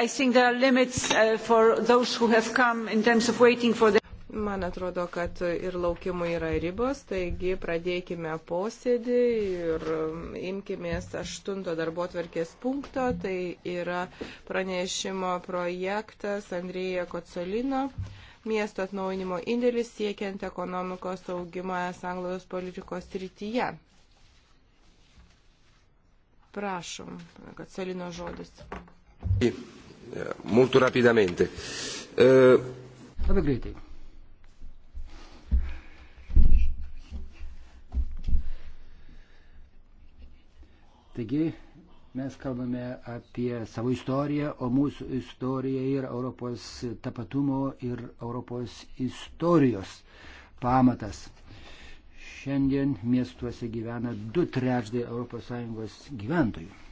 I think there are limits uh, for those who have come in terms of waiting for the Man atrodo, kad ir laukimui yra ribos, taigi pradėkime posėdį ir um, imkime aštunto darbo tvarkės punkto. Tai yra pranešimo projektas Andrėja Kocolino miesto atnaujinimo indėlis siekiant ekonomikos augimą sanglaudos politikos rytyje. Prašom, Kocolino žodis. Taip. Eh, molto rapidamente. Eh... Labai greitai. Taigi mes kalbame apie savo istoriją, o mūsų istorija yra Europos tapatumo ir Europos istorijos pamatas. Šiandien miestuose gyvena du trečdai ES gyventojų.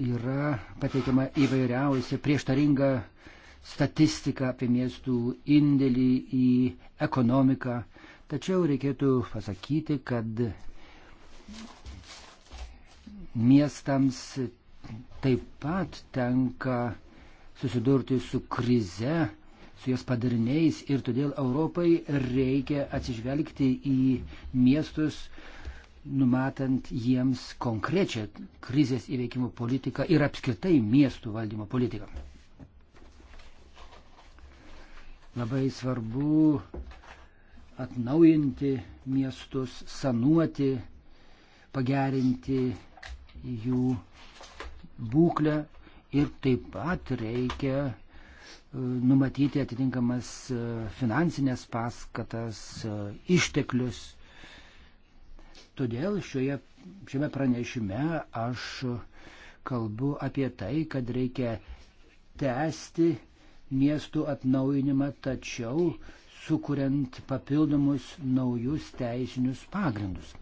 yra pateikiama įvairiausia prieštaringa statistika apie miestų indėlį į ekonomiką. Tačiau reikėtų pasakyti, kad miestams taip pat tenka susidurti su krize, su jos padariniais ir todėl Europai reikia atsižvelgti į miestus, numatant jiems konkrečią krizės įveikimo politiką ir apskritai miestų valdymo politiką. Labai svarbu atnaujinti miestus, sanuoti, pagerinti jų būklę ir taip pat reikia e, numatyti atitinkamas e, finansinės paskatas, e, išteklius Todėl šioje, šiame pranešime aš kalbu apie tai, kad reikia tęsti miestų atnaujinimą, tačiau sukuriant papildomus naujus teisinius pagrindus.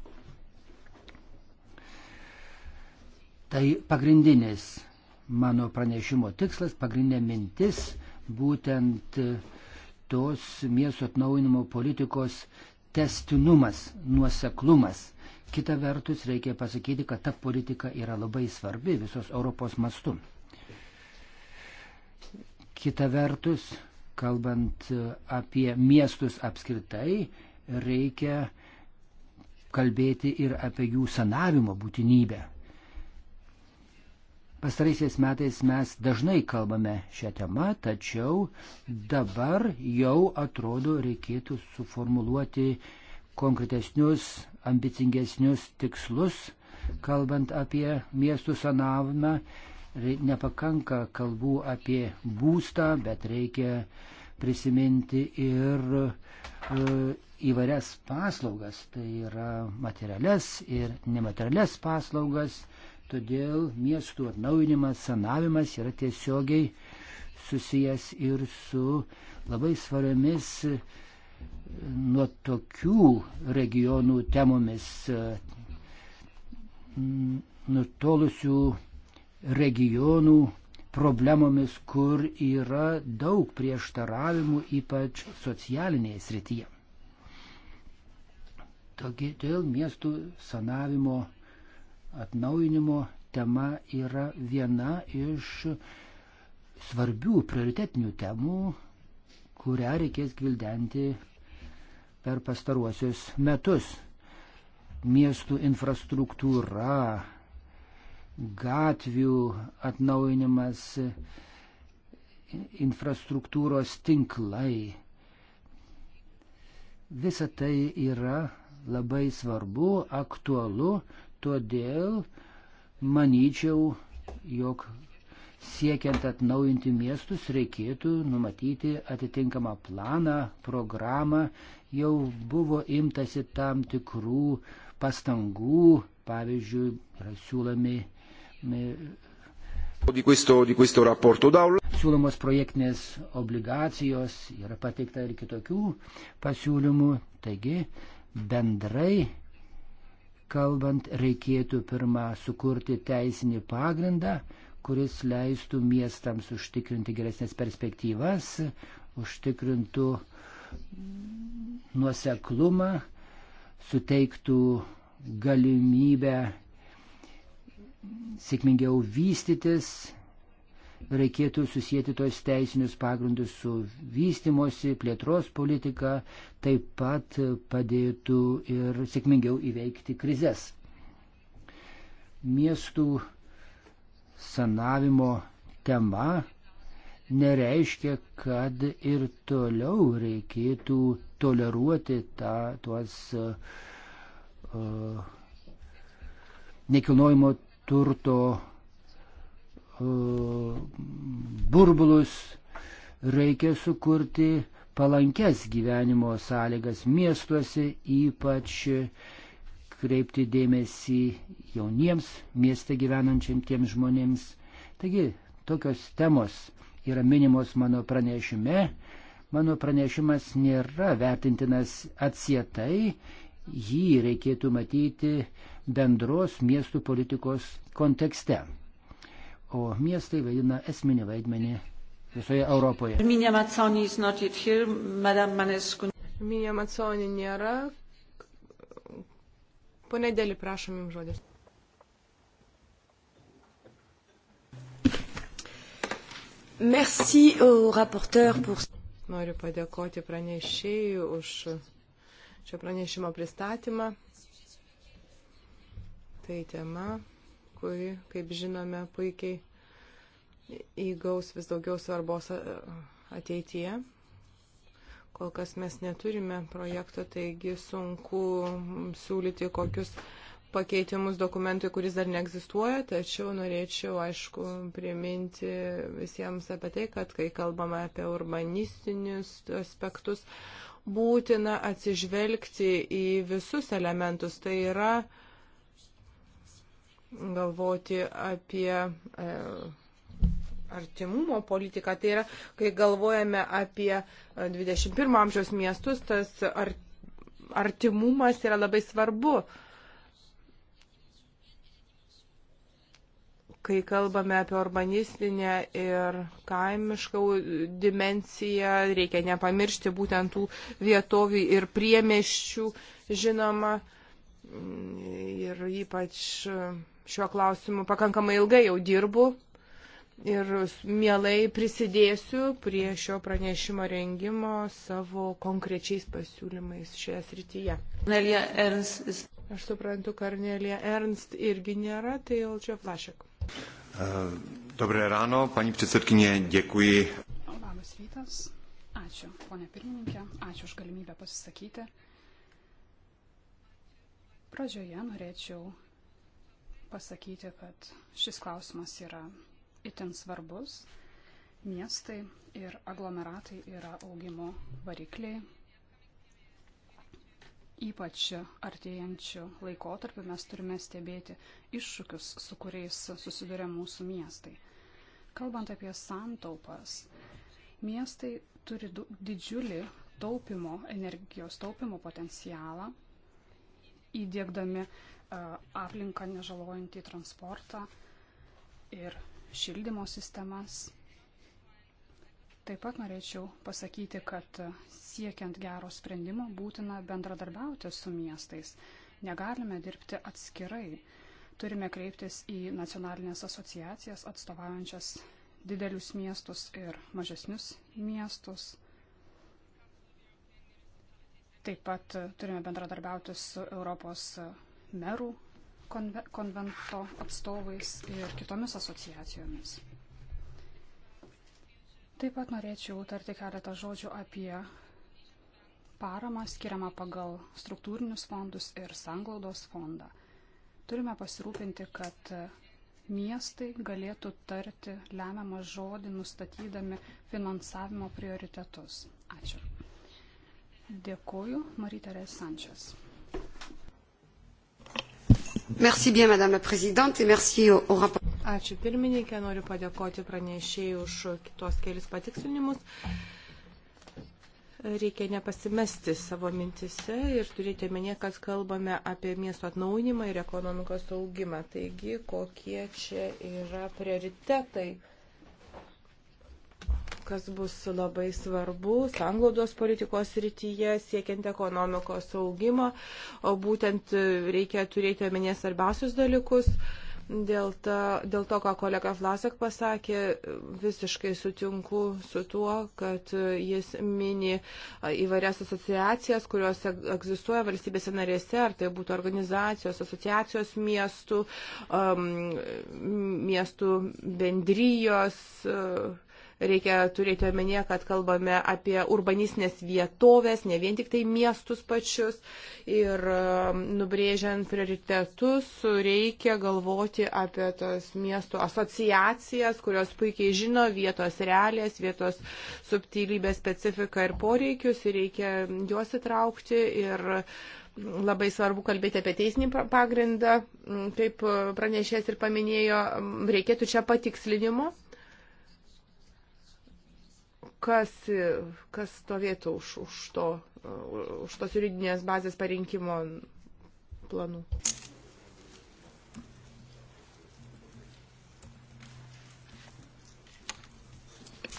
Tai pagrindinis mano pranešimo tikslas, pagrindinė mintis būtent tos miesto atnaujinimo politikos testinumas, nuoseklumas. Kita vertus, reikia pasakyti, kad ta politika yra labai svarbi visos Europos mastu. Kita vertus, kalbant apie miestus apskritai, reikia kalbėti ir apie jų sanavimo būtinybę. Pastaraisiais metais mes dažnai kalbame šią temą, tačiau dabar jau atrodo reikėtų suformuluoti konkretesnius ambicingesnius tikslus, kalbant apie miestų sanavimą. Nepakanka kalbų apie būstą, bet reikia prisiminti ir e, įvairias paslaugas, tai yra materiales ir nemateriales paslaugas, todėl miestų atnaujinimas, sanavimas yra tiesiogiai susijęs ir su labai svariomis nuo tokių regionų temomis e, nutolusių regionų problemomis, kur yra daug prieštaravimų, ypač socialinėje srityje. Todėl miestų sanavimo atnaujinimo tema yra viena iš svarbių prioritetinių temų, kurią reikės gvildenti per pastaruosius metus. Miestų infrastruktūra, gatvių atnaujinimas, infrastruktūros tinklai. Visa tai yra labai svarbu, aktualu, todėl manyčiau, jog siekiant atnaujinti miestus, reikėtų numatyti atitinkamą planą, programą. Jau buvo imtasi tam tikrų pastangų, pavyzdžiui, yra siūlomi. Di questo, di questo rapporto d'aula. Siūlomos projektinės obligacijos yra pateikta ir kitokių pasiūlymų. Taigi, bendrai kalbant, reikėtų pirmą sukurti teisinį pagrindą, kuris leistų miestams užtikrinti geresnės perspektyvas, užtikrintų nuoseklumą, suteiktų galimybę sėkmingiau vystytis, reikėtų susijęti tos teisinius pagrindus su vystimosi, plėtros politika, taip pat padėtų ir sėkmingiau įveikti krizės. Miestų sanavimo tema nereiškia, kad ir toliau reikėtų toleruoti tą, tuos uh, nekilnojimo turto uh, burbulus. Reikia sukurti palankes gyvenimo sąlygas miestuose, ypač uh, atkreipti dėmesį jauniems mieste gyvenančiantiems žmonėms. Taigi, tokios temos yra minimos mano pranešime. Mano pranešimas nėra vertintinas atsietai, jį reikėtų matyti bendros miestų politikos kontekste. O miestai vaidina esminį vaidmenį visoje Europoje. Minė Matsonė nėra, Pone Dėlį, prašom jums žodis. Merci au rapporteur pour. Noriu padėkoti pranešėjui už šio pranešimo pristatymą. Tai tema, kuri, kaip žinome, puikiai įgaus vis daugiau svarbos ateityje. Kol kas mes neturime projekto, taigi sunku siūlyti kokius pakeitimus dokumentui, kuris dar neegzistuoja, tačiau norėčiau, aišku, priminti visiems apie tai, kad kai kalbame apie urbanistinius aspektus, būtina atsižvelgti į visus elementus. Tai yra galvoti apie. E, artimumo politiką. Tai yra, kai galvojame apie 21 e, amžiaus miestus, tas ar, artimumas yra labai svarbu. Kai kalbame apie urbanistinę ir kaimišką dimenciją, reikia nepamiršti būtent tų vietovių ir priemeščių, žinoma, ir ypač e, šiuo klausimu pakankamai ilgai jau dirbu ir mielai prisidėsiu prie šio pranešimo rengimo savo konkrečiais pasiūlymais šioje srityje. Nelija Ernst. Aš suprantu, Karnelija Ernst irgi nėra, tai Ilčio Flašek. E, dobré ráno, paní předsedkyně, děkuji. Labas rytas. Ačiū, ponė pirmininkė, ačiū už galimybę pasisakyti. Pradžioje norėčiau pasakyti, kad šis klausimas yra itin svarbus. Miestai ir aglomeratai yra augimo varikliai. Ypač artėjančių laikotarpių mes turime stebėti iššūkius, su kuriais susiduria mūsų miestai. Kalbant apie santaupas, miestai turi didžiulį taupimo, energijos taupimo potencialą, įdėkdami aplinką nežalojantį transportą, ir šildymo sistemas. Taip pat norėčiau pasakyti, kad siekiant gero sprendimo būtina bendradarbiauti su miestais. Negalime dirbti atskirai. Turime kreiptis į nacionalinės asociacijas atstovaujančias didelius miestus ir mažesnius miestus. Taip pat turime bendradarbiauti su Europos merų konvento atstovais ir kitomis asociacijomis. Taip pat norėčiau tarti keletą žodžių apie paramą skiriamą pagal struktūrinius fondus ir sanglaudos fondą. Turime pasirūpinti, kad miestai galėtų tarti lemiamą žodį, nustatydami finansavimo prioritetus. Ačiū. Dėkuoju, Marita Resančias. Merci bien, Madame la Présidente, et merci au, au rapport. Ačiū pirmininkė, noriu padėkoti pranešėjai už tuos kelius patikslinimus. Reikia nepasimesti savo mintise ir turėti omenyje, kad kalbame apie miesto atnaunimą ir ekonomikos augimą. Taigi, kokie čia yra prioritetai? kas bus labai svarbu sanglaudos politikos rytyje, siekiant ekonomikos augimo, o būtent reikia turėti omenyje svarbiausius dalykus. Dėl, ta, dėl to, ką kolega Vlasak pasakė, visiškai sutinku su tuo, kad jis mini įvairias asociacijas, kurios egzistuoja valstybėse narėse, ar tai būtų organizacijos, asociacijos miestų, um, miestų bendrijos. Uh, Reikia turėti omenyje, kad kalbame apie urbanistinės vietovės, ne vien tik tai miestus pačius. Ir um, nubrėžiant prioritetus, reikia galvoti apie tas miestų asociacijas, kurios puikiai žino vietos realės, vietos subtilybės specifiką ir poreikius. Ir reikia juos įtraukti. Ir, mm, labai svarbu kalbėti apie teisinį pagrindą, mm, kaip uh, pranešės ir paminėjo, mm, reikėtų čia patikslinimo, kas, kas stovėtų už, už, to, už tos juridinės bazės parinkimo planų.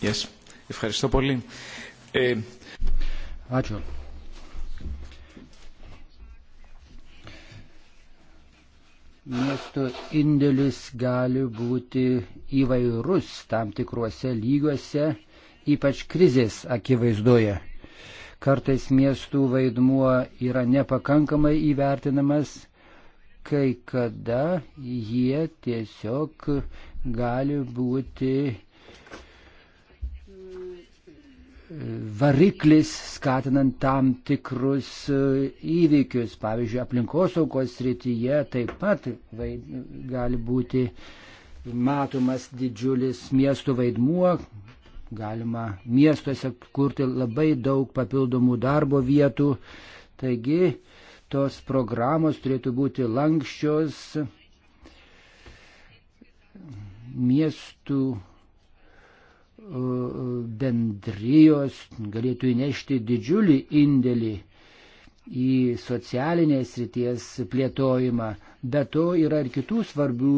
Yes. Ευχαριστώ πολύ. Ε... Ačiū. Miesto indėlis gali būti įvairus tam tikruose lygiuose ypač krizės akivaizdoje. Kartais miestų vaidmuo yra nepakankamai įvertinamas, kai kada jie tiesiog gali būti variklis skatinant tam tikrus e, įvykius. Pavyzdžiui, aplinkosaugos srityje taip pat vaid, gali būti matomas didžiulis miestų vaidmuo, galima miestuose kurti labai daug papildomų darbo vietų. Taigi tos programos turėtų būti lankščios miestų bendrijos galėtų įnešti didžiulį indėlį į socialinės ryties plėtojimą. Be to yra ir kitų svarbių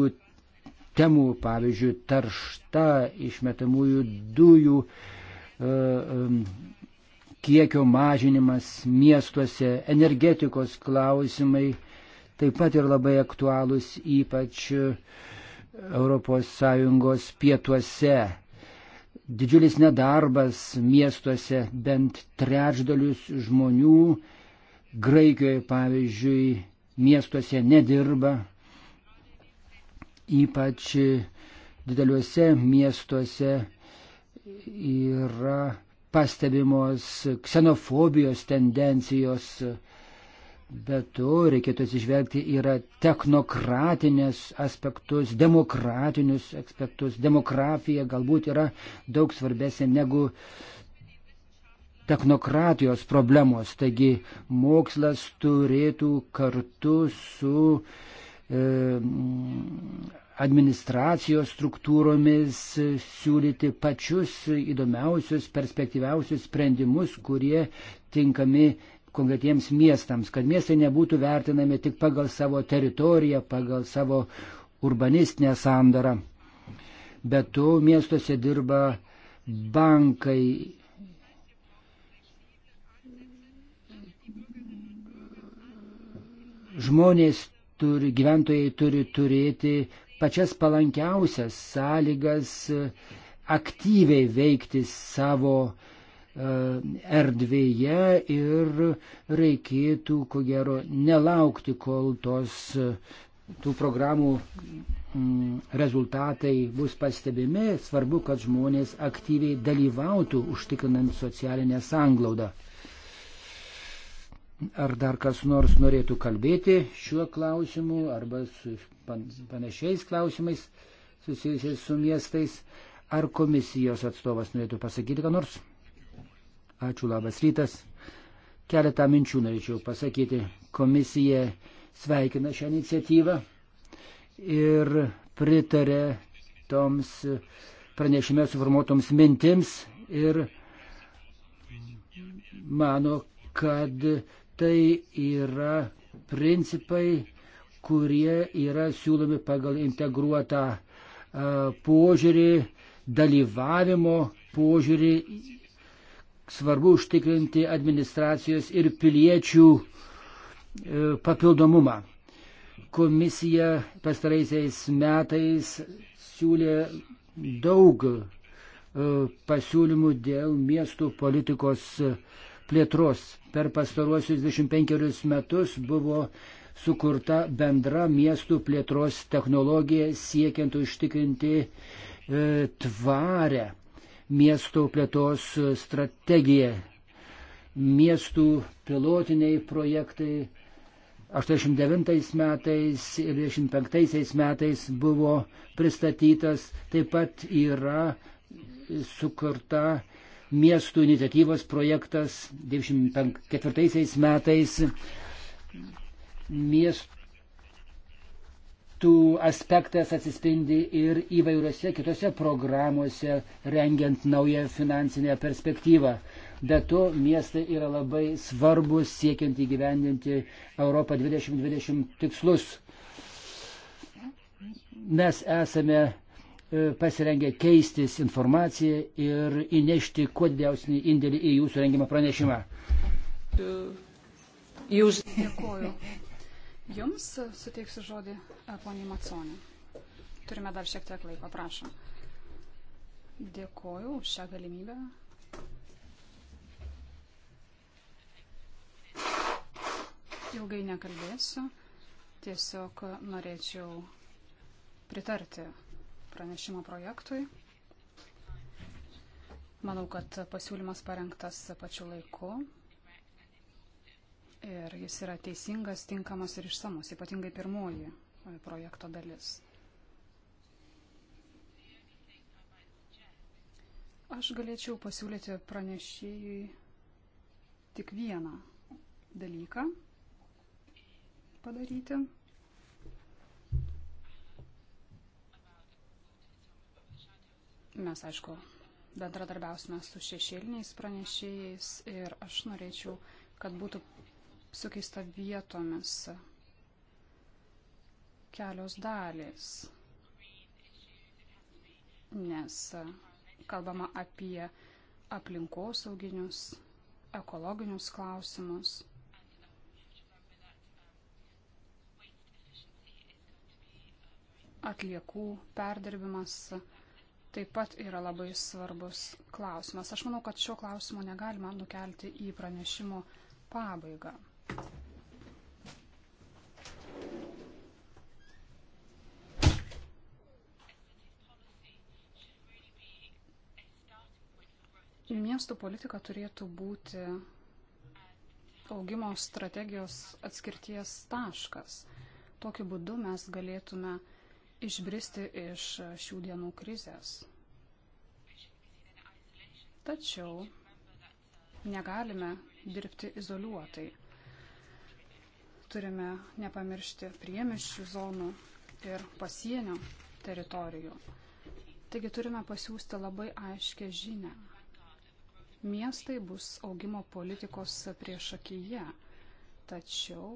temų, pavyzdžiui, taršta išmetamųjų dujų e, e, kiekio mažinimas miestuose, energetikos klausimai taip pat ir labai aktualūs, ypač ES pietuose. Didžiulis nedarbas miestuose, bent trečdalius žmonių Graikijoje, pavyzdžiui, miestuose nedirba, ypač dideliuose miestuose yra pastebimos ksenofobijos tendencijos, bet to reikėtų atsižvelgti yra technokratinės aspektus, demokratinius aspektus. Demografija galbūt yra daug svarbesnė negu technokratijos problemos. Taigi mokslas turėtų kartu su E, administracijos struktūromis siūlyti pačius įdomiausius, perspektyviausius sprendimus, kurie tinkami konkretiems miestams, kad miestai nebūtų vertinami tik pagal savo teritoriją, pagal savo urbanistinę sandarą. Be to, miestuose dirba bankai. Žmonės turi, gyventojai turi turėti pačias palankiausias sąlygas e, aktyviai veikti savo e, erdvėje ir reikėtų, ko gero, nelaukti, kol tos e, tų programų rezultatai bus pastebimi. Svarbu, kad žmonės aktyviai dalyvautų užtikrinant socialinę sanglaudą ar dar kas nors norėtų kalbėti šiuo klausimu arba su panašiais klausimais susijusiais su miestais. Ar komisijos atstovas norėtų pasakyti ką nors? Ačiū, labas rytas. Keletą minčių norėčiau pasakyti. Komisija sveikina šią iniciatyvą ir pritarė toms pranešime suformuotoms mintims ir mano, kad Tai yra principai, kurie yra siūlomi pagal integruotą požiūrį, dalyvavimo požiūrį. Svarbu užtikrinti administracijos ir piliečių e, papildomumą. Komisija pastaraisiais metais siūlė daug e, pasiūlymų dėl miestų politikos uh, plėtros. Per pastaruosius 25 metus buvo sukurta bendra miestų plėtros technologija siekiant užtikrinti e, tvarę miestų plėtos strategiją. Miestų pilotiniai projektai 89 metais ir 25 metais buvo pristatytas, taip pat yra sukurta miestų iniciatyvos projektas 1994 metais. Miestų aspektas atsispindi ir įvairiose kitose programuose, rengiant naują finansinę perspektyvą. Be to, miestai yra labai svarbus siekiant įgyvendinti Europą 2020 tikslus. Mes esame E, pasirengę keistis informaciją ir įnešti kuo didesnį indėlį į jūsų rengimą pranešimą. E, jūs. Dėkuoju. Jums suteiksiu žodį e, poniai Maconė. Turime dar šiek tiek laiko, prašom. Dėkuoju už šią galimybę. Ilgai nekalbėsiu. Tiesiog norėčiau pritarti pranešimo projektui. Manau, kad pasiūlymas parengtas pačiu laiku ir jis yra teisingas, tinkamas ir išsamus, ypatingai pirmoji e, projekto dalis. Aš galėčiau pasiūlyti pranešėjui tik vieną dalyką padaryti. Mes, aišku, bendradarbiausime su šešėliniais pranešėjais ir aš norėčiau, kad būtų sukeista vietomis kelios dalys, nes kalbama apie aplinkosauginius, ekologinius klausimus. Atliekų perdirbimas taip pat yra labai svarbus klausimas. Aš manau, kad šio klausimo negalima nukelti į pranešimo pabaigą. Miestų politika turėtų būti augimo strategijos atskirties taškas. Tokiu būdu mes galėtume uh, išbristi iš šių dienų krizės. Tačiau negalime dirbti izoliuotai. Turime nepamiršti priemiščių zonų ir pasienio teritorijų. Taigi turime pasiūsti labai aiškę žinę. Miestai bus augimo politikos priešakyje, tačiau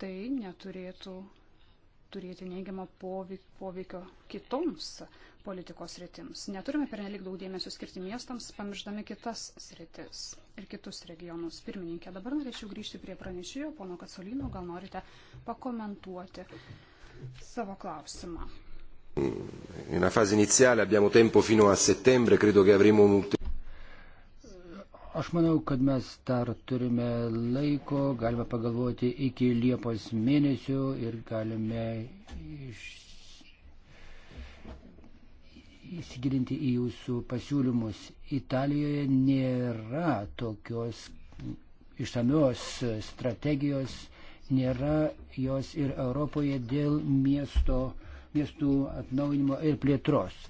tai neturėtų turėti neigiamą poveikio kitoms politikos sritims. Neturime pernelik daug dėmesio skirti miestams, pamiršdami kitas sritis ir kitus regionus. Pirmininkė, dabar norėčiau grįžti prie pranešėjo, pono Kacolino, gal norite pakomentuoti savo klausimą. Nella fase iniziale abbiamo tempo fino a settembre, credo che avremo molti. Aš manau, kad mes dar turime laiko, galime pagalvoti iki Liepos mėnesio ir galime iš... įsigilinti į jūsų pasiūlymus. Italijoje nėra tokios išsamios strategijos, nėra jos ir Europoje dėl miesto, miestų atnaujinimo ir plėtros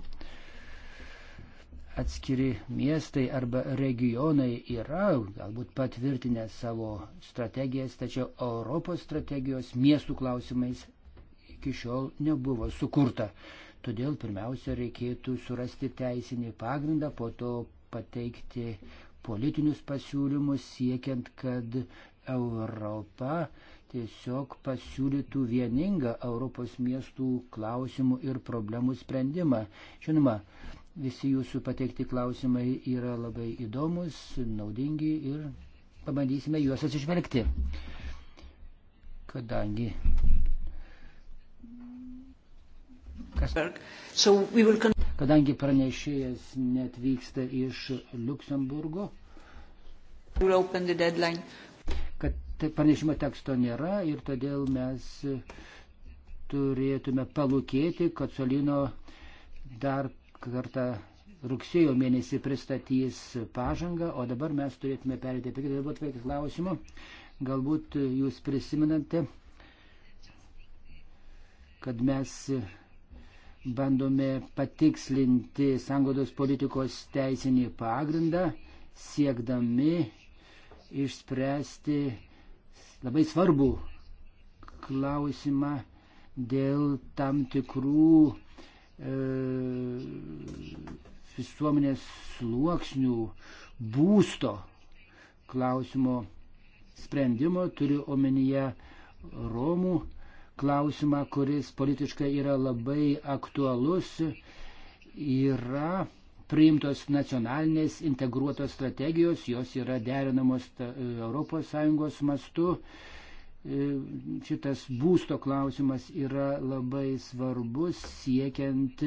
atskiri miestai arba regionai yra galbūt patvirtinę savo strategijas, tačiau Europos strategijos miestų klausimais iki šiol nebuvo sukurta. Todėl pirmiausia reikėtų surasti teisinį pagrindą, po to pateikti politinius pasiūlymus siekiant, kad Europa tiesiog pasiūlytų vieningą Europos miestų klausimų ir problemų sprendimą. Žinoma, Visi jūsų pateikti klausimai yra labai įdomus, naudingi ir pabandysime juos atsižvelgti. Kadangi. Kas... Kadangi pranešėjas netvyksta iš Luksemburgo, kad pranešimo teksto nėra ir todėl mes turėtume palūkėti, kad Solino dar kartą rugsėjo mėnesį pristatys pažangą, o dabar mes turėtume perėti prie kito darbotvarkės klausimo. Galbūt jūs prisimenate, kad mes bandome patikslinti sangodos politikos teisinį pagrindą, siekdami išspręsti labai svarbų klausimą dėl tam tikrų E, visuomenės sluoksnių būsto klausimo sprendimo, turiu omenyje Romų klausimą, kuris politiškai yra labai aktualus, yra priimtos nacionalinės integruotos strategijos, jos yra derinamos ES mastu, E, šitas būsto klausimas yra labai svarbus siekiant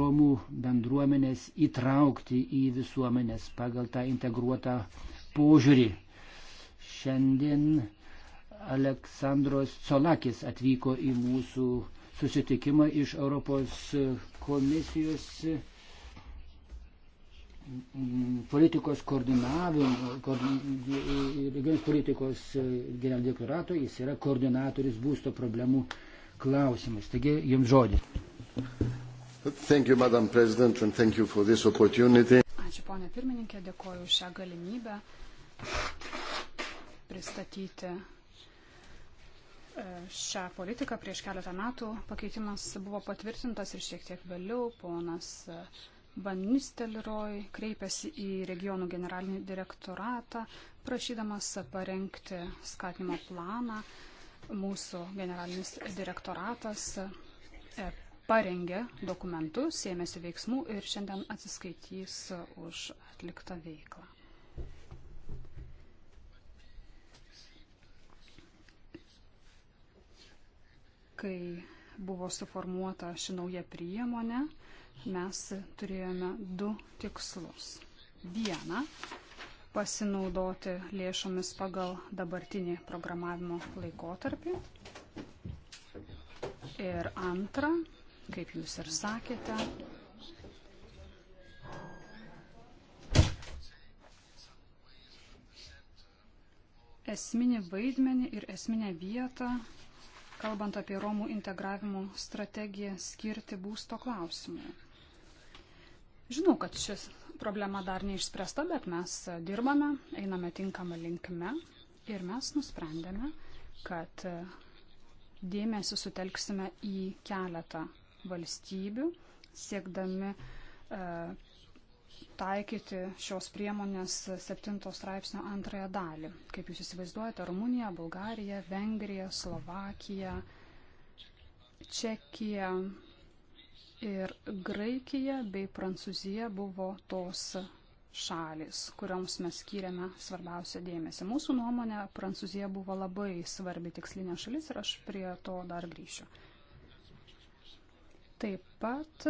Romų bendruomenės įtraukti į visuomenės pagal tą integruotą požiūrį. Šiandien Aleksandros Colakis atvyko į mūsų susitikimą iš Europos komisijos politikos koordinavimo, regionės politikos e, generalinio direktorato, jis yra koordinatorius būsto problemų klausimus. Taigi, jums žodis. Thank you, Madam President, and thank you for this opportunity. Ačiū, ponė pirmininkė, dėkoju už šią galimybę pristatyti e, šią politiką. Prieš keletą metų pakeitimas buvo patvirtintas ir šiek tiek vėliau ponas uh, Van Nistelrooy kreipėsi į regionų generalinį direktoratą, prašydamas parengti skatinimo planą. Mūsų generalinis direktoratas e, parengė dokumentus, ėmėsi veiksmų ir šiandien atsiskaitys už atliktą veiklą. Kai buvo suformuota ši nauja priemonė, mes turėjome du tikslus. Viena - pasinaudoti lėšomis pagal dabartinį programavimo laikotarpį. Ir antra, kaip jūs ir sakėte, esminį vaidmenį ir esminę vietą, kalbant apie Romų integravimo strategiją, skirti būsto klausimui. Žinau, kad šis problema dar neišspręsta, bet mes dirbame, einame tinkamą linkme ir mes nusprendėme, kad e, dėmesį sutelksime į keletą valstybių, siekdami e, taikyti šios priemonės 7 straipsnio antrąją dalį. Kaip jūs įsivaizduojate, Rumunija, Bulgarija, Vengrija, Slovakija, Čekija, Ir Graikija bei Prancūzija buvo tos šalis, kurioms mes skiriame svarbiausią dėmesį. Mūsų nuomonė, Prancūzija buvo labai svarbi tikslinė šalis ir aš prie to dar grįšiu. Taip pat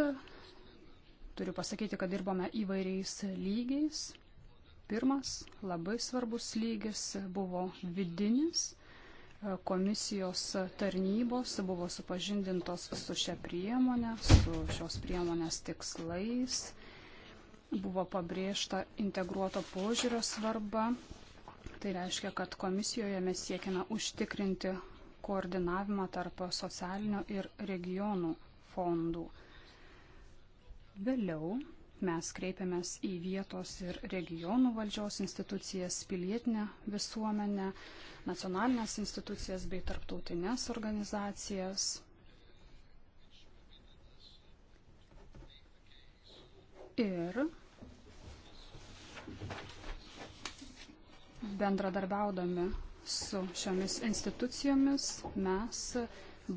turiu pasakyti, kad dirbome įvairiais lygiais. Pirmas labai svarbus lygis buvo vidinis komisijos tarnybos buvo supažindintos su šia priemonė, su šios priemonės tikslais, buvo pabrėžta integruoto požiūrio svarba. Tai reiškia, kad komisijoje mes siekime užtikrinti koordinavimą tarp socialinio ir regionų fondų. Vėliau Mes kreipiamės į vietos ir regionų valdžios institucijas, pilietinę visuomenę, nacionalinės institucijas bei tarptautinės organizacijas. Ir bendradarbiaudami su šiomis institucijomis mes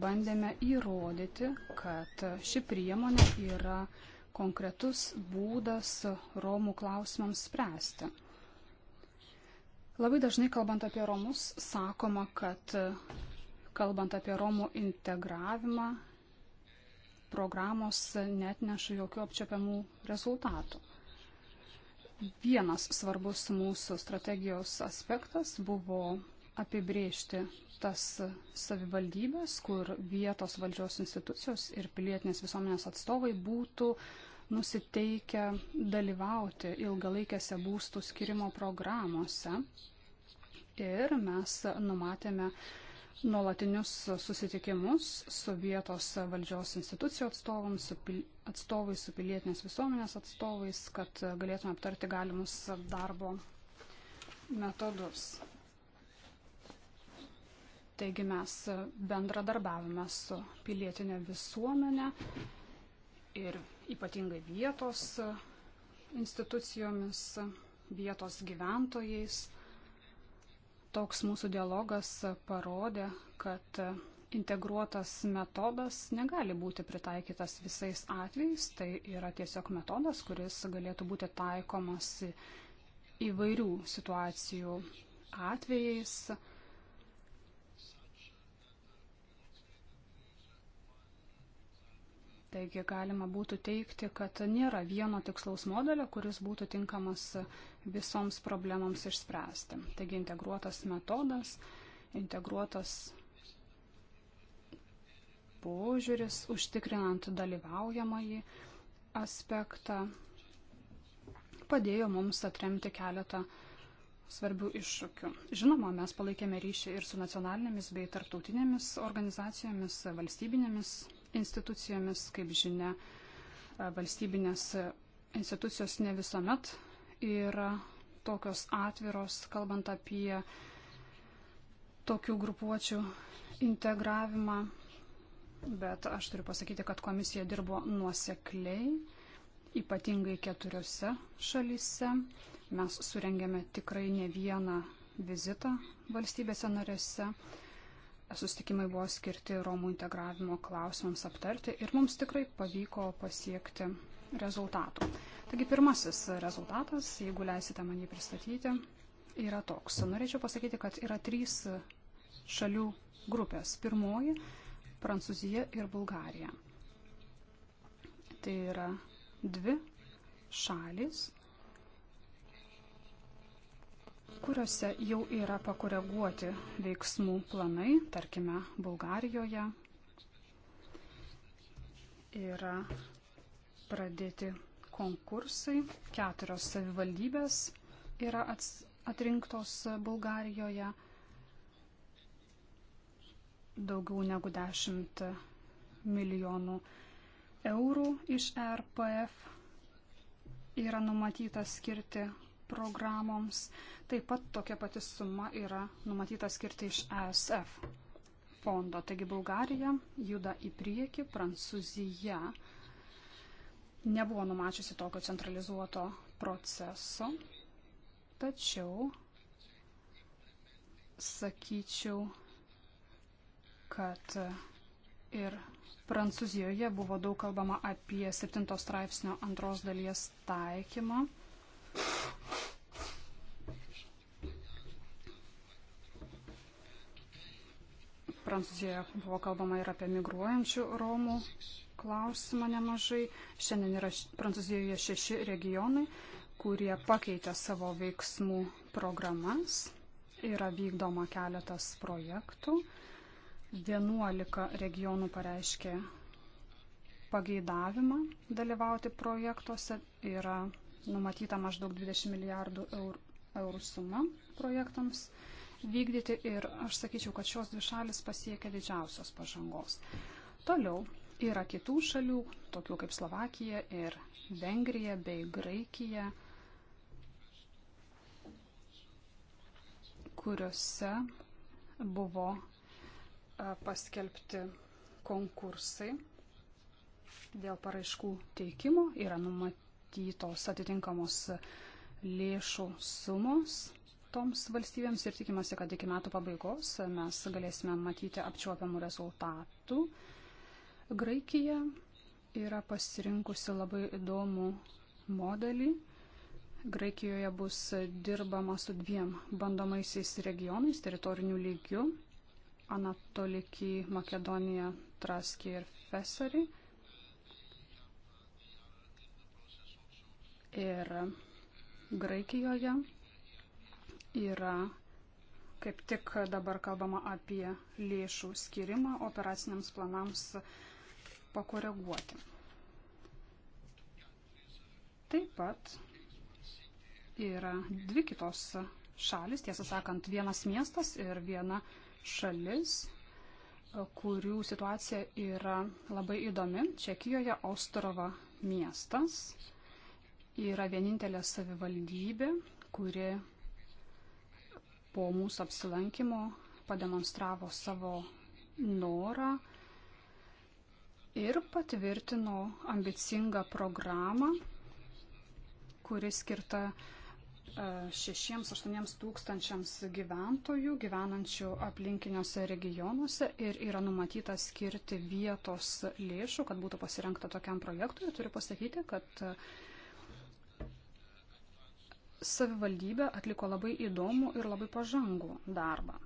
bandėme įrodyti, kad ši priemonė yra uh, konkretus būdas Romų klausimams spręsti. Labai dažnai kalbant apie Romus, sakoma, kad kalbant apie Romų integravimą, programos net neša jokių apčiopiamų rezultatų. Vienas svarbus mūsų strategijos aspektas buvo apibriežti tas savivaldybės, kur vietos valdžios institucijos ir pilietinės visuomenės atstovai būtų uh, nusiteikę dalyvauti ilgalaikėse būstų skirimo programuose. Ir mes numatėme nuolatinius susitikimus su vietos valdžios institucijų atstovams, su pil... atstovais, su pilietinės visuomenės atstovais, kad galėtume aptarti galimus darbo metodus. Taigi mes bendradarbiavime su pilietinė visuomenė ir ypatingai vietos institucijomis, vietos gyventojais. Toks mūsų dialogas parodė, kad integruotas metodas negali būti pritaikytas visais atvejais, tai yra tiesiog metodas, kuris galėtų būti taikomas įvairių situacijų atvejais Taigi galima būtų teikti, kad nėra vieno tikslaus modelio, kuris būtų tinkamas visoms problemams išspręsti. Taigi integruotas metodas, integruotas požiūris, užtikrinant dalyvaujamąjį aspektą, padėjo mums atremti keletą svarbių iššūkių. Žinoma, mes palaikėme ryšį ir su nacionalinėmis bei tarptautinėmis organizacijomis, valstybinėmis institucijomis, kaip žinia, e, valstybinės institucijos ne visuomet yra tokios atviros, kalbant apie tokių grupuočių integravimą. Bet aš turiu pasakyti, kad komisija dirbo nuosekliai, ypatingai keturiose šalyse. Mes surengėme tikrai ne vieną vizitą valstybėse narėse sustikimai buvo skirti Romų integravimo klausimams aptarti ir mums tikrai pavyko pasiekti rezultatų. Taigi pirmasis rezultatas, jeigu leisite man jį pristatyti, yra toks. Norėčiau pasakyti, kad yra trys šalių grupės. Pirmoji - Prancūzija ir Bulgarija. Tai yra dvi šalis, kuriuose jau yra pakoreguoti veiksmų planai, tarkime, Bulgarijoje yra pradėti konkursai, keturios savivaldybės yra atrinktos Bulgarijoje, daugiau negu 10 milijonų eurų iš RPF yra numatyta skirti programoms. Taip pat tokia pati suma yra numatyta skirti iš ESF fondo. Taigi Bulgarija juda į priekį, Prancūzija nebuvo numačiusi tokio centralizuoto proceso, tačiau sakyčiau, kad ir Prancūzijoje buvo daug kalbama apie 7 straipsnio antros dalies taikymą. Prancūzijoje buvo kalbama ir apie migruojančių Romų klausimą nemažai. Šiandien yra Prancūzijoje šeši regionai, kurie pakeitė savo veiksmų programas. Yra vykdoma keletas projektų. 11 regionų pareiškė pageidavimą dalyvauti projektuose. Yra numatyta maždaug 20 milijardų eurų, eurų suma projektams vykdyti ir aš sakyčiau, kad šios dvi šalis pasiekia didžiausios pažangos. Toliau yra kitų šalių, tokių kaip Slovakija ir Vengrija bei Graikija, kuriuose buvo e, paskelbti konkursai dėl paraiškų teikimo, yra numatytos atitinkamos lėšų sumos toms valstybėms ir tikimasi, kad iki metų pabaigos mes galėsime matyti apčiuopiamų rezultatų. Graikija yra pasirinkusi labai įdomų modelį. Graikijoje bus dirbama su dviem bandomaisiais regionais teritorinių lygių - Anatolikį, Makedoniją, Traskį ir Fesarį. Ir Graikijoje yra kaip tik dabar kalbama apie lėšų skirimą operaciniams planams pakoreguoti. Taip pat yra dvi kitos šalis, tiesą sakant, vienas miestas ir viena šalis, kurių situacija yra labai įdomi. Čekijoje Ostrova miestas yra vienintelė savivaldybė, kuri po mūsų apsilankimo pademonstravo savo norą ir patvirtino ambicingą programą, kuri skirta 6-8 e, tūkstančiams gyventojų gyvenančių aplinkiniuose regionuose ir yra numatyta skirti vietos lėšų, kad būtų pasirengta tokiam projektui. Turiu pasakyti, kad savivaldybė atliko labai įdomų ir labai pažangų darbą.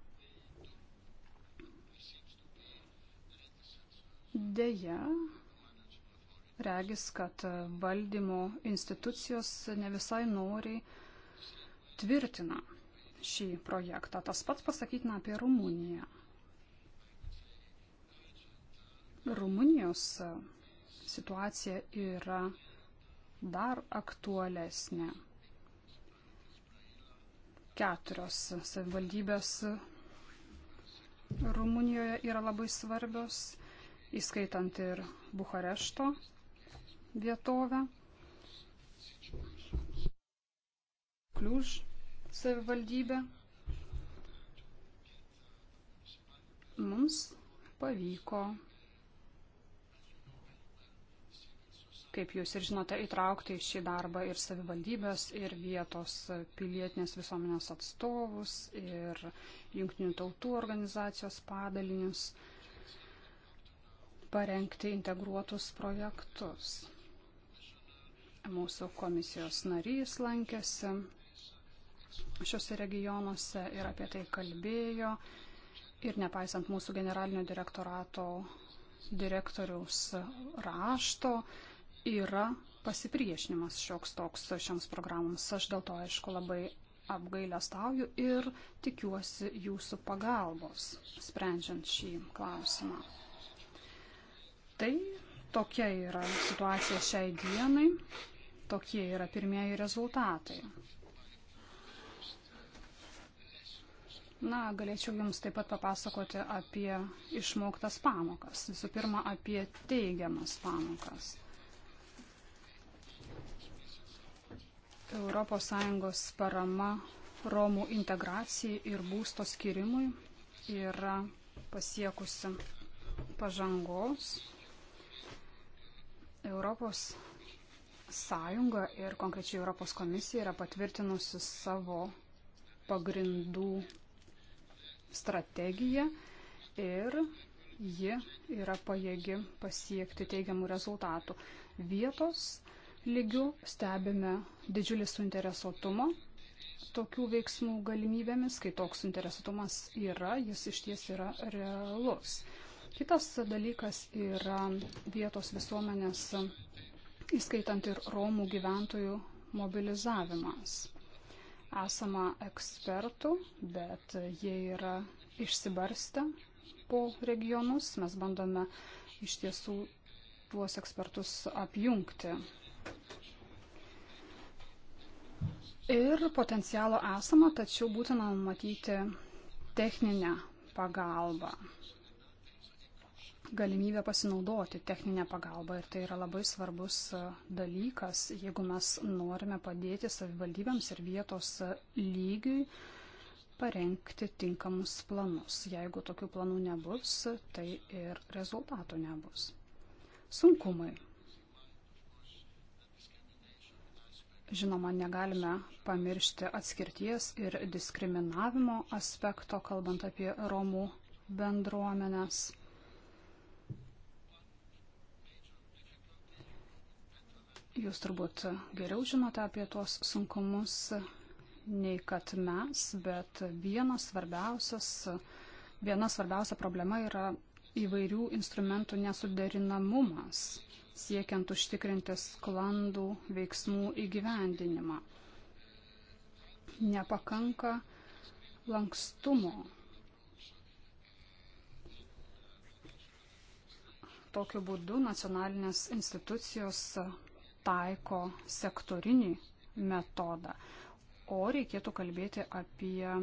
Deja, regis, kad valdymo institucijos ne visai noriai tvirtina šį projektą. Tas pats pasakytina apie Rumuniją. Rumunijos situacija yra dar aktualesnė. Keturios savivaldybės Rumunijoje yra labai svarbios, įskaitant ir Bukarešto vietovę. Kliūž savivaldybė. Mums pavyko kaip jūs ir žinote, įtraukti į šį darbą ir savivaldybės, ir vietos pilietinės visuomenės atstovus, ir jungtinių tautų organizacijos padalinius, parengti integruotus projektus. Mūsų komisijos narys lankėsi šiuose regionuose ir apie tai kalbėjo. Ir nepaisant mūsų generalinio direktorato direktoriaus rašto, yra pasipriešinimas šioks toks šioms programoms. Aš dėl to, aišku, labai apgailę stauju ir tikiuosi jūsų pagalbos, sprendžiant šį klausimą. Tai tokia yra situacija šiai dienai, tokie yra pirmieji rezultatai. Na, galėčiau Jums taip pat papasakoti apie išmoktas pamokas. Visų pirma, apie teigiamas pamokas. ES parama Romų integracijai ir būsto skirimui yra pasiekusi pažangos. Europos Sąjunga ir konkrečiai Europos komisija yra patvirtinusi savo pagrindų strategiją ir ji yra pajėgi pasiekti teigiamų rezultatų. Vietos lygių stebime didžiulį suinteresuotumą tokių veiksmų galimybėmis, kai toks suinteresuotumas yra, jis iš ties yra realus. Kitas dalykas yra vietos visuomenės, įskaitant ir Romų gyventojų mobilizavimas. Esama ekspertų, bet jie yra išsibarstę po regionus. Mes bandome iš tiesų tuos ekspertus apjungti Ir potencialo esama, tačiau būtina matyti techninę pagalbą. Galimybę pasinaudoti techninę pagalbą ir tai yra labai svarbus dalykas, jeigu mes norime padėti savivaldybėms ir vietos lygiui parengti tinkamus planus. Jeigu tokių planų nebus, tai ir rezultatų nebus. Sunkumai Žinoma, negalime pamiršti atskirties ir diskriminavimo aspekto, kalbant apie Romų bendruomenės. Jūs turbūt geriau žinote apie tuos sunkumus nei kad mes, bet vienas svarbiausias, viena svarbiausia problema yra įvairių instrumentų nesuderinamumas, siekiant užtikrinti sklandų veiksmų įgyvendinimą. Nepakanka lankstumo. Tokiu būdu nacionalinės institucijos taiko sektorinį metodą, o reikėtų kalbėti apie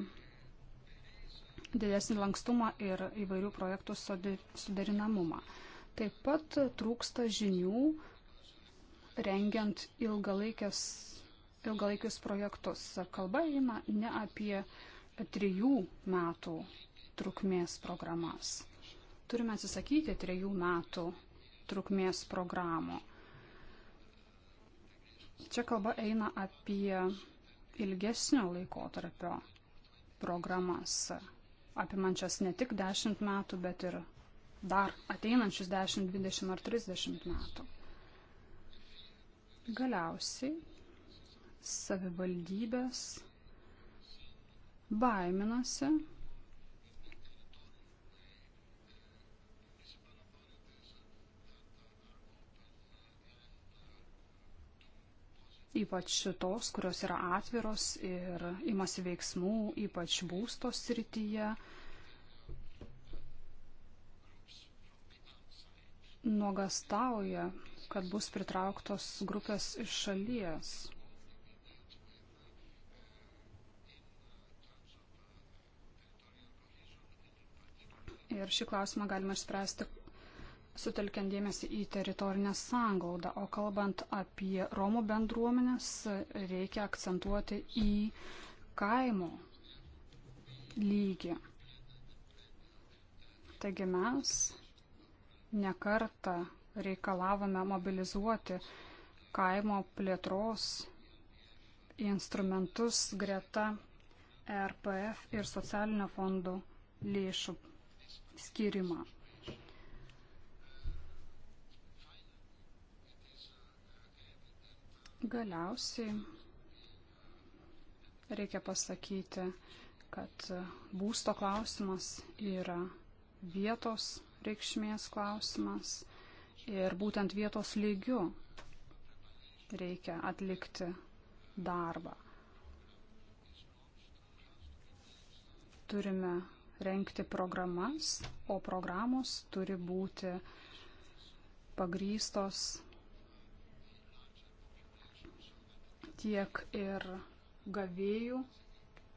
didesnį lankstumą ir įvairių projektų suderinamumą. Taip pat trūksta žinių rengiant ilgalaikius projektus. Kalba eina ne apie trijų metų trukmės programas. Turime atsisakyti trijų metų trukmės programų. Čia kalba eina apie ilgesnio laikotarpio programas apimančias ne tik 10 metų, bet ir dar ateinančius 10, 20 ar 30 metų. Galiausiai savivaldybės baiminasi ypač tos, kurios yra atviros ir imasi veiksmų, ypač būsto srityje. Nuogastauja, kad bus pritrauktos grupės iš šalies. Ir šį klausimą galima išspręsti sutelkiant dėmesį į teritorinę sąnglaudą, o kalbant apie Romų bendruomenės, reikia akcentuoti į kaimo lygį. Taigi mes nekartą reikalavome mobilizuoti kaimo plėtros instrumentus greta RPF ir socialinio fondo lėšų skirimą. Galiausiai reikia pasakyti, kad būsto klausimas yra vietos reikšmės klausimas ir būtent vietos lygių reikia atlikti darbą. Turime renkti programas, o programos turi būti pagrystos tiek ir gavėjų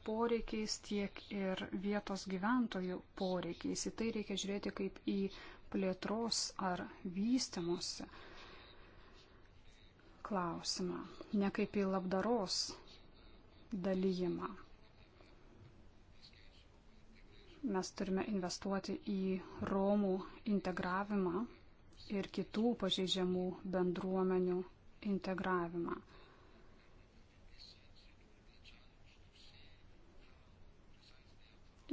poreikiais, tiek ir vietos gyventojų poreikiais. Į tai reikia žiūrėti kaip į plėtros ar vystimusi klausimą, ne kaip į labdaros dalyjimą. Mes turime investuoti į Romų integravimą ir kitų pažeidžiamų bendruomenių integravimą.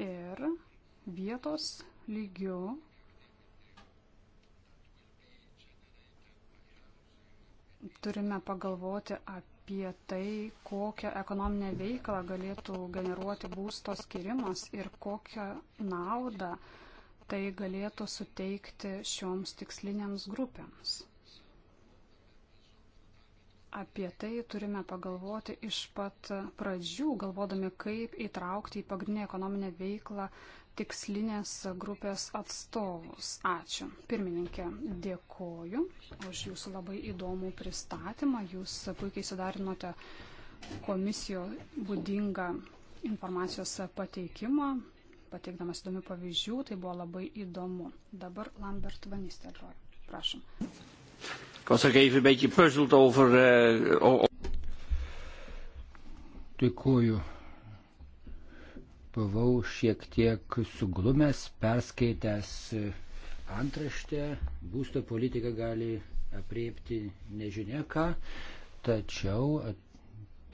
ir vietos lygių turime pagalvoti apie tai, kokią ekonominę veiklą galėtų generuoti būsto skirimas ir kokią naudą tai galėtų suteikti šioms tikslinėms grupėms apie tai turime pagalvoti iš pat pradžių, galvodami, kaip įtraukti į pagrindinę ekonominę veiklą tikslinės grupės atstovus. Ačiū. Pirmininkė, dėkoju už jūsų labai įdomų pristatymą. Jūs puikiai sudarinote komisijo būdingą informacijos pateikimą, pateikdamas įdomių pavyzdžių. Tai buvo labai įdomu. Dabar Lambert Vanistelroj. Prašom. Ik was ook even een beetje puzzeld over. Uh, Dėkuoju. Buvau šiek tiek suglumęs, perskaitęs eh, antraštę, būsto politika gali apriepti nežinia ką, tačiau eh,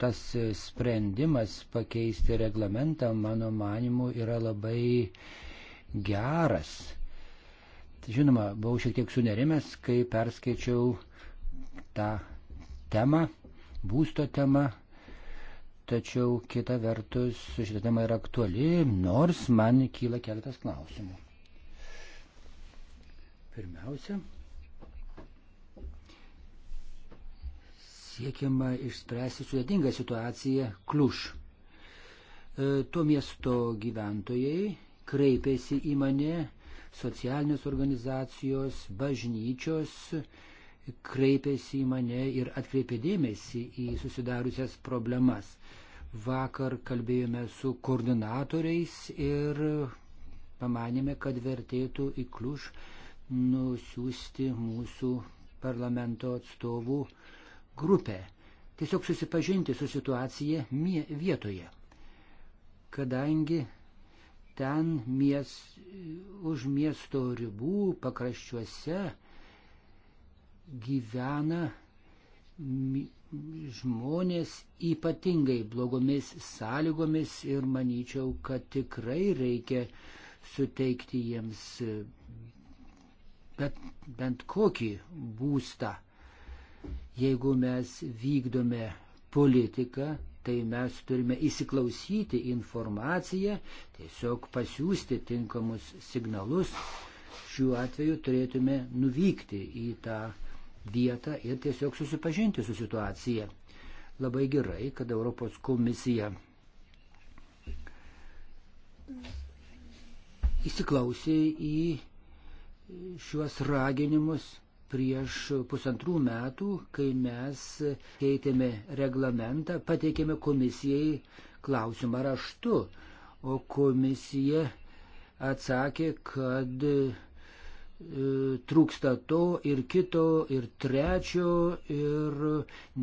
tas sprendimas pakeisti reglamentą, mano manimu, yra labai geras Žinoma, buvau šiek tiek sunerimęs, kai perskaičiau tą temą, būsto temą, tačiau kita vertus šitą temą yra aktuali, nors man kyla keletas klausimų. Pirmiausia, siekiama išspręsti sudėtingą situaciją Kluš. E, tuo miesto gyventojai kreipėsi į mane socialinės organizacijos, bažnyčios kreipėsi į mane ir atkreipė dėmesį į susidariusias problemas. Vakar kalbėjome su koordinatoriais ir pamanėme, kad vertėtų į Kluž nusiųsti mūsų parlamento atstovų grupę. Tiesiog susipažinti su situacija vietoje. Kadangi ten mies, už miesto ribų pakraščiuose gyvena žmonės ypatingai blogomis sąlygomis ir manyčiau, kad tikrai reikia suteikti jiems bet, bent kokį būstą. Jeigu mes vykdome politiką, tai mes turime įsiklausyti informaciją, tiesiog pasiūsti tinkamus signalus. Šiuo atveju turėtume nuvykti į tą vietą ir tiesiog susipažinti su situacija. Labai gerai, kad Europos komisija įsiklausė į šiuos raginimus prieš pusantrų metų, kai mes keitėme reglamentą, pateikėme komisijai klausimą raštu, o komisija atsakė, kad e, trūksta to ir kito ir trečio ir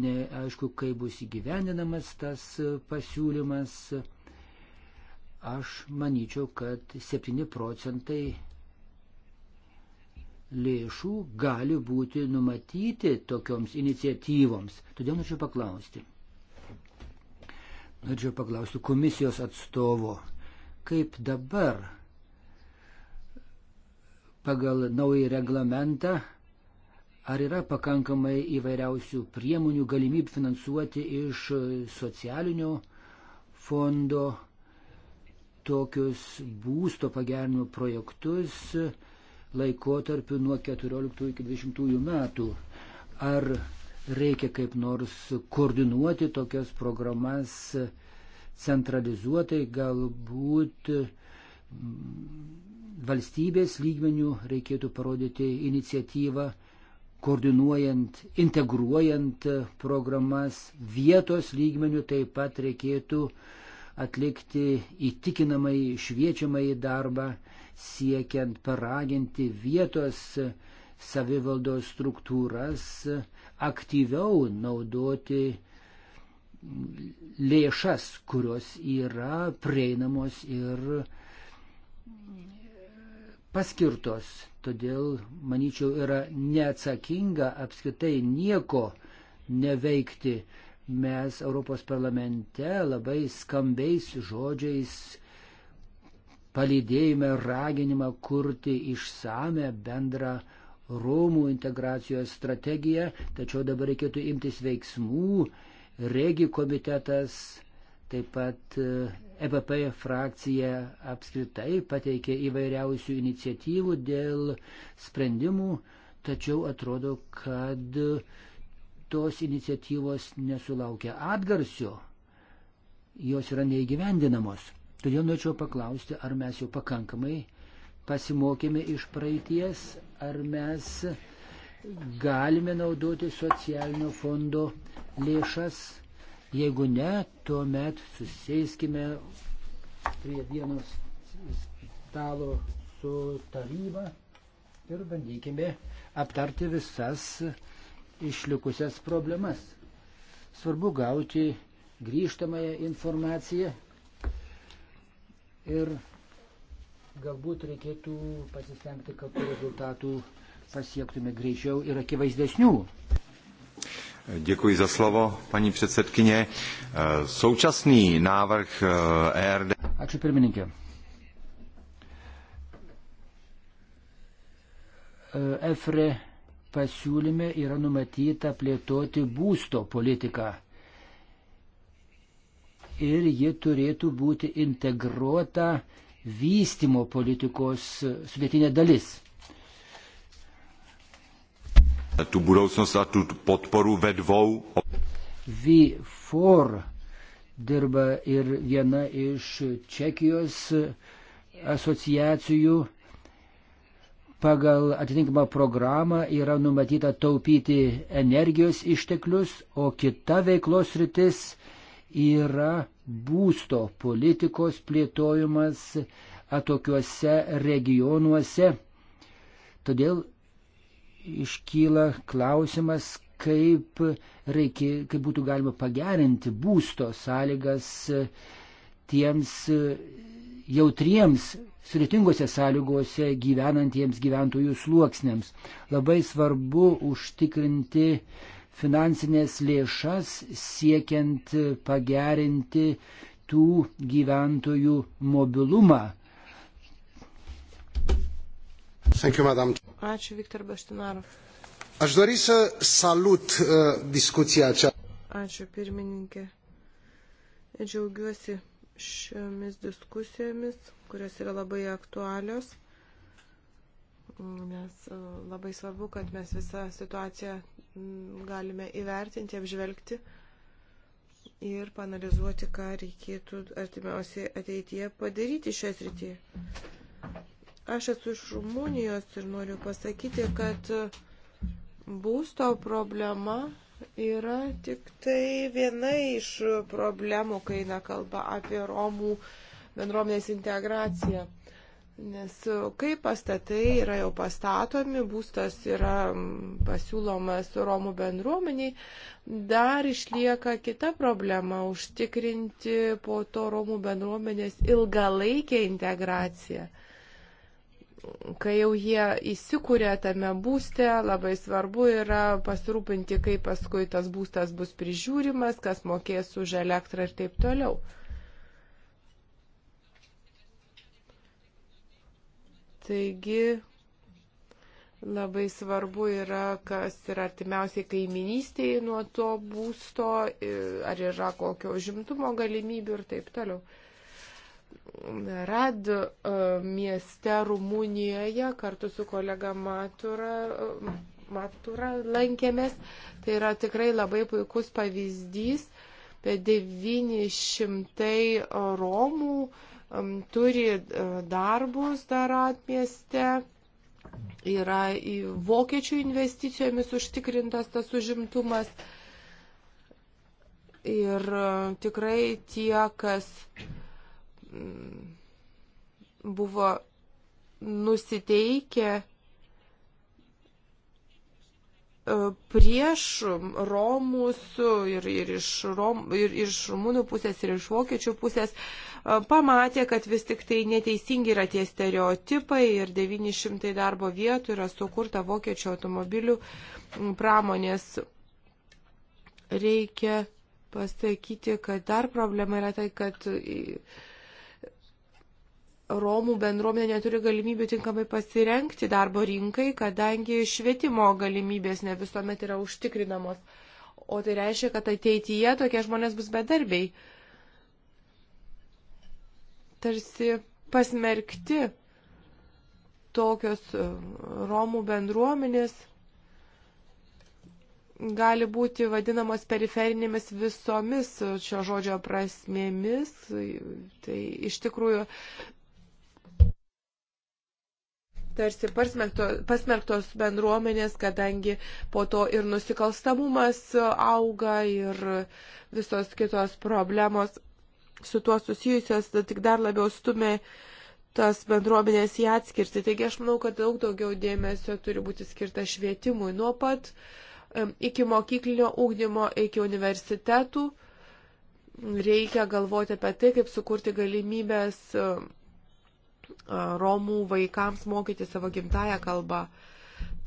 neaišku, kaip bus įgyvendinamas tas pasiūlymas. Aš manyčiau, kad 7 procentai lėšų gali būti numatyti tokioms iniciatyvoms. Todėl norėčiau paklausti. Norėčiau paklausti komisijos atstovo, kaip dabar pagal naują reglamentą, ar yra pakankamai įvairiausių priemonių galimybių finansuoti iš socialinio fondo tokius būsto pagerinimo projektus, laikotarpiu nuo 14 iki 20 metų. Ar reikia kaip nors koordinuoti tokias programas centralizuotai, galbūt mm, valstybės lygmenių reikėtų parodyti iniciatyvą, koordinuojant, integruojant programas vietos lygmenių taip pat reikėtų atlikti įtikinamai šviečiamai darbą siekiant paraginti vietos savivaldos struktūras aktyviau naudoti lėšas, kurios yra prieinamos ir paskirtos. Todėl, manyčiau, yra neatsakinga apskritai nieko neveikti. Mes Europos parlamente labai skambiais žodžiais palydėjime raginimą kurti išsame bendrą Romų integracijos strategiją, tačiau dabar reikėtų imtis veiksmų. Regi komitetas, taip pat EPP e frakcija apskritai pateikė įvairiausių iniciatyvų dėl sprendimų, tačiau atrodo, kad tos iniciatyvos nesulaukia atgarsio, jos yra neįgyvendinamos. Todėl norėčiau paklausti, ar mes jau pakankamai pasimokėme iš praeities, ar mes galime naudoti socialinio fondo lėšas. Jeigu ne, tuomet susėskime prie vienos stalo su taryba ir bandykime aptarti visas išlikusias problemas. Svarbu gauti grįžtamąją informaciją ir galbūt reikėtų pasistengti, kad tų rezultatų pasiektume greičiau ir akivaizdesnių. Děkuji za slovo, paní předsedkyně. Současný návrh ERD. Eh, e Ačiū pirmininkė. EFRE eh, pasiūlyme yra numatyta plėtoti būsto politiką ir ji turėtų būti integruota vystimo politikos sudėtinė dalis. Tu budoucnost a tu podporu ve dvou. V4 dirba ir viena iš Čekijos asociacijų. Pagal atitinkamą programą yra numatyta taupyti energijos išteklius, o kita veiklos rytis yra būsto politikos plėtojimas atokiuose regionuose. Todėl iškyla klausimas, kaip, reikia, kaip būtų galima pagerinti būsto sąlygas tiems jautriems, sudėtingose sąlygose gyvenantiems gyventojų sluoksniams. Labai svarbu užtikrinti finansinės lėšas siekiant pagerinti tų gyventojų mobilumą. Thank you, madam. Ačiū, Viktor Baštinarov. Aš dori să salut uh, discuția aceasta. Ačiū, pirmininkė. Džiaugiuosi šiomis diskusijomis, kurios yra labai aktualios nes uh, labai svarbu, kad mes visą situaciją galime įvertinti, apžvelgti ir panalizuoti, ką reikėtų artimiausiai ateityje padaryti šią srityje. Aš esu iš Rumunijos ir noriu pasakyti, kad būsto problema yra tik tai viena iš problemų, kai eina kalba apie Romų bendruomenės integraciją. Nes e, kai pastatai yra jau pastatomi, būstas yra pasiūlomas Romų bendruomeniai, dar išlieka kita problema - užtikrinti po to Romų bendruomenės ilgalaikę integraciją. Kai jau jie įsikūrė tame būste, labai svarbu yra pasirūpinti, kaip paskui tas būstas bus prižiūrimas, kas mokės už elektrą ir taip toliau. Taigi labai svarbu yra, kas yra artimiausiai kaiminystėje nuo to būsto, ar yra kokio žimtumo galimybių ir taip toliau. Rad e, mieste Rumunijoje kartu su kolega Matura, Matura lankėmės. Tai yra tikrai labai puikus pavyzdys. Apie 900 Romų uh, turi e, darbus dar atmieste, yra į vokiečių investicijomis užtikrintas tas užimtumas. Ir e, tikrai tie, kas buvo nusiteikę e, prieš Romus ir, ir, iš Rom, ir iš Rumunų pusės, ir iš Vokiečių pusės, uh, E, pamatė, kad vis tik tai neteisingi yra tie stereotipai ir 900 darbo vietų yra sukurta vokiečių automobilių pramonės. Reikia pasakyti, kad dar problema yra tai, kad Romų bendruomenė neturi galimybių tinkamai pasirenkti darbo rinkai, kadangi švietimo galimybės ne visuomet yra užtikrinamos. O tai reiškia, kad ateityje tokie žmonės bus bedarbiai. Uh, tarsi pasmerkti tokios e, Romų bendruomenės gali būti vadinamos periferinėmis visomis šio žodžio prasmėmis. Tai iš tikrųjų tarsi pasmerkto, pasmerktos bendruomenės, kadangi po to ir nusikalstamumas auga ir visos kitos problemos su tuo susijusios tik dar labiau stumia tas bendruomenės į atskirtį. Taigi aš manau, kad daug daugiau dėmesio turi būti skirta švietimui nuo pat iki mokyklinio ūkdymo, iki universitetų. Reikia galvoti apie tai, kaip sukurti galimybės Romų vaikams mokyti savo gimtają kalbą.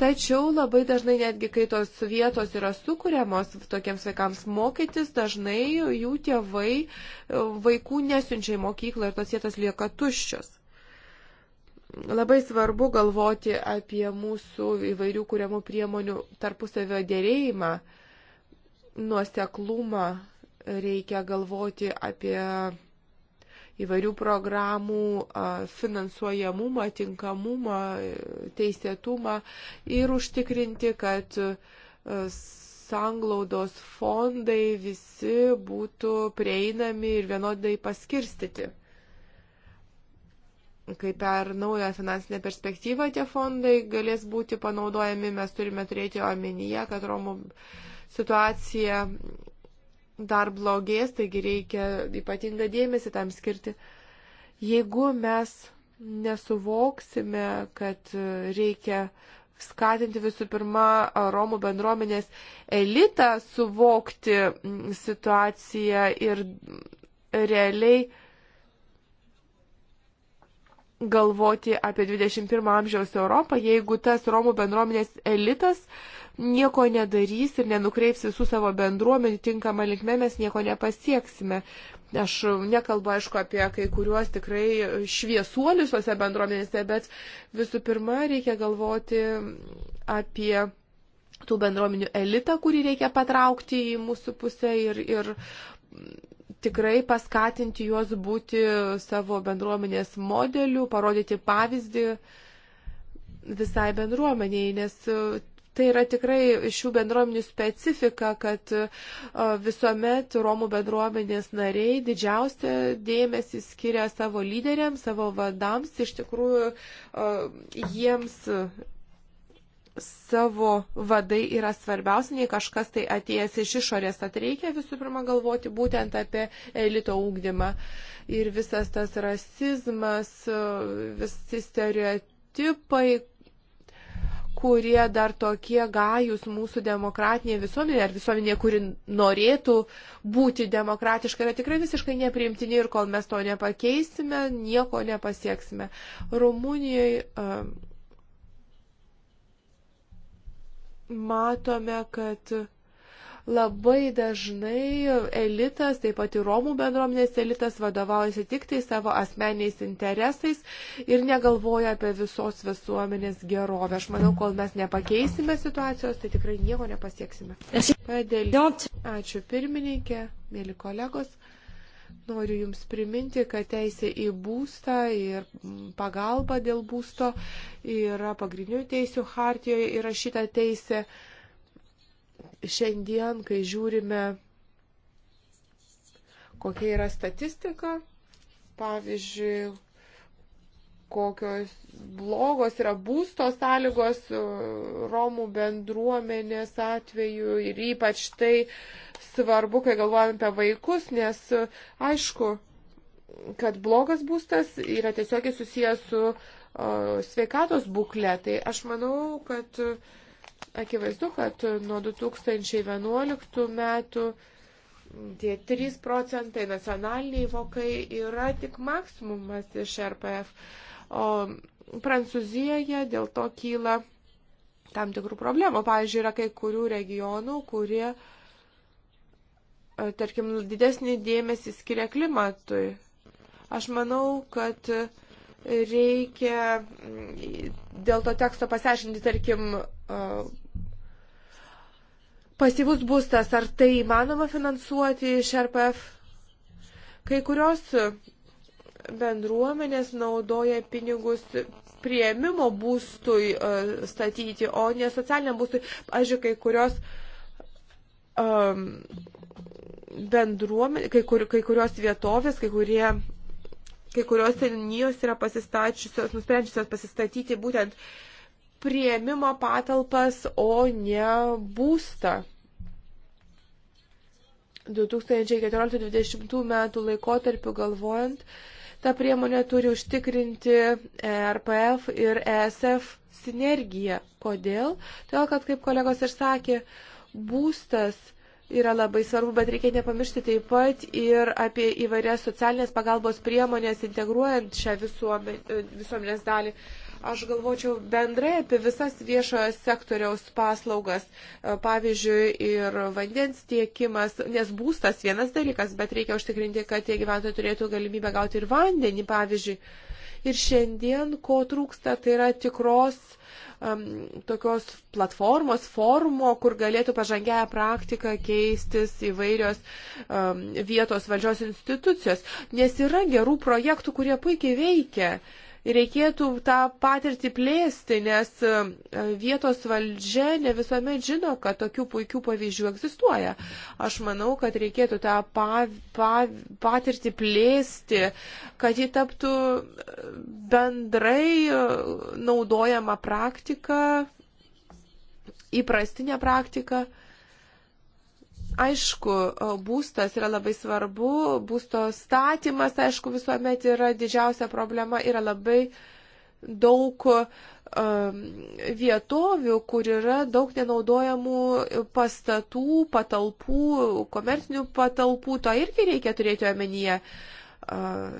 Tačiau labai dažnai netgi, kai tos vietos yra sukūriamos tokiems vaikams mokytis, dažnai jų tėvai e, vaikų nesiunčia į mokyklą ir tos vietos lieka tuščios. Labai svarbu galvoti apie mūsų įvairių kūriamų priemonių tarpusavio dėrėjimą, nuoseklumą, reikia galvoti apie įvairių programų finansuojamumą, tinkamumą, teisėtumą ir užtikrinti, kad sanglaudos fondai visi būtų prieinami ir vienodai paskirstyti. Kai per naują finansinę perspektyvą tie fondai galės būti panaudojami, mes turime turėti omenyje, kad Romų situacija dar blogės, taigi reikia ypatingą dėmesį tam skirti. Jeigu mes nesuvoksime, kad reikia skatinti visų pirma Romų bendruomenės elitą suvokti situaciją ir realiai galvoti apie 21 amžiaus Europą, jeigu tas Romų bendruomenės elitas uh, nieko nedarys ir nenukreips visų savo bendruomenių tinkamą linkme, mes nieko nepasieksime. Aš nekalbu, aišku, apie kai kuriuos tikrai šviesuolius tose bendruomenėse, bet visų pirma reikia galvoti apie tų bendruomenių elitą, kurį reikia patraukti į mūsų pusę ir, ir tikrai paskatinti juos būti savo bendruomenės modeliu, parodyti pavyzdį visai bendruomeniai, nes Tai yra tikrai šių bendruomenių specifika, kad visuomet Romų bendruomenės nariai didžiausia dėmesį skiria savo lyderiams, savo vadams, iš tikrųjų jiems savo vadai yra svarbiausia, nei kažkas tai atėjęs iš išorės, tad reikia visų pirma galvoti būtent apie elito ūkdymą. Ir visas tas rasizmas, visi stereotipai, kurie dar tokie gajus mūsų demokratinėje visuomenėje ar visuomenėje, kuri norėtų būti demokratiška, yra tikrai visiškai nepriimtini ir kol mes to nepakeisime, nieko nepasieksime. Rumunijoje um, matome, kad uh, labai dažnai elitas, taip pat ir Romų bendruomenės elitas vadovaujasi tik tai savo asmeniais interesais ir negalvoja apie visos visuomenės gerovę. Aš manau, kol mes nepakeisime situacijos, tai tikrai nieko nepasieksime. Padėl. Ačiū pirmininkė, mėly kolegos. Noriu Jums priminti, kad teisė į būstą ir pagalba dėl būsto yra pagrindinių teisių hartijoje įrašyta teisė. teisė šiandien, kai žiūrime, kokia yra statistika, pavyzdžiui, kokios blogos yra būsto sąlygos e, Romų bendruomenės atveju ir ypač tai svarbu, kai galvojame apie vaikus, nes e, aišku, kad blogas būstas yra tiesiogiai susijęs su o, e, sveikatos būklė. Tai aš manau, kad uh, Akivaizdu, kad nuo 2011 metų tie 3 procentai nacionaliniai vokai yra tik maksimumas iš RPF, o Prancūzijoje dėl to kyla tam tikrų problemų. Pavyzdžiui, yra kai kurių regionų, kurie, e, tarkim, didesnį dėmesį skiria klimatui. Aš manau, kad reikia dėl to teksto pasiaiškinti, tarkim, pasyvus būstas, ar tai įmanoma finansuoti iš RPF? Kai kurios bendruomenės naudoja pinigus prieimimo būstui statyti, o ne socialiniam būstui. Pavyzdžiui, kai kurios um, bendruomenė, kai, kur, kai kurios vietovės, kai kurie kai kurios senijos yra pasistačiusios, nusprendžiusios pasistatyti būtent uh, prieimimo patalpas, o ne būstą. 2014-2020 metų laikotarpiu galvojant, ta priemonė turi užtikrinti e RPF ir ESF sinergiją. Kodėl? Todėl, kad, kaip kolegos ir sakė, būstas yra labai svarbu, bet reikia nepamiršti taip pat ir apie įvairias socialinės pagalbos priemonės integruojant šią visuomenės dalį. Aš galvočiau bendrai apie visas viešojo sektoriaus paslaugas, e, pavyzdžiui, ir vandens tiekimas, nes būstas vienas dalykas, bet reikia užtikrinti, kad tie gyventojai turėtų galimybę gauti ir vandenį, pavyzdžiui. Ir šiandien, ko trūksta, tai yra tikros um, tokios platformos, formo, kur galėtų pažangęją praktiką keistis įvairios um, vietos valdžios institucijos. Nes yra gerų projektų, kurie puikiai veikia. Uh, reikėtų tą patirtį plėsti, nes e, vietos valdžia ne visuomet žino, kad tokių puikių pavyzdžių egzistuoja. Aš manau, kad reikėtų tą pa, pa, patirtį plėsti, kad ji taptų e, bendrai e, naudojama praktika, įprastinė praktika. Aišku, būstas yra labai svarbu, būsto statymas, aišku, visuomet yra didžiausia problema, yra labai daug um, vietovių, kur yra daug nenaudojamų pastatų, patalpų, komercinių patalpų, to irgi reikia turėti omenyje. Uh,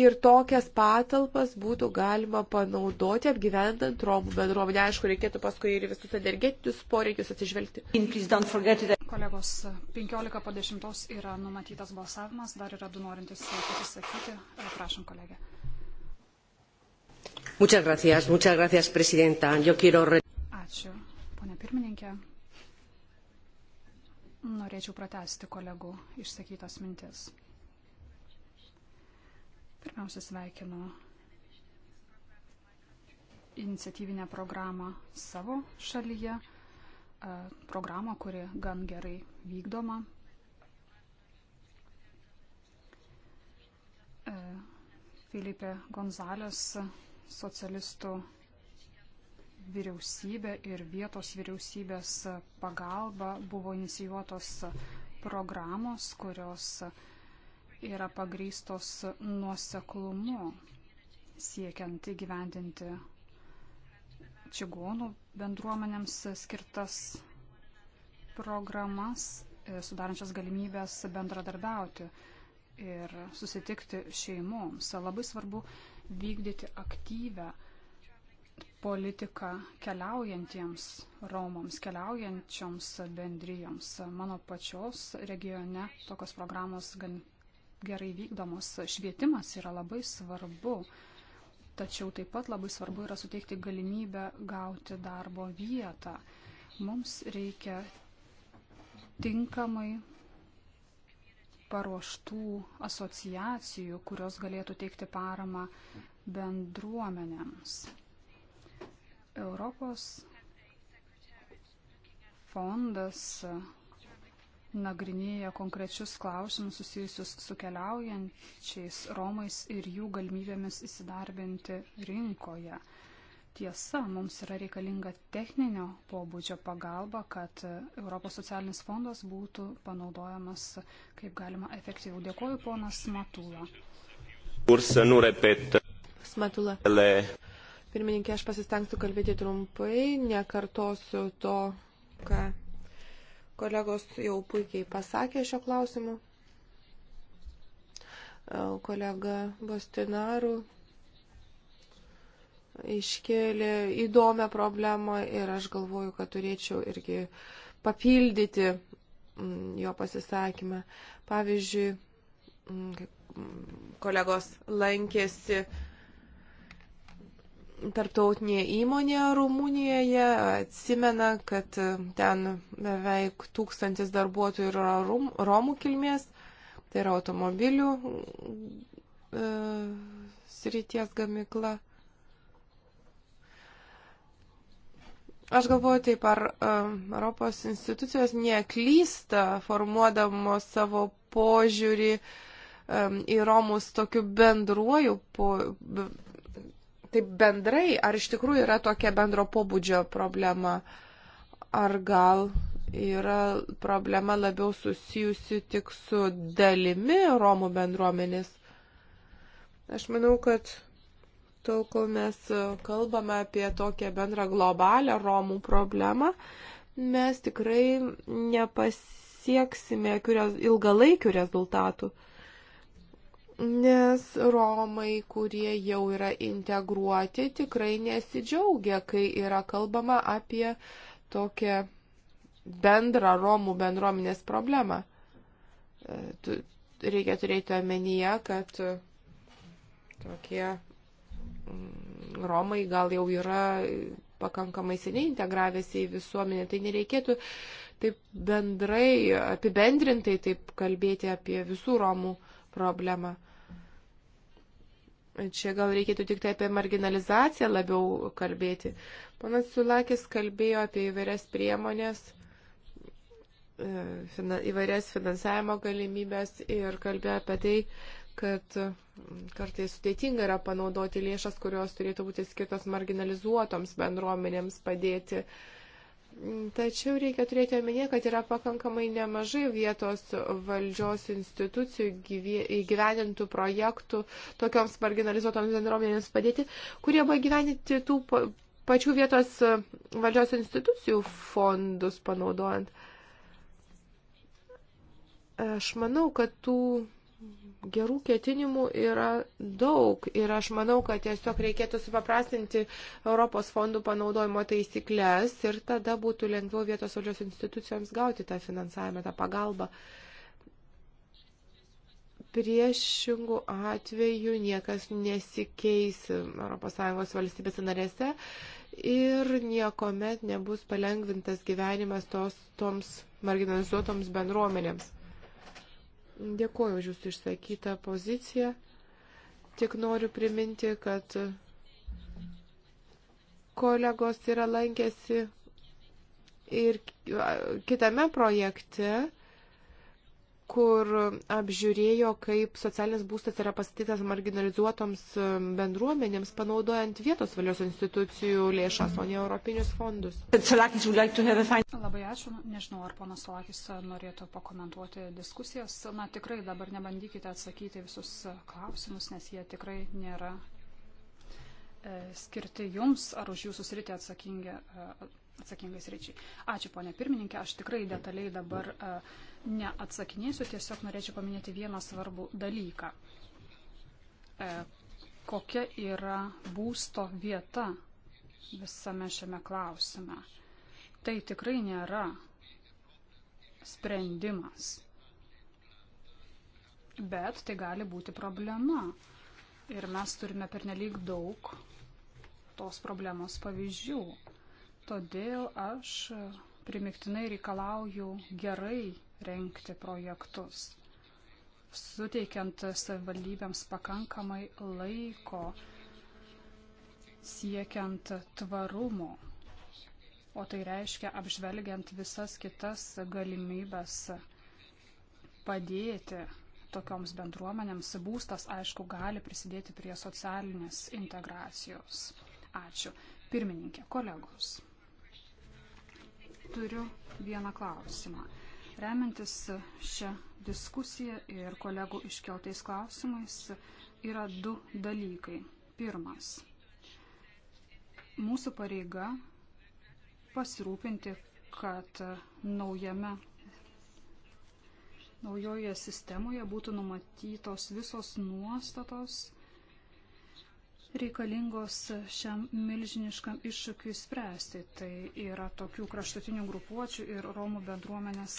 Ir tokias patalpas būtų galima panaudoti apgyvendant Romų bendruomenę. Aišku, reikėtų paskui ir visus energetinius poreikius atsižvelgti. Kolegos, 15 po 10 yra numatytas balsavimas, dar yra du norintys pasisakyti. E, prašom, kolegė. Muchas gracias, muchas gracias, presidenta. Yo quiero... Ačiū, ponė pirmininkė. Norėčiau pratesti kolegų išsakytas mintis. Pirmiausia, sveikinu iniciatyvinę programą savo šalyje, e, programą, kuri gan gerai vykdoma. E, Filipe Gonzalės socialistų vyriausybė ir vietos vyriausybės pagalba buvo inicijuotos programos, kurios uh, yra pagrystos nuoseklumu siekiant įgyvendinti čigonų bendruomenėms skirtas programas, e, sudarančias galimybės bendradarbiauti ir susitikti šeimoms. Labai svarbu vykdyti aktyvę politiką keliaujantiems Romams, keliaujančioms bendrijoms. Mano pačios regione tokios programos gan gerai vykdomos. Švietimas yra labai svarbu, tačiau taip pat labai svarbu yra suteikti galimybę gauti darbo vietą. Mums reikia tinkamai paruoštų asociacijų, kurios galėtų teikti paramą bendruomenėms. Europos fondas nagrinėja konkrečius klausimus susijusius su keliaujančiais Romais ir jų galimybėmis įsidarbinti rinkoje. Tiesa, mums yra reikalinga techninio pobūdžio pagalba, kad Europos socialinis fondas būtų panaudojamas kaip galima efektyviau. Dėkuoju, ponas Matula. Nu, Matula. Pirmininkė, aš pasistengsiu kalbėti trumpai, nekartosiu to, ką Kolegos jau puikiai pasakė šio klausimu. E, kolega Bostinaru iškėlė įdomią problemą ir aš galvoju, kad turėčiau irgi papildyti mm, jo pasisakymą. Pavyzdžiui, mm, mm, kolegos lankėsi tarptautinė įmonė Rumunijoje atsimena, kad e, ten beveik tūkstantis darbuotojų yra rom, romų kilmės, tai yra automobilių e, srities gamikla. Aš galvoju taip, ar e, Europos institucijos neklysta formuodamos savo požiūrį e, į Romus tokiu bendruoju po, taip bendrai, ar iš tikrųjų yra tokia bendro pobūdžio problema, ar gal yra problema labiau susijusi tik su dalimi Romų bendruomenės. Aš manau, kad tol, kol mes kalbame apie tokią bendrą globalią Romų problemą, mes tikrai nepasieksime ilgalaikių rezultatų. Nes Romai, kurie jau yra integruoti, tikrai nesidžiaugia, kai yra kalbama apie tokią bendrą Romų bendruomenės problemą. E, reikia turėti omenyje, kad e, tokie mm, Romai gal jau yra pakankamai seniai integravęsi į visuomenę, tai nereikėtų taip bendrai, apibendrintai taip kalbėti apie visų Romų uh, problemą. Čia gal reikėtų tik tai apie marginalizaciją labiau kalbėti. Panas Sulakis kalbėjo apie įvairias priemonės, e, įvairias finansavimo galimybės ir kalbėjo apie tai, kad kartais sudėtinga yra panaudoti lėšas, kurios turėtų būti skirtos marginalizuotoms bendruomenėms padėti uh, Tačiau reikia turėti omenyje, kad yra pakankamai nemažai vietos valdžios institucijų įgyvenintų projektų tokioms marginalizuotoms bendruomenėms padėti, kurie buvo gyveninti tų pačių vietos valdžios institucijų fondus panaudojant. Aš manau, kad tų gerų ketinimų yra daug ir aš manau, kad tiesiog reikėtų supaprastinti Europos fondų panaudojimo taisyklės ir tada būtų lengviau vietos valdžios institucijoms gauti tą finansavimą, tą pagalbą. Priešingų atvejų niekas nesikeis ES valstybės narėse ir niekuomet nebus palengvintas gyvenimas tos, toms marginalizuotoms bendruomenėms. Dėkuoju už Jūsų išsakytą poziciją. Tik noriu priminti, kad kolegos yra lankęsi ir kitame projekte kur apžiūrėjo, kaip socialinis būstas yra pastatytas marginalizuotoms um, bendruomenėms, panaudojant vietos valios institucijų lėšas, o ne europinius fondus. Labai ačiū. Nežinau, ar ponas Solakis norėtų pakomentuoti diskusijas. Na, tikrai dabar nebandykite atsakyti visus klausimus, nes jie tikrai nėra e, skirti jums ar už jūsų sritį atsakingi, e, atsakingais ryčiai. Ačiū, ponė pirmininkė. Aš tikrai detaliai dabar. Uh, neatsakinėsiu, tiesiog norėčiau paminėti vieną svarbų dalyką. E, kokia yra būsto vieta visame šiame klausime? Tai tikrai nėra sprendimas, bet tai gali būti problema. Ir mes turime pernelyg daug tos problemos pavyzdžių. Todėl aš primiktinai reikalauju gerai renkti projektus, suteikiant savivaldybėms pakankamai laiko siekiant tvarumo, o tai reiškia apžvelgiant visas kitas galimybės padėti tokioms bendruomenėms. Būstas, aišku, gali prisidėti prie socialinės integracijos. Ačiū. Pirmininkė, kolegos. Turiu vieną klausimą. Remiantis šią diskusiją ir kolegų iškeltais klausimais yra du dalykai. Pirmas. Mūsų pareiga pasirūpinti, kad naujame, naujoje sistemoje būtų numatytos visos nuostatos, reikalingos šiam milžiniškam iššūkiui spręsti. Tai yra tokių kraštutinių grupuočių ir Romų bendruomenės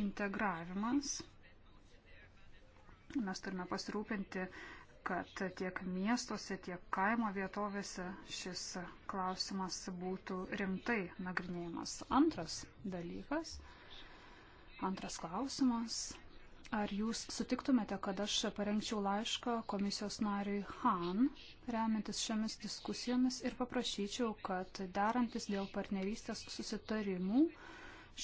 integravimas. Mes turime pasirūpinti, kad tiek miestuose, tiek kaimo vietovėse šis klausimas būtų rimtai nagrinėjimas. Antras dalykas, antras klausimas Ar jūs sutiktumėte, kad aš parengčiau laišką komisijos nariui Han, remiantis šiomis diskusijomis ir paprašyčiau, kad derantis dėl partnerystės susitarimų,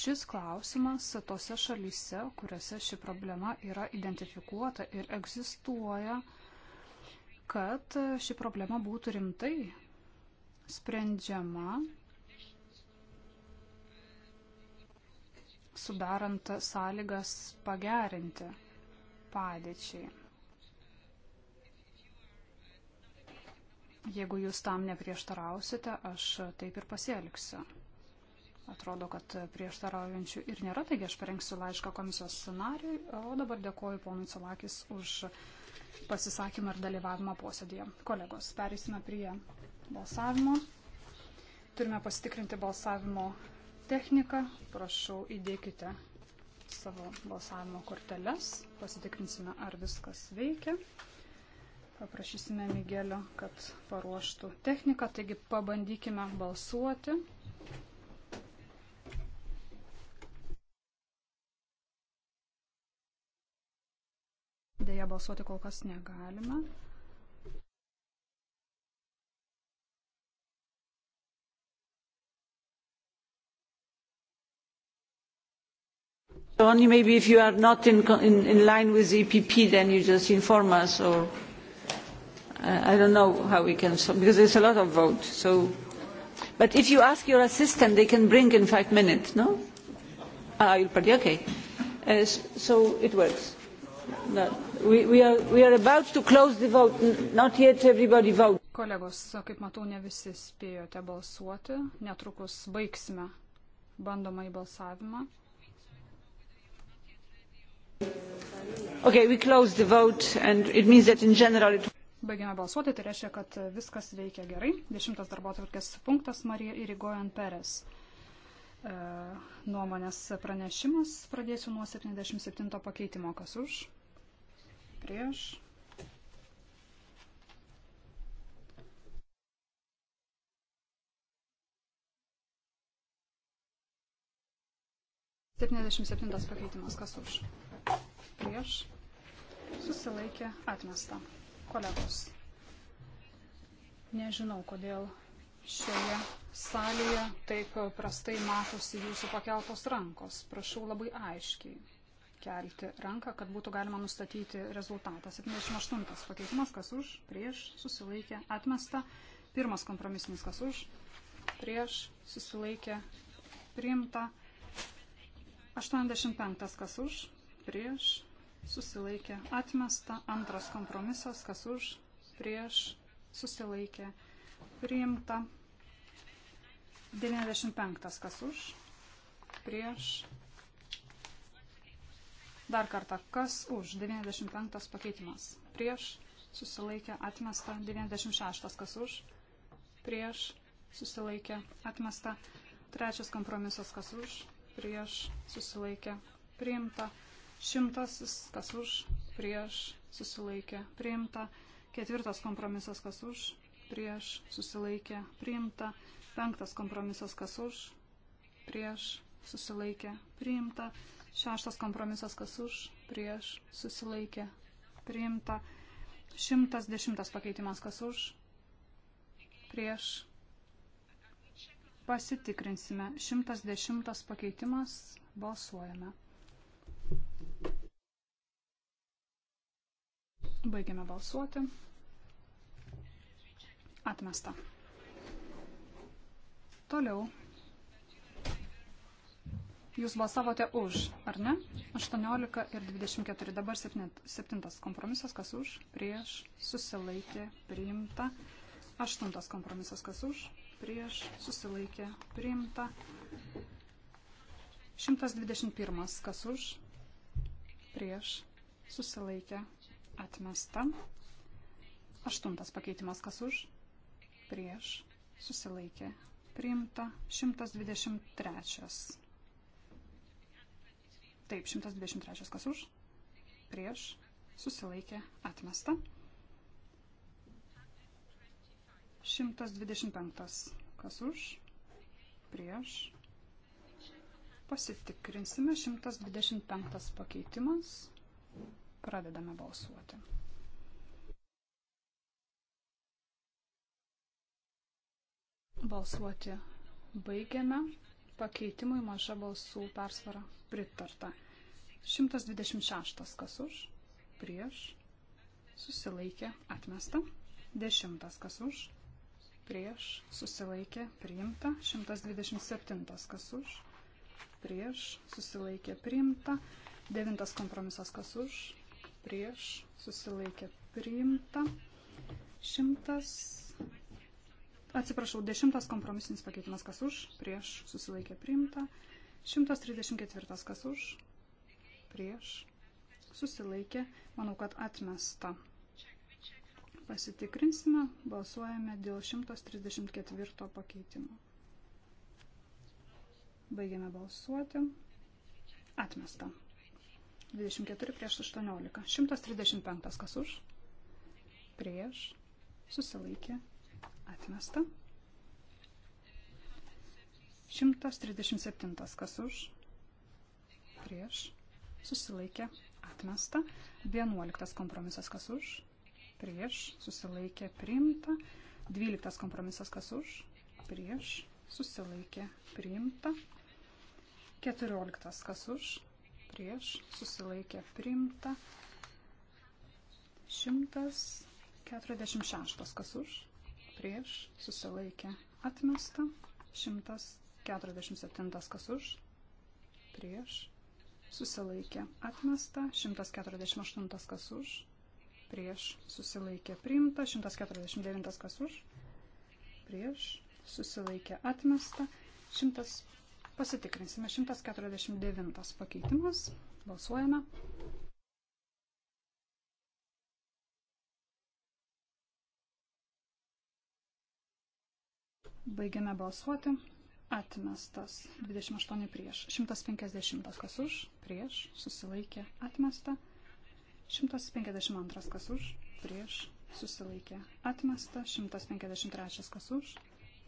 šis klausimas tose šalyse, kuriuose ši problema yra identifikuota ir egzistuoja, kad ši problema būtų rimtai sprendžiama sudarant sąlygas pagerinti padėčiai. Jeigu jūs tam neprieštarausite, aš taip ir pasielgsiu. Atrodo, kad prieštaraujančių ir nėra, taigi aš parengsiu laišką komisijos scenariui, o dabar dėkoju ponui Solakis už pasisakymą ir dalyvavimą posėdėje. Kolegos, perėsime prie balsavimo. Turime pasitikrinti balsavimo techniką. Prašau, įdėkite savo balsavimo korteles. Pasitikrinsime, ar viskas veikia. Paprašysime Migelio, kad paruoštų techniką. Taigi pabandykime balsuoti. Deja, balsuoti kol kas negalime. Tony, maybe if you are not in, in, in line with the EPP, then you just inform us, or uh, I don't know how we can, because there's a lot of vote. So, but if you ask your assistant, they can bring in five minutes, no? Ah, you'll party, okay. Uh, so it works. No, we, we, are, we are about to close the vote. Not yet everybody vote. Kolegos, kaip matau, ne visi spėjote balsuoti. Netrukus baigsime bandomą į balsavimą. Okay, we close the vote and it means that in general it... Baigėme balsuoti, tai reiškia, kad viskas veikia gerai. Dešimtas darbo atvarkės punktas Marija Irigojan Peres. E, nuomonės pranešimas. Pradėsiu nuo 77 pakeitimo. Kas už? Prieš. Septyniasdešimt septintas pakeitimas. Kas už? prieš, susilaikė atmesta. Kolegos, nežinau, kodėl šioje salėje taip prastai matosi jūsų pakeltos rankos. Prašau labai aiškiai kelti ranką, kad būtų galima nustatyti rezultatą. 78 pakeitimas, kas už, prieš, susilaikė, atmesta. Pirmas kompromisinis, kas už, prieš, susilaikė, priimta. 85 kas už, prieš, susilaikė atmesta, antras kompromisas, kas už, prieš, susilaikė priimta, 95 kas už, prieš, dar kartą, kas už, 95 pakeitimas, prieš, susilaikė atmesta, 96 kas už, prieš, susilaikė atmesta, trečias kompromisas kas už, prieš, susilaikė priimta, 96 Šimtasis, kas už, prieš, susilaikė, priimta. Ketvirtas kompromisas, kas už, prieš, susilaikė, priimta. Penktas kompromisas, kas už, prieš, susilaikė, priimta. Šeštas kompromisas, kas už, prieš, susilaikė, priimta. Šimtas dešimtas pakeitimas, kas už, prieš. Pasitikrinsime. Šimtas dešimtas pakeitimas. Balsuojame. Baigiame balsuoti. Atmesta. Toliau. Jūs balsavote už, ar ne? 18 ir 24. Dabar 7 kompromisas, kas už, prieš, susilaikė, priimta. 8 kompromisas, kas už, prieš, susilaikė, priimta. 121. Kas už? Prieš. Susilaikė atmesta. Aštuntas pakeitimas kas už, prieš, susilaikė, priimta. 123. Taip, 123 kas už, prieš, susilaikė, atmesta. 125 kas už, prieš, Pasitikrinsime 125 pakeitimas. Pradedame balsuoti. Balsuoti baigiame. Pakeitimui maža balsų persvara pritarta. 126 kas už, prieš, susilaikė, atmesta. 10 kas už, prieš, susilaikė, priimta. 127 kas už, prieš, susilaikė, priimta. 9 kompromisas kas už, prieš susilaikė priimta. Šimtas, atsiprašau, dešimtas kompromisinis pakeitimas kas už, prieš susilaikė priimta. 134 kas už, prieš susilaikė, manau, kad atmesta. Pasitikrinsime, balsuojame dėl 134 pakeitimo. Baigiame balsuoti. Atmesta. 24 prieš 18. 135 kas už. Prieš. Susilaikė. Atmesta. 137 kas už. Prieš. Susilaikė. Atmesta. 11 kompromisas kas už. Prieš. Susilaikė. Priimta. 12 kompromisas kas už. Prieš. Susilaikė. Priimta. 14 kas už prieš susilaikė priimta. 146 kas už, prieš susilaikė atmesta. 147 kas už, prieš susilaikė atmesta. 148 kas už, prieš susilaikė priimta. 149 kas už, prieš susilaikė atmesta. 150 Pasitikrinsime 149 pakeitimus. Balsuojame. Baigiame balsuoti. Atmestas 28 prieš. 150 kas už, prieš, susilaikė, atmesta. 152 kas už, prieš, susilaikė, atmesta. 153 kas už,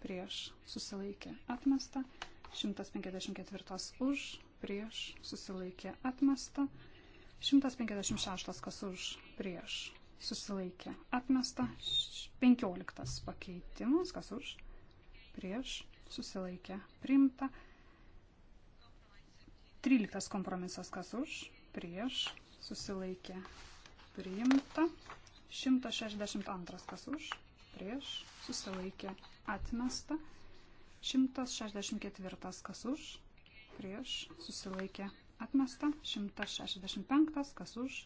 prieš, susilaikė, atmesta. 154 už, prieš, susilaikė atmesta. 156 kas už, prieš, susilaikė atmesta. 15 pakeitimas kas už, prieš, susilaikė primta. 13 kompromisas kas už, prieš, susilaikė priimta. 162 kas už, prieš, susilaikė atmesta. 164 kas už, prieš, susilaikė atmesta, 165 kas už,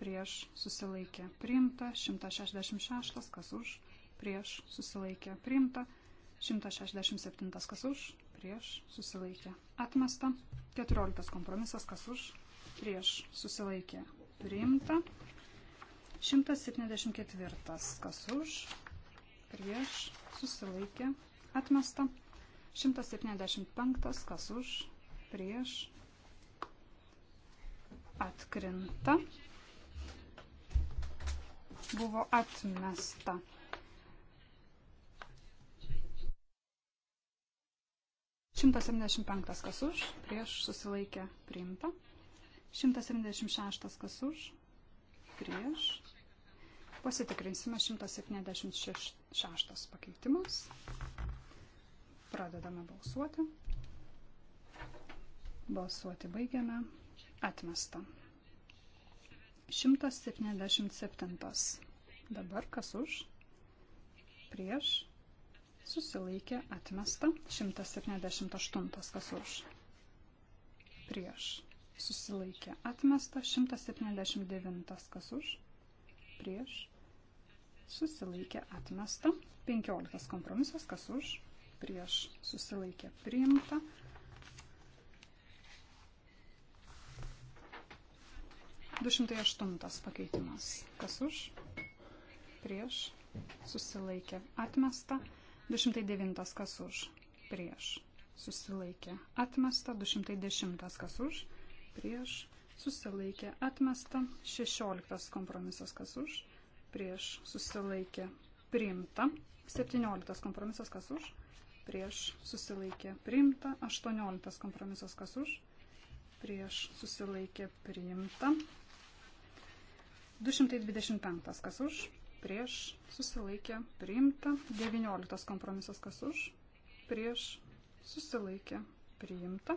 prieš, susilaikė priimta, 166 kas už, prieš, susilaikė priimta, 167 kas už, prieš, susilaikė atmesta, 14 kompromisas kas už, prieš, susilaikė priimta, 174 kas už, prieš, susilaikė priimta Atmesta. 175. Kas už? Prieš. Atkrinta. Buvo atmesta. Šimtas septyniasdešimt penktas kas už, prieš susilaikė priimta. Šimtas septyniasdešimt šeštas kas už, prieš Pasitikrinsime 176 pakeitimus. Pradedame balsuoti. Balsuoti baigiame. Atmesta. 177. Dabar kas už? Prieš. Susilaikė. Atmesta. 178. Kas už? Prieš. Susilaikė. Atmesta. 179. Kas už? Prieš. Susilaikė. Atmesta. 15. Kompromisas. Kas už? prieš susilaikė priimta. Du šimtai aštuntas pakeitimas. Kas už? Prieš susilaikė atmesta. Du šimtai devintas kas už? Prieš susilaikė atmesta. Du šimtai dešimtas kas už? Prieš susilaikė atmesta. Šešioliktas kompromisas kas už? Prieš susilaikė priimta. 17 kompromisas kas už, prieš susilaikė priimta, 18 kompromisas kas už, prieš susilaikė priimta, 225 kas už, prieš susilaikė priimta, 19 kompromisas kas už, prieš susilaikė priimta,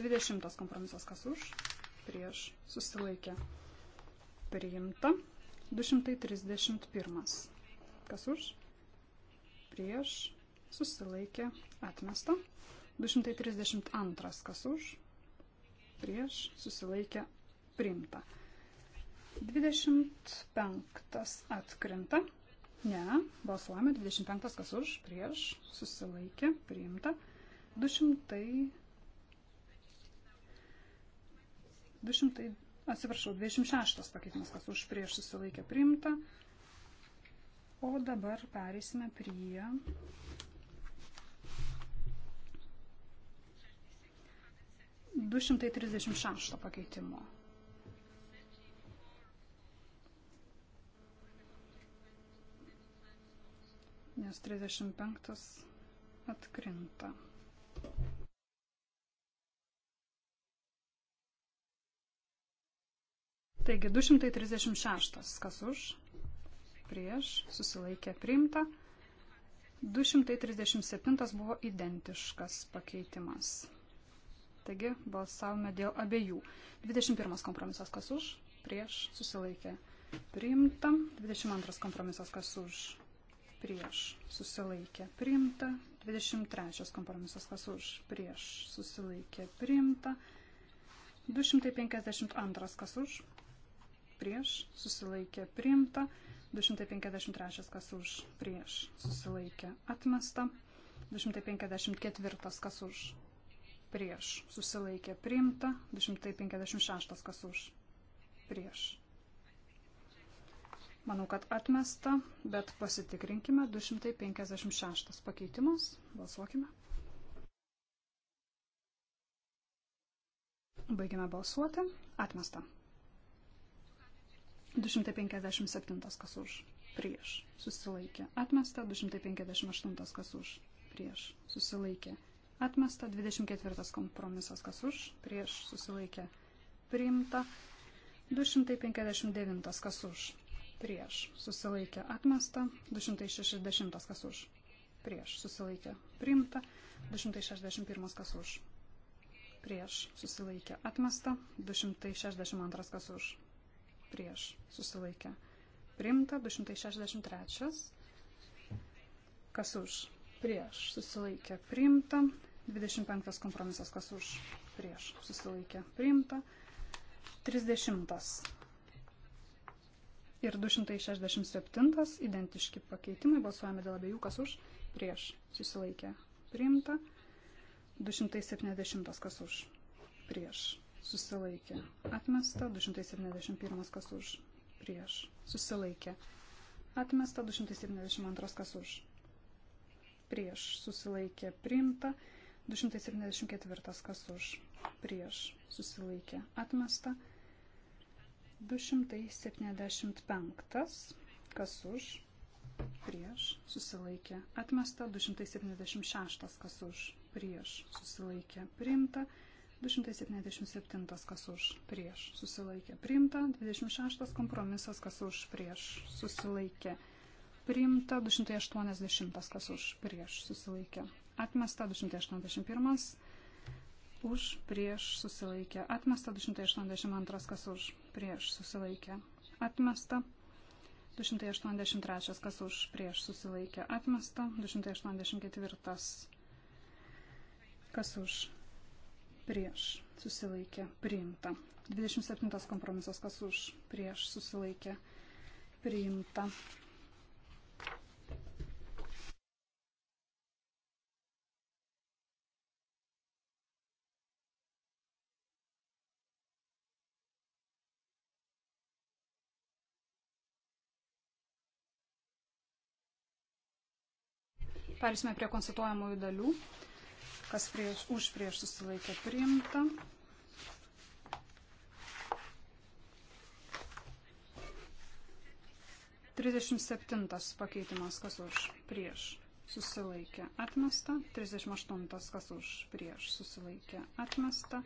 20 kompromisas kas už, prieš susilaikė priimta, 231 kas už, prieš susilaikė, atmesta. 232 kas už, prieš, susilaikė, priimta. 25 atkrinta, ne, balsuojame, 25 kas už, prieš, susilaikė, priimta. 200, 200 atsiprašau, 26 pakeitimas, kas už prieš susilaikė priimta. O dabar pereisime prie 236 pakeitimo. Nes 35 atkrinta. Taigi 236, kas už, prieš, susilaikė priimta. 237 buvo identiškas pakeitimas. Taigi balsavome dėl abiejų. 21 kompromisas kas už, prieš, susilaikė. Priimta. 22 kompromisas kas už, prieš, susilaikė. Priimta. 23 kompromisas kas už, prieš, susilaikė. Priimta. 252 kas už, prieš, susilaikė. Priimta. 253 kas už, prieš, susilaikė. Atmesta. 254 kas už, prieš susilaikė priimta, 256 kas už prieš. Manau, kad atmesta, bet pasitikrinkime 256 pakeitimus. Balsuokime. Baigime balsuoti. Atmesta. 257 kas už prieš susilaikė. Atmesta 258 kas už prieš susilaikė. Atmesta 24 kompromisas, kas už, prieš susilaikė priimta. 259 kas už, prieš susilaikė atmesta. 260 kas už, prieš susilaikė priimta. 261 kas už, prieš susilaikė atmesta. 262 kas už, prieš susilaikė priimta. 263 kas už, prieš susilaikė priimta. 25 kompromisas, kas už prieš susilaikė priimta. 30 ir 267 identiški pakeitimai. Balsuojame dėl abiejų, kas už prieš susilaikė priimta. 270 kas už prieš susilaikė atmesta. 271 kas už prieš susilaikė atmesta. 272 kas už prieš susilaikė priimta, 274 kas už prieš susilaikė atmesta, 275 kas už prieš susilaikė atmesta, 276 kas už prieš susilaikė priimta, 277 kas už prieš susilaikė priimta, 26 kompromisas kas už prieš susilaikė priimta priimta 280, kas už prieš susilaikė. Atmesta 281, už prieš susilaikė. Atmesta 282, kas už prieš susilaikė. Atmesta 283, kas už prieš susilaikė. Atmesta 284, kas už prieš susilaikė. Priimta. 27 kompromisas, kas už prieš susilaikė. Priimta. Persime prie konstatuojamųjų dalių. Kas prieš, už prieš susilaikė priimta. Trisdešimt septintas pakeitimas, kas už prieš susilaikė atmesta. 38 kas už prieš susilaikė atmesta.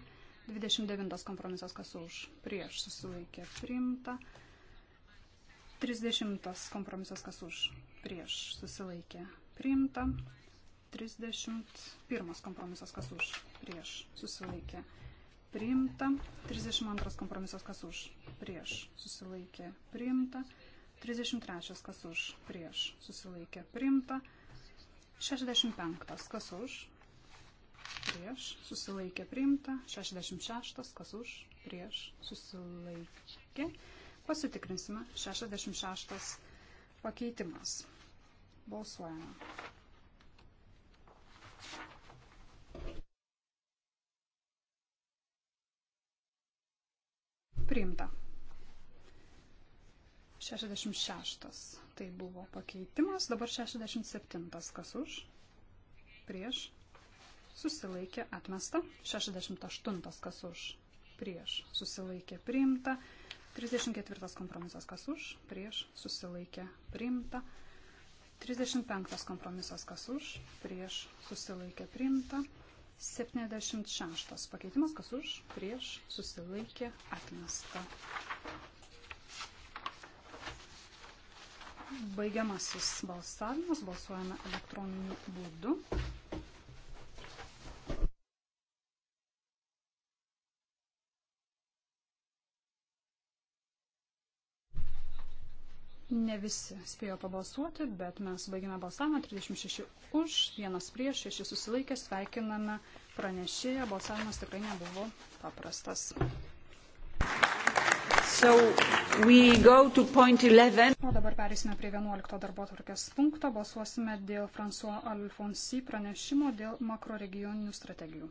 29 kompromisas kas už prieš susilaikė priimta. 30 kompromisas kas už prieš susilaikė priimta. 31 kompromisas kas už, prieš, susilaikė, priimta. 32 kompromisas kas už, prieš, susilaikė, priimta. 33 kas už, prieš, susilaikė, priimta. 65 kas už, prieš, susilaikė, priimta. 66 kas už, prieš, susilaikė. Pasitikrinsime 66 pakeitimas. Balsuojame. priimta. 66. Tai buvo pakeitimas, dabar 67. Kas už? Prieš. Susilaikė atmesta. 68. Kas už? Prieš. Susilaikė priimta. 34. Kompromisas. Kas už? Prieš. Susilaikė priimta. 35 kompromisas kas už, prieš susilaikė priimta. 76 pakeitimas kas už, prieš susilaikė atmesta. Baigiamasis balsavimas, balsuojame elektroniniu būdu. Ne visi spėjo pabalsuoti, bet mes baigėme balsavimą 36 už, vienas prieš, 6 susilaikė, sveikiname pranešėją, balsavimas tikrai nebuvo paprastas. So o dabar perėsime prie 11 darbo tvarkės punkto, balsuosime dėl François Alfonsi pranešimo dėl makroregioninių strategijų.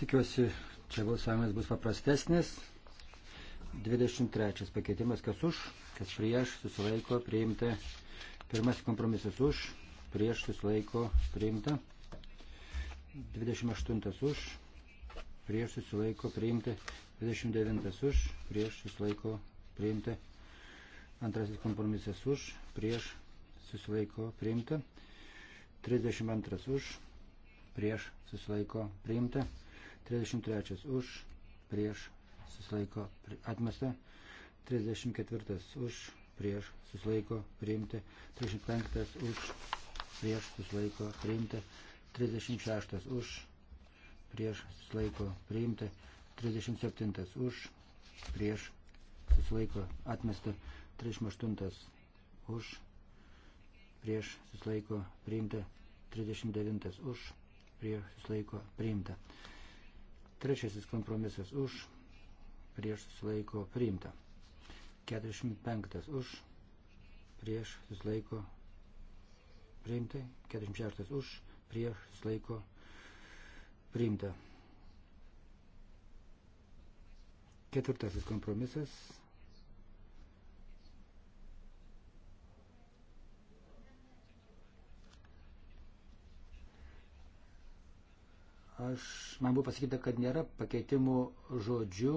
Tikiuosi, čia balsavimas bus paprastesnis, 23 pakeitimas, kas už, kas prieš, susilaiko, priimta. Pirmasis kompromisas už, prieš, susilaiko, priimta. 28 už, prieš, susilaiko, priimta. 29 už, prieš, susilaiko, priimta. Antrasis kompromisas už, prieš, susilaiko, priimta. 32 už, prieš, susilaiko, priimta. 33 už, prieš, susilaiko atmesta, 34 už prieš susilaiko priimti, 35 už prieš susilaiko priimti, 36 už prieš susilaiko priimti, 37 už prieš susilaiko atmesta, 38 už prieš susilaiko priimti, 39 už prieš susilaiko priimta. Trečiasis kompromisas už prieš susilaiko priimta. 45 už, prieš susilaiko priimta. 46 už, prieš susilaiko priimta. Ketvirtasis kompromisas. Aš, man buvo pasakyta, kad nėra pakeitimų žodžių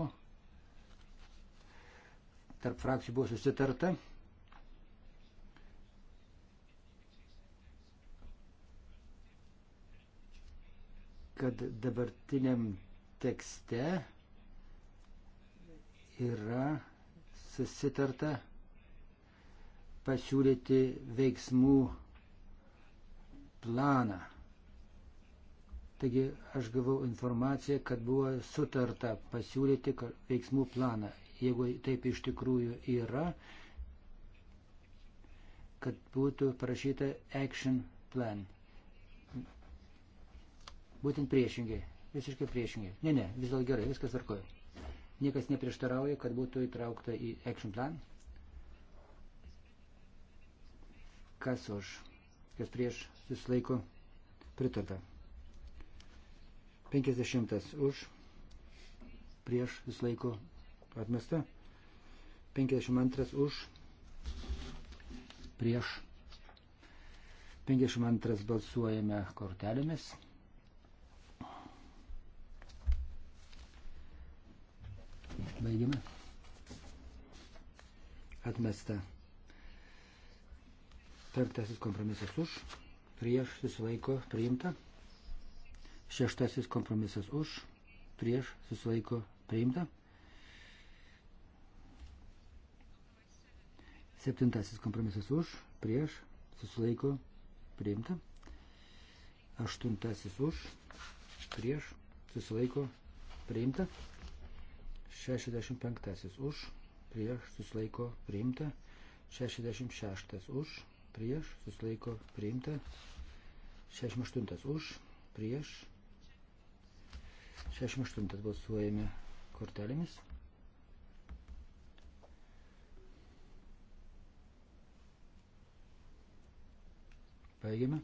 tarp frakcijų buvo susitarta. kad dabartiniam tekste yra susitarta pasiūlyti veiksmų planą. Taigi aš gavau informaciją, kad buvo sutarta pasiūlyti veiksmų planą jeigu taip iš tikrųjų yra, kad būtų parašyta action plan. Būtent priešingai, visiškai priešingai. Ne, ne, vis dėlto gerai, viskas tvarkoja. Niekas neprieštarauja, kad būtų įtraukta į action plan. Kas už, kas prieš, vis laiko pritarta. 50 už, prieš, vis laiko atmesta. 52 už, prieš. 52 balsuojame kortelėmis. Baigime. Atmesta. Penktasis kompromisas už, prieš susilaiko priimta. Šeštasis kompromisas už, prieš susilaiko priimta. Septintasis kompromisas už, prieš, susilaiko, priimta. Aštuntasis už, prieš, susilaiko, priimta. Šešiasdešimt penktasis už, prieš, susilaiko, priimta. Šešiasdešimt šeštas už, prieš, susilaiko, priimta. Šešiasdešimt aštuntas už, prieš. Šešiasdešimt aštuntas balsuojame kortelėmis. Baigiame.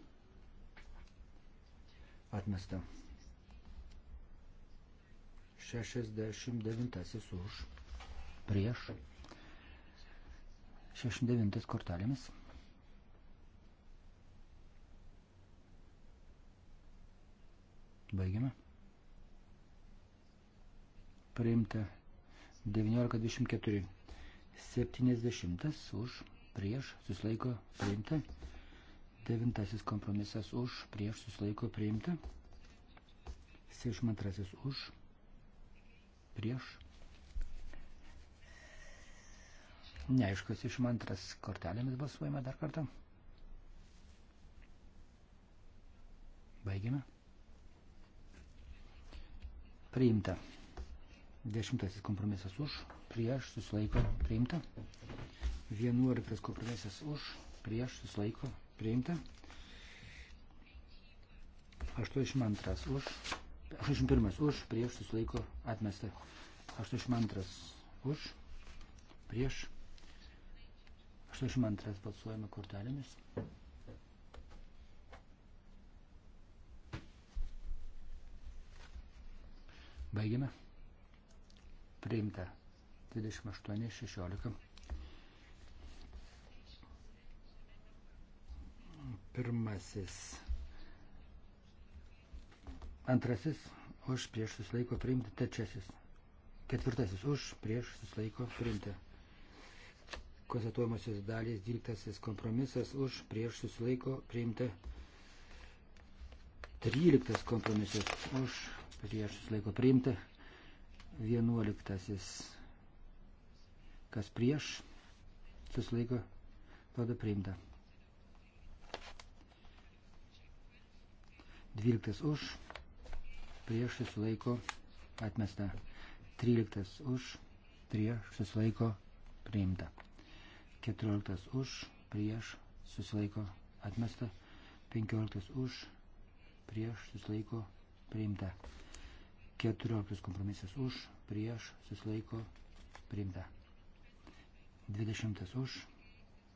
Atmesta. 69 už. Prieš. 69 kortelėmis. Baigiame. Priimta 19.24. 70 už. Prieš. Susilaiko. Priimta. Devintasis kompromisas už, prieš susilaiko priimta. 72 už, prieš. Neaiškus iš mantras kortelėmis balsuojame dar kartą. Baigime. Priimta. Dešimtasis kompromisas už, prieš susilaiko priimta. Vienuoliktas kompromisas už, prieš susilaiko priimta priimta. 82 už, 81 už, prieš susilaiko atmesta. 82 už, prieš. 82 balsuojame kortelėmis. Baigiame. Priimta 28, 16. Pirmasis. Antrasis už prieš susilaiko priimti. Trečiasis. Ketvirtasis už prieš susilaiko priimti. Konstatuojamosios dalys. Dvyliktasis kompromisas už prieš susilaiko priimti. Tryliktas kompromisas už prieš susilaiko priimti. Vienuoliktasis. Kas prieš susilaiko, tada priimta. 12 už, prieš susilaiko atmesta. 13 už, prieš susilaiko priimta. 14 už, prieš susilaiko atmesta. 15 už, prieš susilaiko priimta. 14 kompromisas už, prieš susilaiko priimta. 20 už,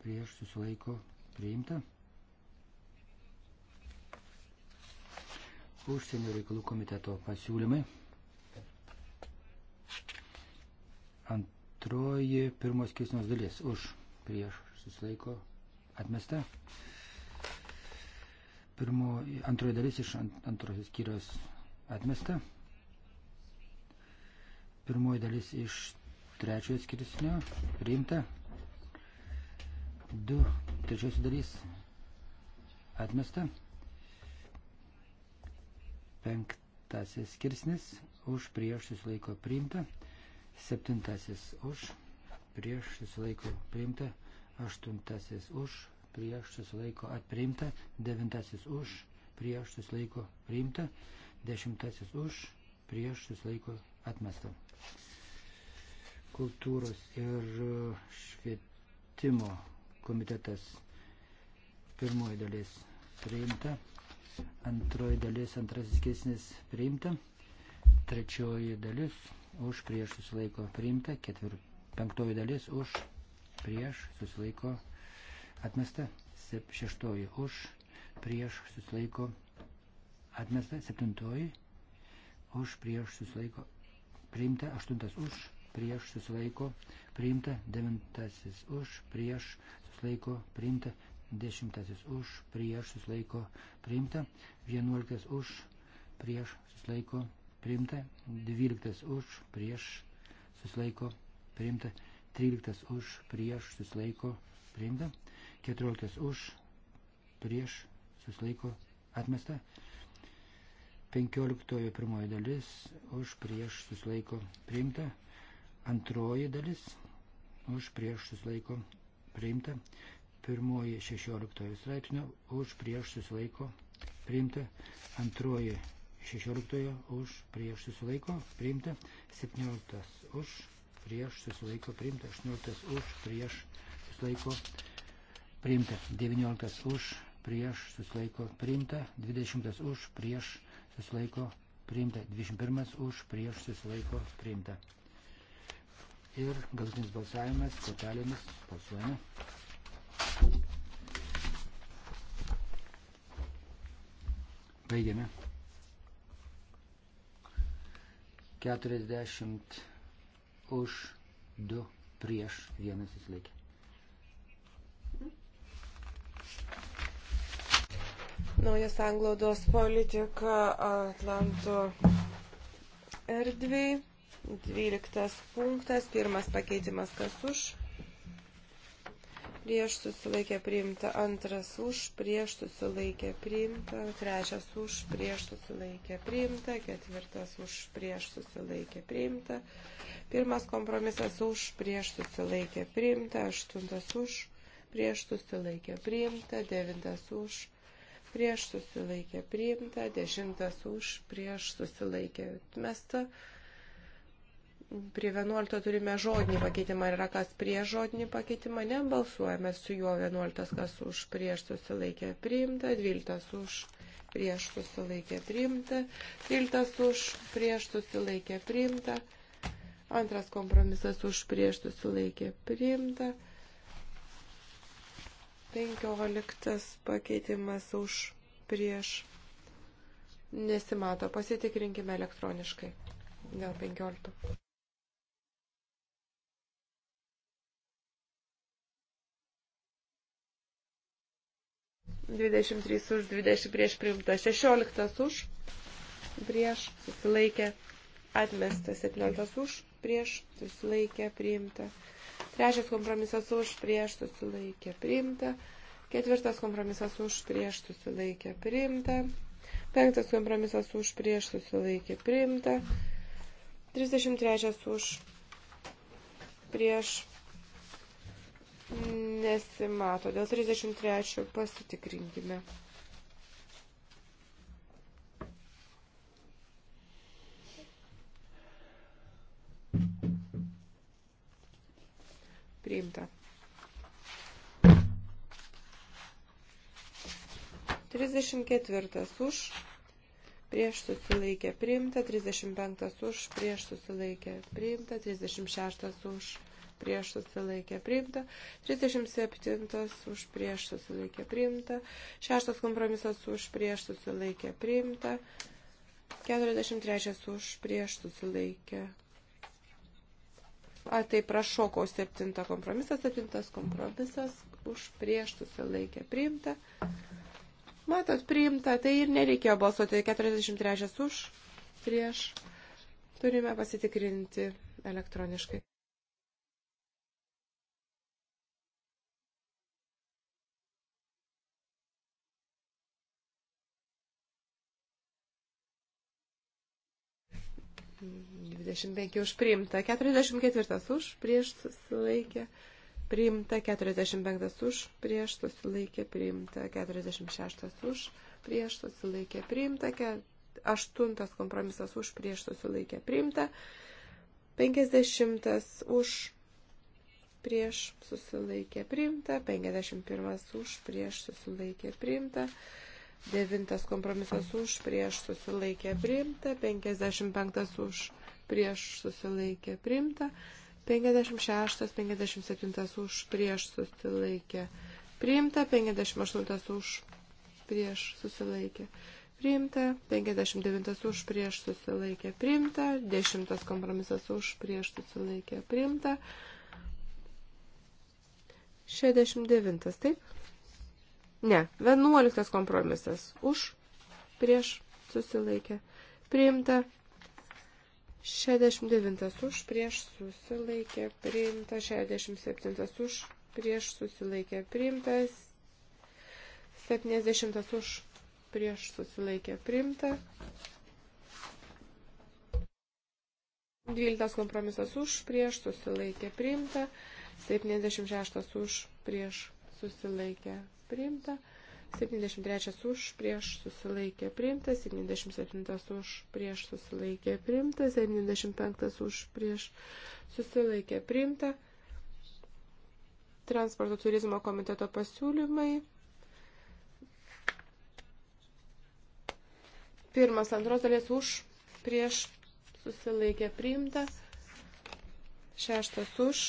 prieš susilaiko priimta. užsienio reikalų komiteto pasiūlymai. Antroji pirmos kisnos dalis už prieš susilaiko atmesta. Pirmo, antroji dalis iš ant, antrosios skyrios atmesta. Pirmoji dalis iš trečiojo skirsnio priimta. Du trečiosios dalis atmesta. Penktasis skirsnis už prieš susilaiko priimta. Septintasis už prieš susilaiko priimta. Aštuntasis už prieš susilaiko atprimta. Devintasis už prieš susilaiko priimta. Dešimtasis už prieš susilaiko atmesta. Kultūros ir švietimo komitetas pirmoji dalis priimta. Antroji dalis, antrasis skirsnis priimta. Trečioji dalis už prieš susilaiko priimta. Ketvir... Penktoji dalis už prieš susilaiko atmesta. Sep... Šeštoji už prieš susilaiko atmesta. Septintoji už prieš susilaiko priimta. Aštuntas už prieš susilaiko priimta. Devintasis už prieš susilaiko priimta. Dešimtasis už, prieš, susilaiko priimta. Vienuoliktas už, prieš, susilaiko priimta. Dvyliktas už, prieš, susilaiko priimta. Tryliktas už, prieš, susilaiko priimta. Keturioliktas už, prieš, susilaiko atmesta. Penkioliktojo pirmoji dalis už, prieš, susilaiko priimta. Antroji dalis už, prieš, susilaiko priimta. Pirmoji 16 straipsnio už prieš susilaiko priimta. Antroji 16 už prieš susilaiko priimta. 17 už prieš susilaiko priimta. 18 už prieš susilaiko priimta. 19 už prieš susilaiko priimta. 20 už prieš susilaiko priimta. 21 už prieš susilaiko priimta ir galutinis balsavimas kortelėmis balsuojame. Baigiame. 40 už 2 prieš 1 susilaikė. Naujas anglaudos politika Atlanto erdviai. 12 punktas, pirmas pakeitimas kas už prieš susilaikė priimta, antras už, prieš susilaikė priimta, trečias už, prieš susilaikė priimta, ketvirtas už, prieš susilaikė priimta, pirmas kompromisas už, prieš susilaikė priimta, aštuntas už, prieš susilaikė priimta, devintas už, prieš susilaikė priimta, dešimtas už, prieš susilaikė atmesta. Prie 11 turime žodinį pakeitimą. Ar yra kas prieš žodinį pakeitimą? Nebalsuojame su juo. 11 kas už prieš susilaikė priimta, 12 už prieš susilaikė priimta, 13 už prieš susilaikė priimta, antras kompromisas už prieš susilaikė priimta, 15 pakeitimas už prieš nesimato. Pasitikrinkime elektroniškai dėl 15. 23 už, 20 prieš priimta, 16 už, prieš susilaikė, atmesta, 17 už, prieš susilaikė, priimta. Trečias kompromisas už, prieš susilaikė, priimta. Ketvirtas kompromisas už, prieš susilaikė, priimta. Penktas kompromisas už, prieš susilaikė, priimta. 33 už, prieš nesimato. Dėl 33 pasitikrinkime. Priimta. 34 už, prieš susilaikė priimta, 35 už, prieš susilaikė priimta, 36 už prieš susilaikę priimta, 37 už prieš susilaikę priimta, 6 kompromisas už prieš susilaikę priimta, 43 už prieš susilaikę. A, tai prašoko 7 kompromisas, 7 kompromisas už prieš susilaikę priimta. Matot, priimta, tai ir nereikėjo balsuoti 43 už prieš turime pasitikrinti elektroniškai. 25 už priimta, 44 už prieš susilaikė, priimta, 45 už prieš susilaikė, priimta, 46 už prieš susilaikė, priimta, 8 kompromisas už prieš susilaikė, priimta, 50 už prieš susilaikė, priimta, 51 už prieš susilaikė, priimta. Devintas kompromisas už, prieš susilaikė priimta. 55 už, prieš susilaikė priimta. 56, 57 už, prieš susilaikė priimta. 58 už, prieš susilaikė priimta. 59 už, prieš susilaikė priimta. 10 kompromisas už, prieš susilaikė priimta. 69, taip? Ne, vienuoliktas kompromisas. Už, prieš, susilaikė. Priimta. 69 už, prieš, susilaikė. Priimta. 67 už, prieš, susilaikė. Priimtas. 70 už, prieš, susilaikė. Priimta. 12 kompromisas už, prieš, susilaikė. Priimta. 76 už, prieš, susilaikė priimta, 73 už prieš susilaikė priimta, 77 už prieš susilaikė priimta, 75 už prieš susilaikė priimta. Transporto turizmo komiteto pasiūlymai. Pirmas antros dalies už prieš susilaikė priimta. Šeštas už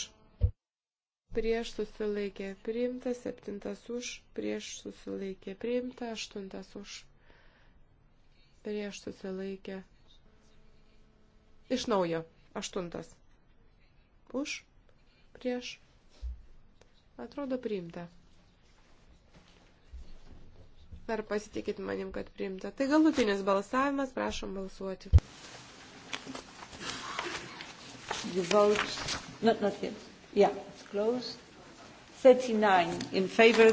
prieš susilaikė priimta, septintas už, prieš susilaikė priimta, aštuntas už, prieš susilaikė. Iš naujo, aštuntas. Už, prieš, atrodo priimta. Dar pasitikit manim, kad priimta. Tai galutinis balsavimas, prašom balsuoti. You vote, not, not yet. Yeah, it's closed. 39 in favor.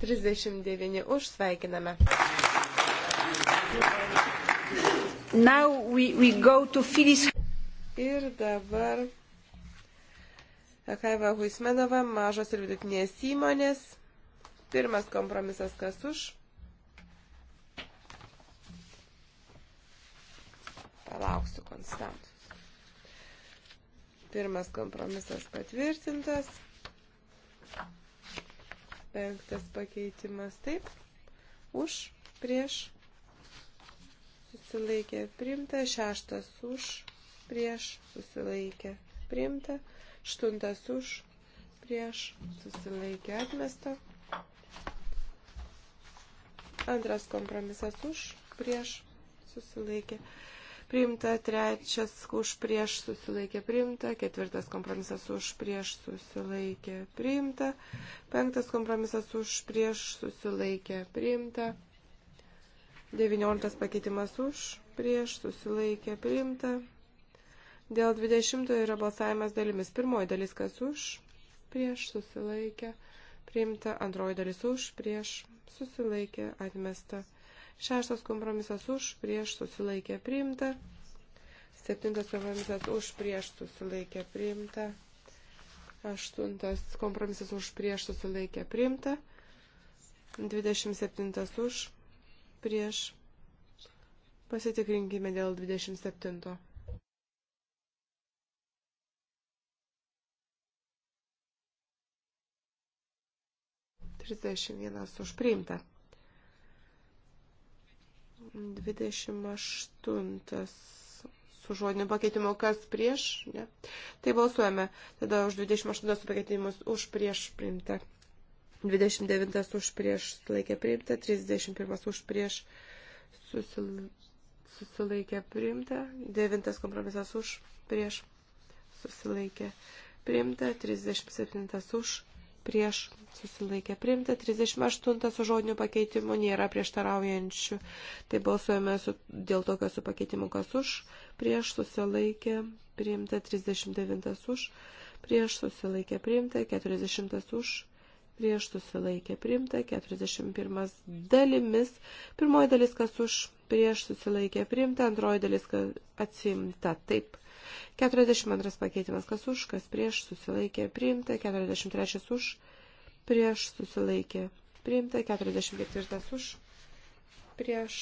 39 už sveikiname. Now we, we go to Phyllis. Ir dabar Akaiva Huismenova, mažos ir vidutinės įmonės. Pirmas kompromisas kas už. Palauksiu konstant. Pirmas kompromisas patvirtintas. Penktas pakeitimas taip. Už, prieš. Susilaikė priimta. Šeštas už, prieš. Susilaikė priimta. Štuntas už, prieš. Susilaikė atmesta. Antras kompromisas už, prieš. Susilaikė priimta priimta, trečias už prieš susilaikė priimta, ketvirtas kompromisas už prieš susilaikė priimta, penktas kompromisas už prieš susilaikė priimta, devynioliktas pakeitimas už prieš susilaikė priimta. Dėl dvidešimtojo yra balsavimas dalimis. Pirmoji dalis kas už prieš susilaikė priimta, antroji dalis už prieš susilaikė atmesta. Šeštas kompromisas už, prieš susilaikė priimta. Septintas kompromisas už, prieš susilaikė priimta. Aštuntas kompromisas už, prieš susilaikė priimta. 27 už, prieš. Pasitikrinkime dėl 27. Trisdešimt vienas už priimtą. 28 su žodiniu pakeitimu, kas prieš, ne. Tai balsuojame. Tada už 28 pakeitimus už prieš priimta. 29 už prieš sulaikė priimta, 31 už prieš susil... susilaikė priimta, 9 kompromisas už prieš susilaikė priimta, 37 už prieš susilaikė priimta, 38 su žodiniu pakeitimu nėra prieštaraujančių. Tai balsuojame su, dėl tokio su pakeitimu, kas už, prieš susilaikė priimta, 39 už, prieš susilaikė priimta, 40 už, prieš susilaikė priimta, 41 dalimis, pirmoji dalis kas už, prieš susilaikė priimta, antroji dalis kas atsimta, taip. 42 pakeitimas, kas už, kas prieš, susilaikė, priimta. 43 už, prieš, susilaikė, priimta. 44 už, prieš.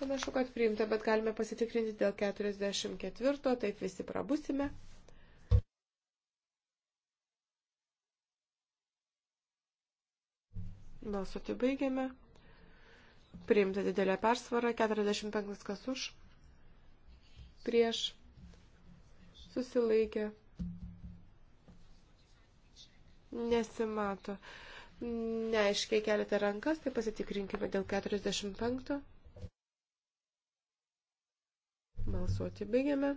Panašu, kad priimta, bet galime pasitikrinti dėl 44, taip visi prabusime. Balsuoti baigiame. Priimta didelė persvara, 45 kas už, prieš susilaikė nesimato. Neaiškiai keliate rankas, tai pasitikrinkime dėl 45. Balsuoti baigiame.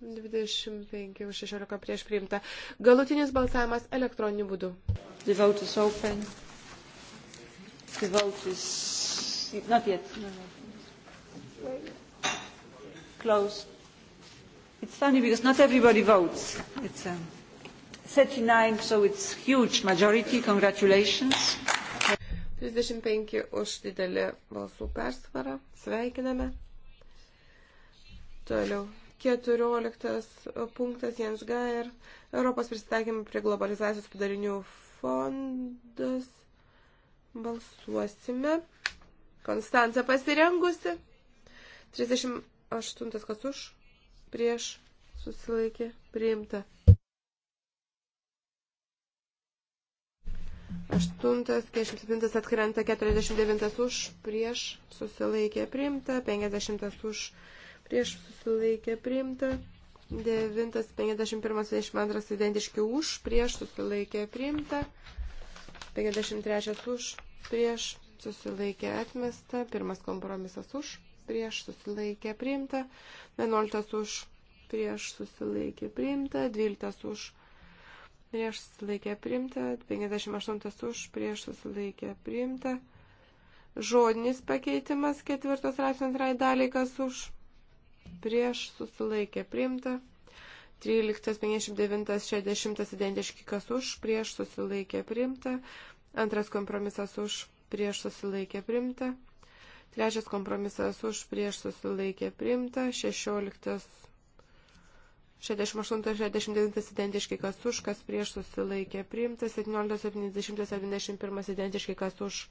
25 už 16 prieš priimta. Galutinis balsavimas elektroniniu būdu. The vote is open. The vote is not yet. No, no. Wait. Close. It's funny because not everybody votes. It's um, 39, so it's huge majority. Congratulations. 35 už didelį balsų persvarą. Sveikiname. Toliau. 14 punktas Jens Gair. Europos prisitaikymų prie globalizacijos padarinių fondas. Balsuosime. Konstanca pasirengusi. 30 aštuntas kas už, prieš, susilaikė, priimta. Aštuntas, 47 atkrenta, 49 už, prieš, susilaikė, priimta, 50 už, prieš, susilaikė, priimta. 9, 51, 22 identiški už, prieš, susilaikė, priimta. 53 už, prieš, susilaikė, atmesta. Pirmas kompromisas už, prieš susilaikė priimta, 11 už prieš susilaikė priimta, 12 už prieš susilaikė priimta, 58 už prieš susilaikė priimta, žodinis pakeitimas ketvirtos raipsnio antrai daliai, kas už prieš susilaikė priimta. 13, 59, 60 identiški kas už, prieš susilaikė primta, antras kompromisas už, prieš susilaikė primta, Trečias kompromisas už prieš susilaikė priimta. Šešioliktas. 68-69 identiški kas už, kas prieš susilaikė priimta. 17-70-71 identiški kas už,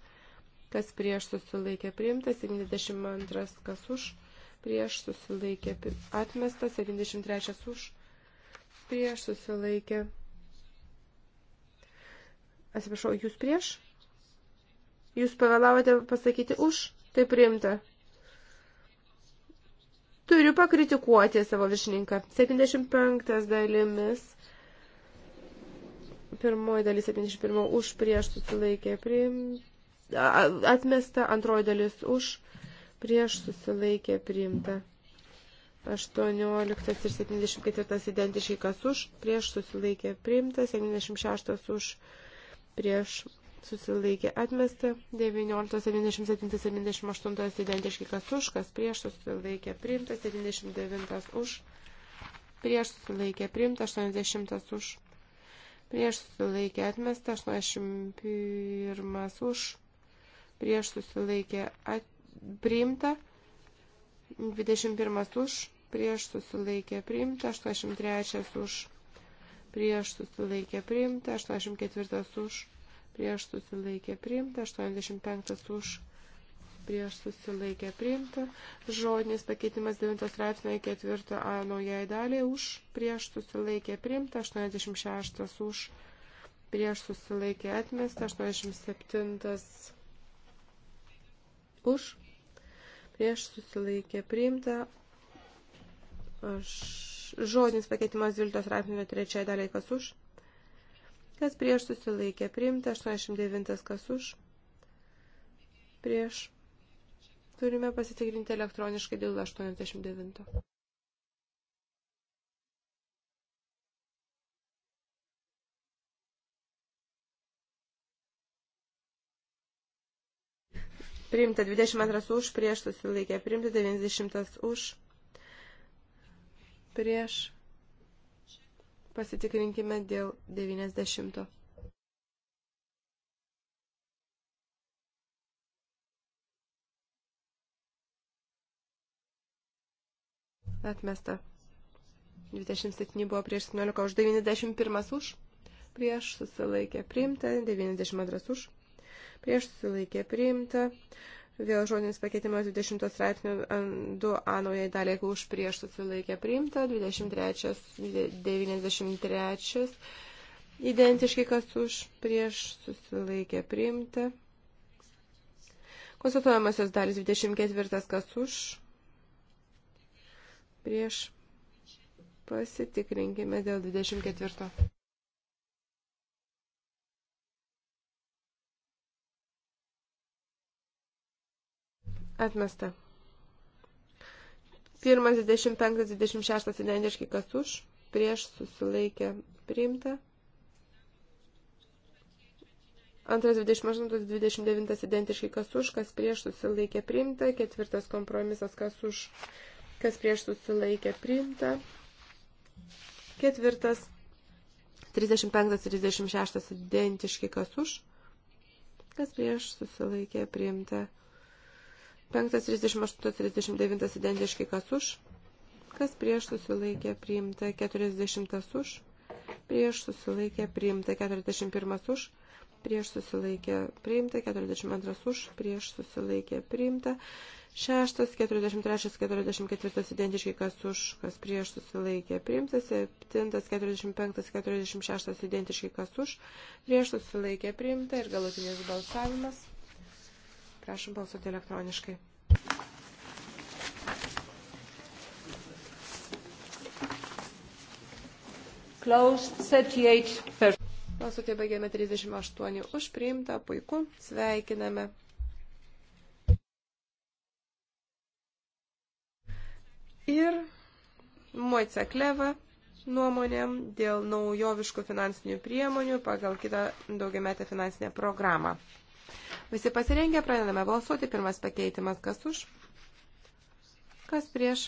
kas prieš susilaikė priimta. 72 kas už, prieš susilaikė atmesta. 73 už, prieš susilaikė. Atsiprašau, jūs prieš? Jūs pavėlavote pasakyti už? Tai priimta. Turiu pakritikuoti savo viršininką. 75 dalimis. Pirmoji dalis 71 už prieš susilaikė. Priim... Atmesta antroji dalis už prieš susilaikė priimta. 18 ir 74 identiškai kas už, prieš susilaikė priimta, 76 už, prieš susilaikė atmesta, 19, 77, 78 identiški, kas už, kas prieš susilaikė priimtas, 79 už, prieš susilaikė priimta, 80 už, prieš susilaikė atmesta, 81 už, prieš susilaikė at, priimta, 21 už, prieš susilaikė priimta, 83 už, prieš susilaikė priimta, 84 už prieš susilaikė priimta, 85 už prieš susilaikė priimta, žodinis pakeitimas 9 straipsnio 4 A naujai daliai už prieš susilaikė priimta, 86 už prieš susilaikė atmesta, 87 už prieš susilaikė priimta, aš žodinis pakeitimas 12 straipsnio 3 daliai kas už kas prieš susilaikė priimta, 89 kas už, prieš. Turime pasitikrinti elektroniškai dėl 89. Priimta 22 už, prieš susilaikė, priimta 90 už, prieš Pasitikrinkime dėl 90. Atmesta. 27 buvo prieš 17 už 91 už. Prieš susilaikė priimta. 92 už. Prieš susilaikė priimta. Vėl žodinis pakeitimas 20 straipsnių 2a naujai daliai, jeigu už prieš susilaikė priimta, 23, 93, identiški kas už prieš susilaikė priimta. Konstatuojamasios dalis 24, kas už prieš pasitikrinkime dėl 24. Atmesta. Pirmas 25-26 identiški kas už, prieš susilaikė priimta. Antras 28-29 identiškai kas už, kas prieš susilaikė priimta. Ketvirtas kompromisas kas už, kas prieš susilaikė priimta. Ketvirtas 35-36 identiškai kas už, kas prieš susilaikė priimta. 5, 38, 39 identiški kas už, kas prieš susilaikė priimta 40 už, prieš susilaikė priimta 41 už, prieš susilaikė priimta 42 už, prieš susilaikė priimta 6, 43, 44 identiškai kas už, kas prieš susilaikė priimta 7, 45, 46 identiškai kas už, prieš susilaikė priimta ir galutinis balsavimas. Prašom balsuoti elektroniškai. Balsuoti baigėme 38 už priimtą, puiku, sveikiname. Ir Moicekleva nuomonėm dėl naujoviškų finansinių priemonių pagal kitą daugiametę finansinę programą. Visi pasirengę, pradedame balsuoti. Pirmas pakeitimas, kas už, kas prieš,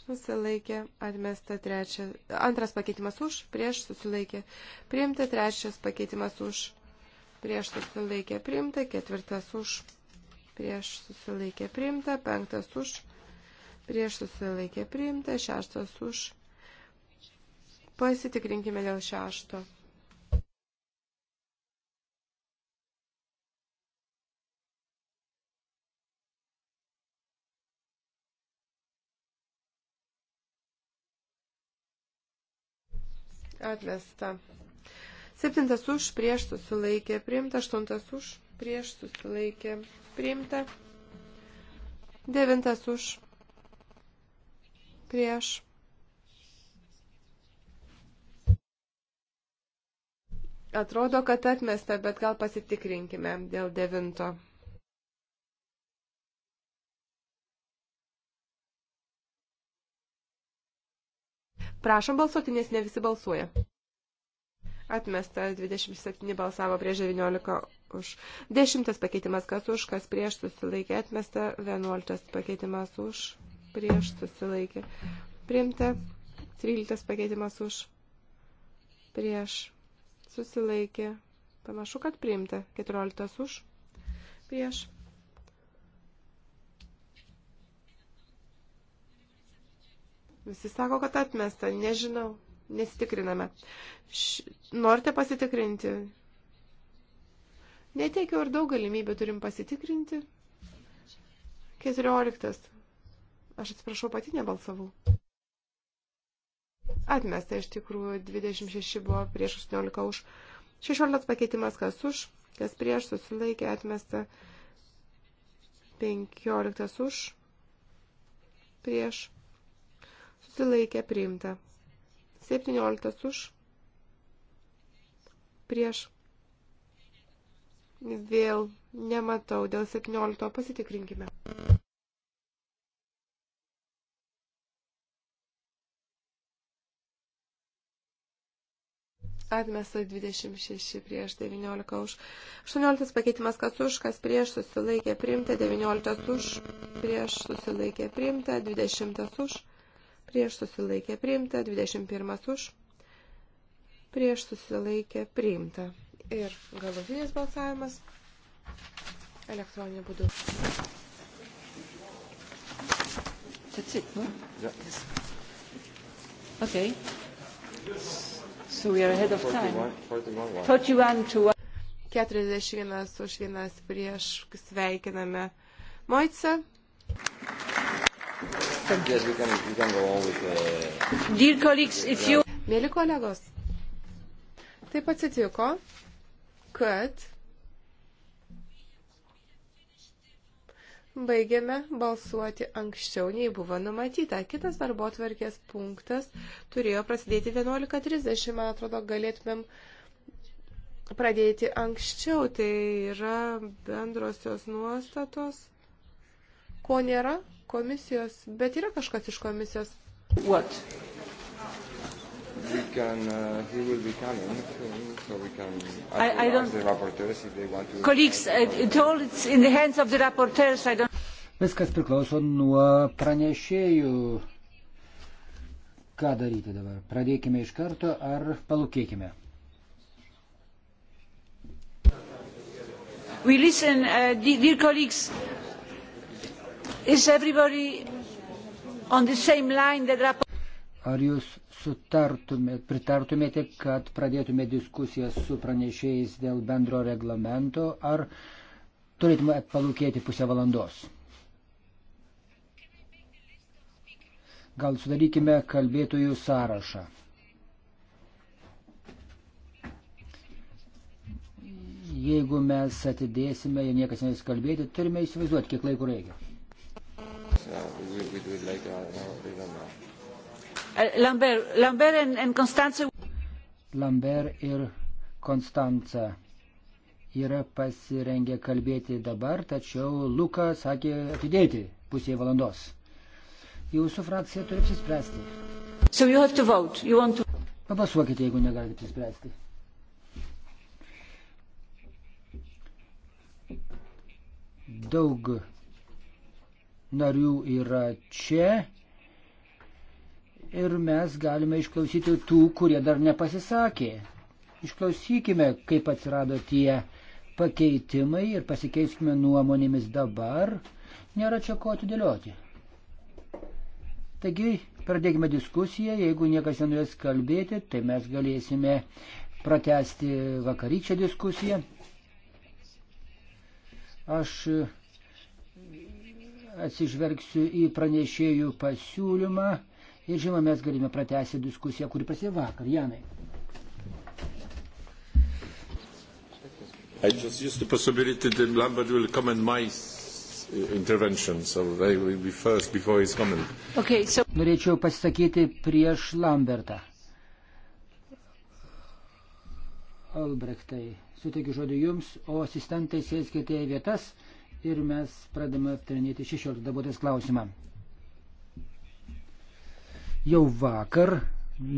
susilaikė, atmesta trečia, antras pakeitimas už, prieš, susilaikė, priimta, trečias pakeitimas už, prieš, susilaikė, priimta, ketvirtas už, prieš, susilaikė, priimta, penktas už, prieš, susilaikė, priimta, šeštas už. Pasitikrinkime dėl šešto. atmesta. Septintas už, prieš susilaikė, priimta. Aštuntas už, prieš susilaikė, priimta. Devintas už, prieš. Atrodo, kad atmesta, bet gal pasitikrinkime dėl devinto. Prašom balsuoti, nes ne visi balsuoja. Atmesta 27 balsavo prieš 19 už. 10 pakeitimas kas už, kas prieš susilaikė. Atmesta 11 pakeitimas už, prieš susilaikė. Priimta 13 pakeitimas už, prieš susilaikė. Panašu, kad priimta 14 už, prieš Visi sako, kad atmesta. Nežinau. Nesitikriname. Š... Norite pasitikrinti? Neteikiau ir daug galimybę turim pasitikrinti. 14. Aš atsiprašau, pati nebalsavau. Atmesta iš tikrųjų 26 buvo prieš 18 už. 16 pakeitimas kas už, kas prieš susilaikė atmesta 15 už, prieš susilaikė priimta. 17 už, prieš, vėl nematau, dėl 17 pasitikrinkime. Atmesta 26 prieš 19 už. 18 pakeitimas kas už, kas prieš susilaikė priimta, 19 už, prieš susilaikė priimta, 20 už prieš susilaikė priimta, 21 už, prieš susilaikė priimta. Ir galutinis balsavimas elektroniniu būdu. That's it, no? Yeah. Yes. Okay. So we are ahead of time. 41, 41, 41 to 1. 41 už 1 prieš sveikiname Moicą. Thank you. Yes, we can, we can go on with the... Uh, Dear colleagues, if you... Mėly kolegos, taip atsitiko, kad Baigėme balsuoti anksčiau, nei buvo numatyta. Kitas darbo tvarkės punktas turėjo prasidėti 11.30, man atrodo, galėtumėm pradėti anksčiau. Tai yra bendrosios nuostatos. Ko nėra? komisijos, bet yra kažkas iš komisijos. What? We can, uh, he will be coming, so we can ask, I, I ask the rapporteurs if they want to... Colleagues, uh, it all it's in the hands of the rapporteurs, I don't... Viskas priklauso nuo pranešėjų. Ką daryti dabar? Pradėkime iš karto ar palūkėkime? We listen, uh, dear colleagues, Is everybody on the same line that rapport... Ar jūs sutartumėt, pritartumėte, kad pradėtume diskusiją su pranešėjais dėl bendro reglamento, ar turėtume palūkėti pusę valandos? Gal sudarykime kalbėtojų sąrašą. Jeigu mes atidėsime ir niekas neįsikalbėti, turime įsivaizduoti, kiek laiko reikia now. Uh, we, we do it later. No, we don't know. Uh, Lambert, Lambert and, and Constanze. Lambert ir Konstanca yra pasirengę kalbėti dabar, tačiau Luka sakė atidėti pusė valandos. Jūsų frakcija turi apsispręsti. So you have to vote. You want to... Papasuokite, jeigu negalite apsispręsti. Daug narių yra čia. Ir mes galime išklausyti tų, kurie dar nepasisakė. Išklausykime, kaip atsirado tie pakeitimai ir pasikeiskime nuomonėmis dabar. Nėra čia ko atidėlioti. Taigi, pradėkime diskusiją. Jeigu niekas nenorės kalbėti, tai mes galėsime pratesti vakaryčią diskusiją. Aš atsižvelgsiu į pranešėjų pasiūlymą ir žinoma, mes galime pratęsti diskusiją, kuri prasidėjo vakar. Janai. I just used the possibility that Lambert will comment my uh, intervention, so they will be first before his comment. Okay, so... Norėčiau pasisakyti prieš Lambertą. Albrechtai, suteikiu žodį jums, o asistentai sėskite į vietas ir mes pradame aptarinėti 16 darbuotės klausimą. Jau vakar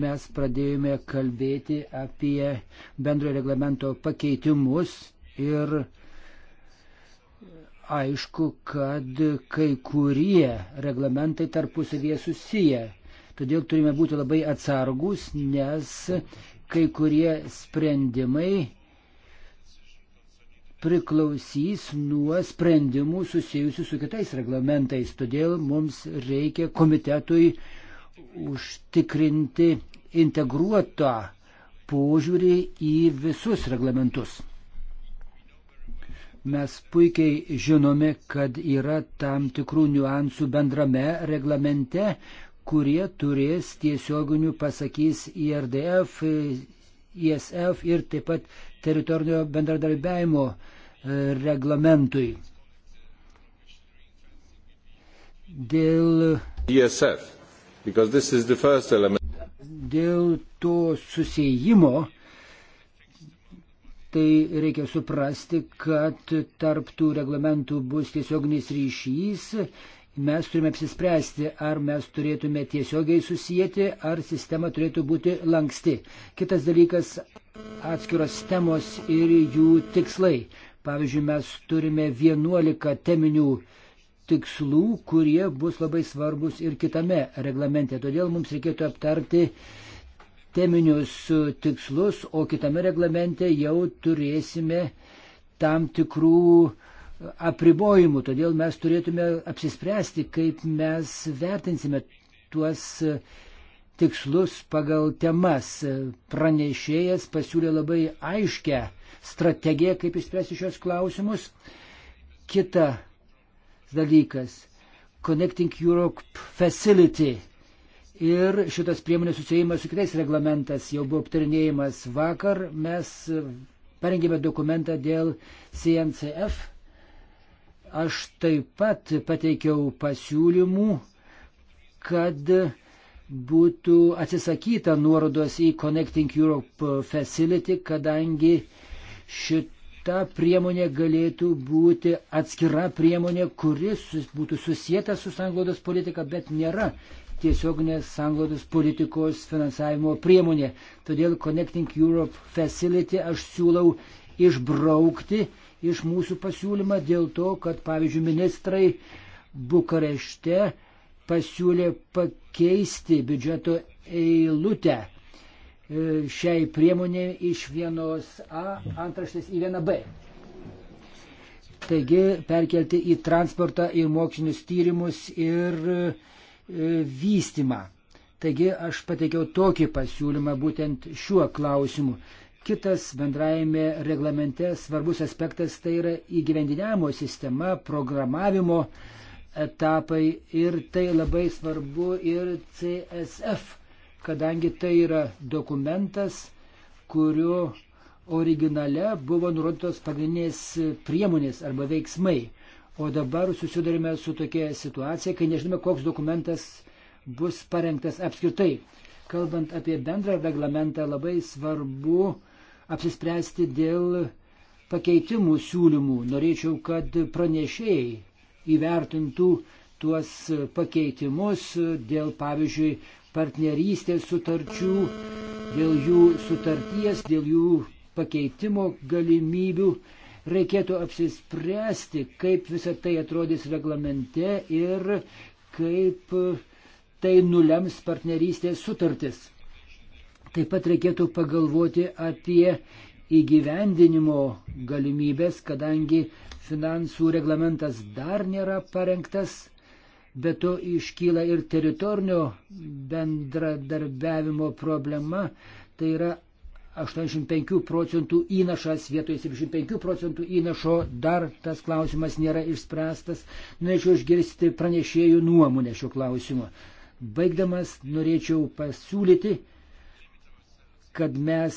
mes pradėjome kalbėti apie bendrojo reglamento pakeitimus ir aišku, kad kai kurie reglamentai tarpusavėje susiję. Todėl turime būti labai atsargus, nes kai kurie sprendimai priklausys nuo sprendimų susijusių su kitais reglamentais. Todėl mums reikia komitetui užtikrinti integruotą požiūrį į visus reglamentus. Mes puikiai žinome, kad yra tam tikrų niuansų bendrame reglamente, kurie turės tiesioginių pasakys IRDF, ISF ir taip pat teritorinio bendradarbiavimo e, reglamentui. Dėl, ESF, dėl to susijimo, tai reikia suprasti, kad tarp tų reglamentų bus tiesioginis ryšys mes turime apsispręsti, ar mes turėtume tiesiogiai susijęti, ar sistema turėtų būti lanksti. Kitas dalykas - atskiros temos ir jų tikslai. Pavyzdžiui, mes turime 11 teminių tikslų, kurie bus labai svarbus ir kitame reglamente. Todėl mums reikėtų aptarti teminius tikslus, o kitame reglamente jau turėsime tam tikrų uh, apribojimų, todėl mes turėtume apsispręsti, kaip mes vertinsime tuos tikslus pagal temas. Pranešėjas pasiūlė labai aiškę strategiją, kaip išspręsti šios klausimus. Kita dalykas - Connecting Europe Facility. Ir šitas priemonės susijimas su kitais reglamentas jau buvo aptarinėjimas vakar. Mes parengėme dokumentą dėl CNCF Aš taip pat pateikiau pasiūlymų, kad būtų atsisakyta nuorodos į Connecting Europe Facility, kadangi šita priemonė galėtų būti atskira priemonė, kuris būtų susijęta su sanglaudos politika, bet nėra tiesioginės sanglaudos politikos finansavimo priemonė. Todėl Connecting Europe Facility aš siūlau išbraukti iš mūsų pasiūlymą dėl to, kad, pavyzdžiui, ministrai Bukarešte pasiūlė pakeisti biudžeto eilutę e, šiai priemonė iš vienos A antraštės į vieną B. Taigi perkelti į transportą, į mokslinius tyrimus ir e, vystimą. Taigi aš pateikiau tokį pasiūlymą būtent šiuo klausimu. Kitas bendraime reglamente svarbus aspektas tai yra įgyvendinimo sistema, programavimo etapai ir tai labai svarbu ir CSF, kadangi tai yra dokumentas, kurio originale buvo nurodytos pagrindinės priemonės arba veiksmai. O dabar susidurime su tokia situacija, kai nežinome, koks dokumentas bus parengtas apskritai. Kalbant apie bendrą reglamentą, labai svarbu apsispręsti dėl pakeitimų siūlymų. Norėčiau, kad pranešėjai įvertintų tuos pakeitimus dėl, pavyzdžiui, partnerystės sutarčių, dėl jų sutarties, dėl jų pakeitimo galimybių. Reikėtų apsispręsti, kaip visą tai atrodys reglamente ir kaip tai nulems partnerystės sutartis. Taip pat reikėtų pagalvoti apie įgyvendinimo galimybės, kadangi finansų reglamentas dar nėra parengtas, bet to iškyla ir teritorinio bendradarbiavimo problema, tai yra 85 procentų įnašas vietoj 75 procentų įnašo, dar tas klausimas nėra išspręstas. Norėčiau išgirsti pranešėjų nuomonę šiuo klausimu. Baigdamas norėčiau pasiūlyti, kad mes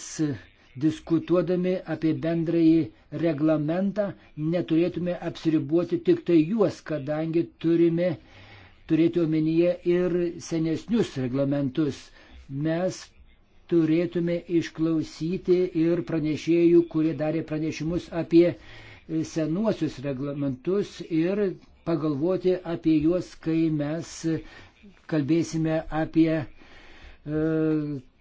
diskutuodami apie bendrąjį reglamentą neturėtume apsiribuoti tik tai juos, kadangi turime turėti omenyje ir senesnius reglamentus. Mes turėtume išklausyti ir pranešėjų, kurie darė pranešimus apie e, senuosius reglamentus ir pagalvoti apie juos, kai mes kalbėsime apie e,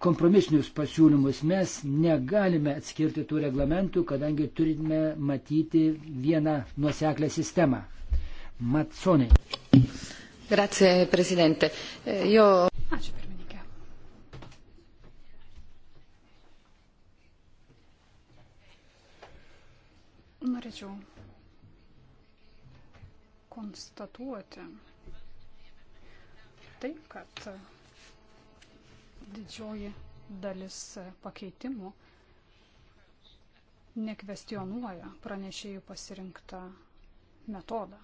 kompromisinius pasiūlymus. Mes negalime atskirti tų reglamentų, kadangi turime matyti vieną nuoseklę sistemą. Matsonė. Grazie, prezidente. Jo... Eh, Ačiū, pirmininkė. Norėčiau konstatuoti tai, kad didžioji dalis pakeitimų nekvestionuoja pranešėjų pasirinktą metodą.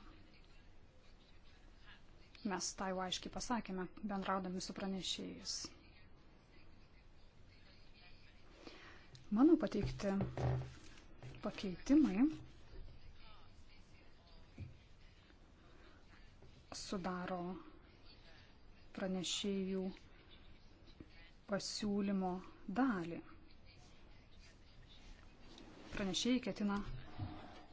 Mes tai jau aiškiai pasakėme, bendraudami su pranešėjais. Mano pateikti pakeitimai sudaro pranešėjų pasiūlymo dalį. Pranešėjai ketina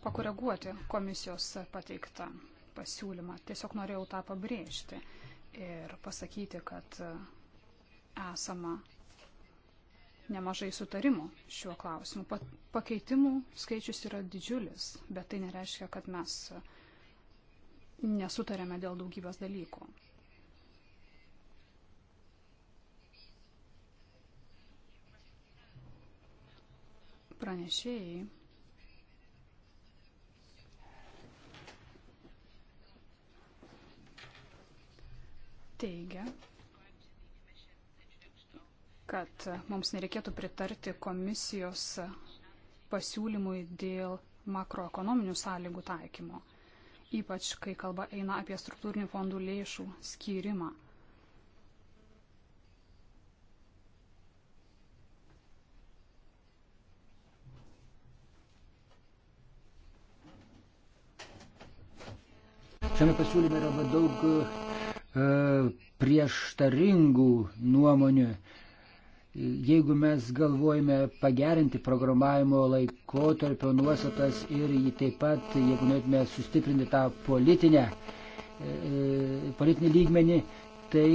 pakoreguoti komisijos pateiktą pasiūlymą. Tiesiog norėjau tą pabrėžti ir pasakyti, kad esama nemažai sutarimų šiuo klausimu. Pakeitimų skaičius yra didžiulis, bet tai nereiškia, kad mes nesutarėme dėl daugybės dalykų. pranešėjai. Teigia, kad mums nereikėtų pritarti komisijos pasiūlymui dėl makroekonominių sąlygų taikymo, ypač kai kalba eina apie struktūrinių fondų lėšų skyrimą. Šiame pasiūlyme yra daug e, prieštaringų nuomonių. Jeigu mes galvojame pagerinti programavimo laikotarpio nuostatas ir jį taip pat, jeigu norėtume sustiprinti tą politinę, e, politinį lygmenį, tai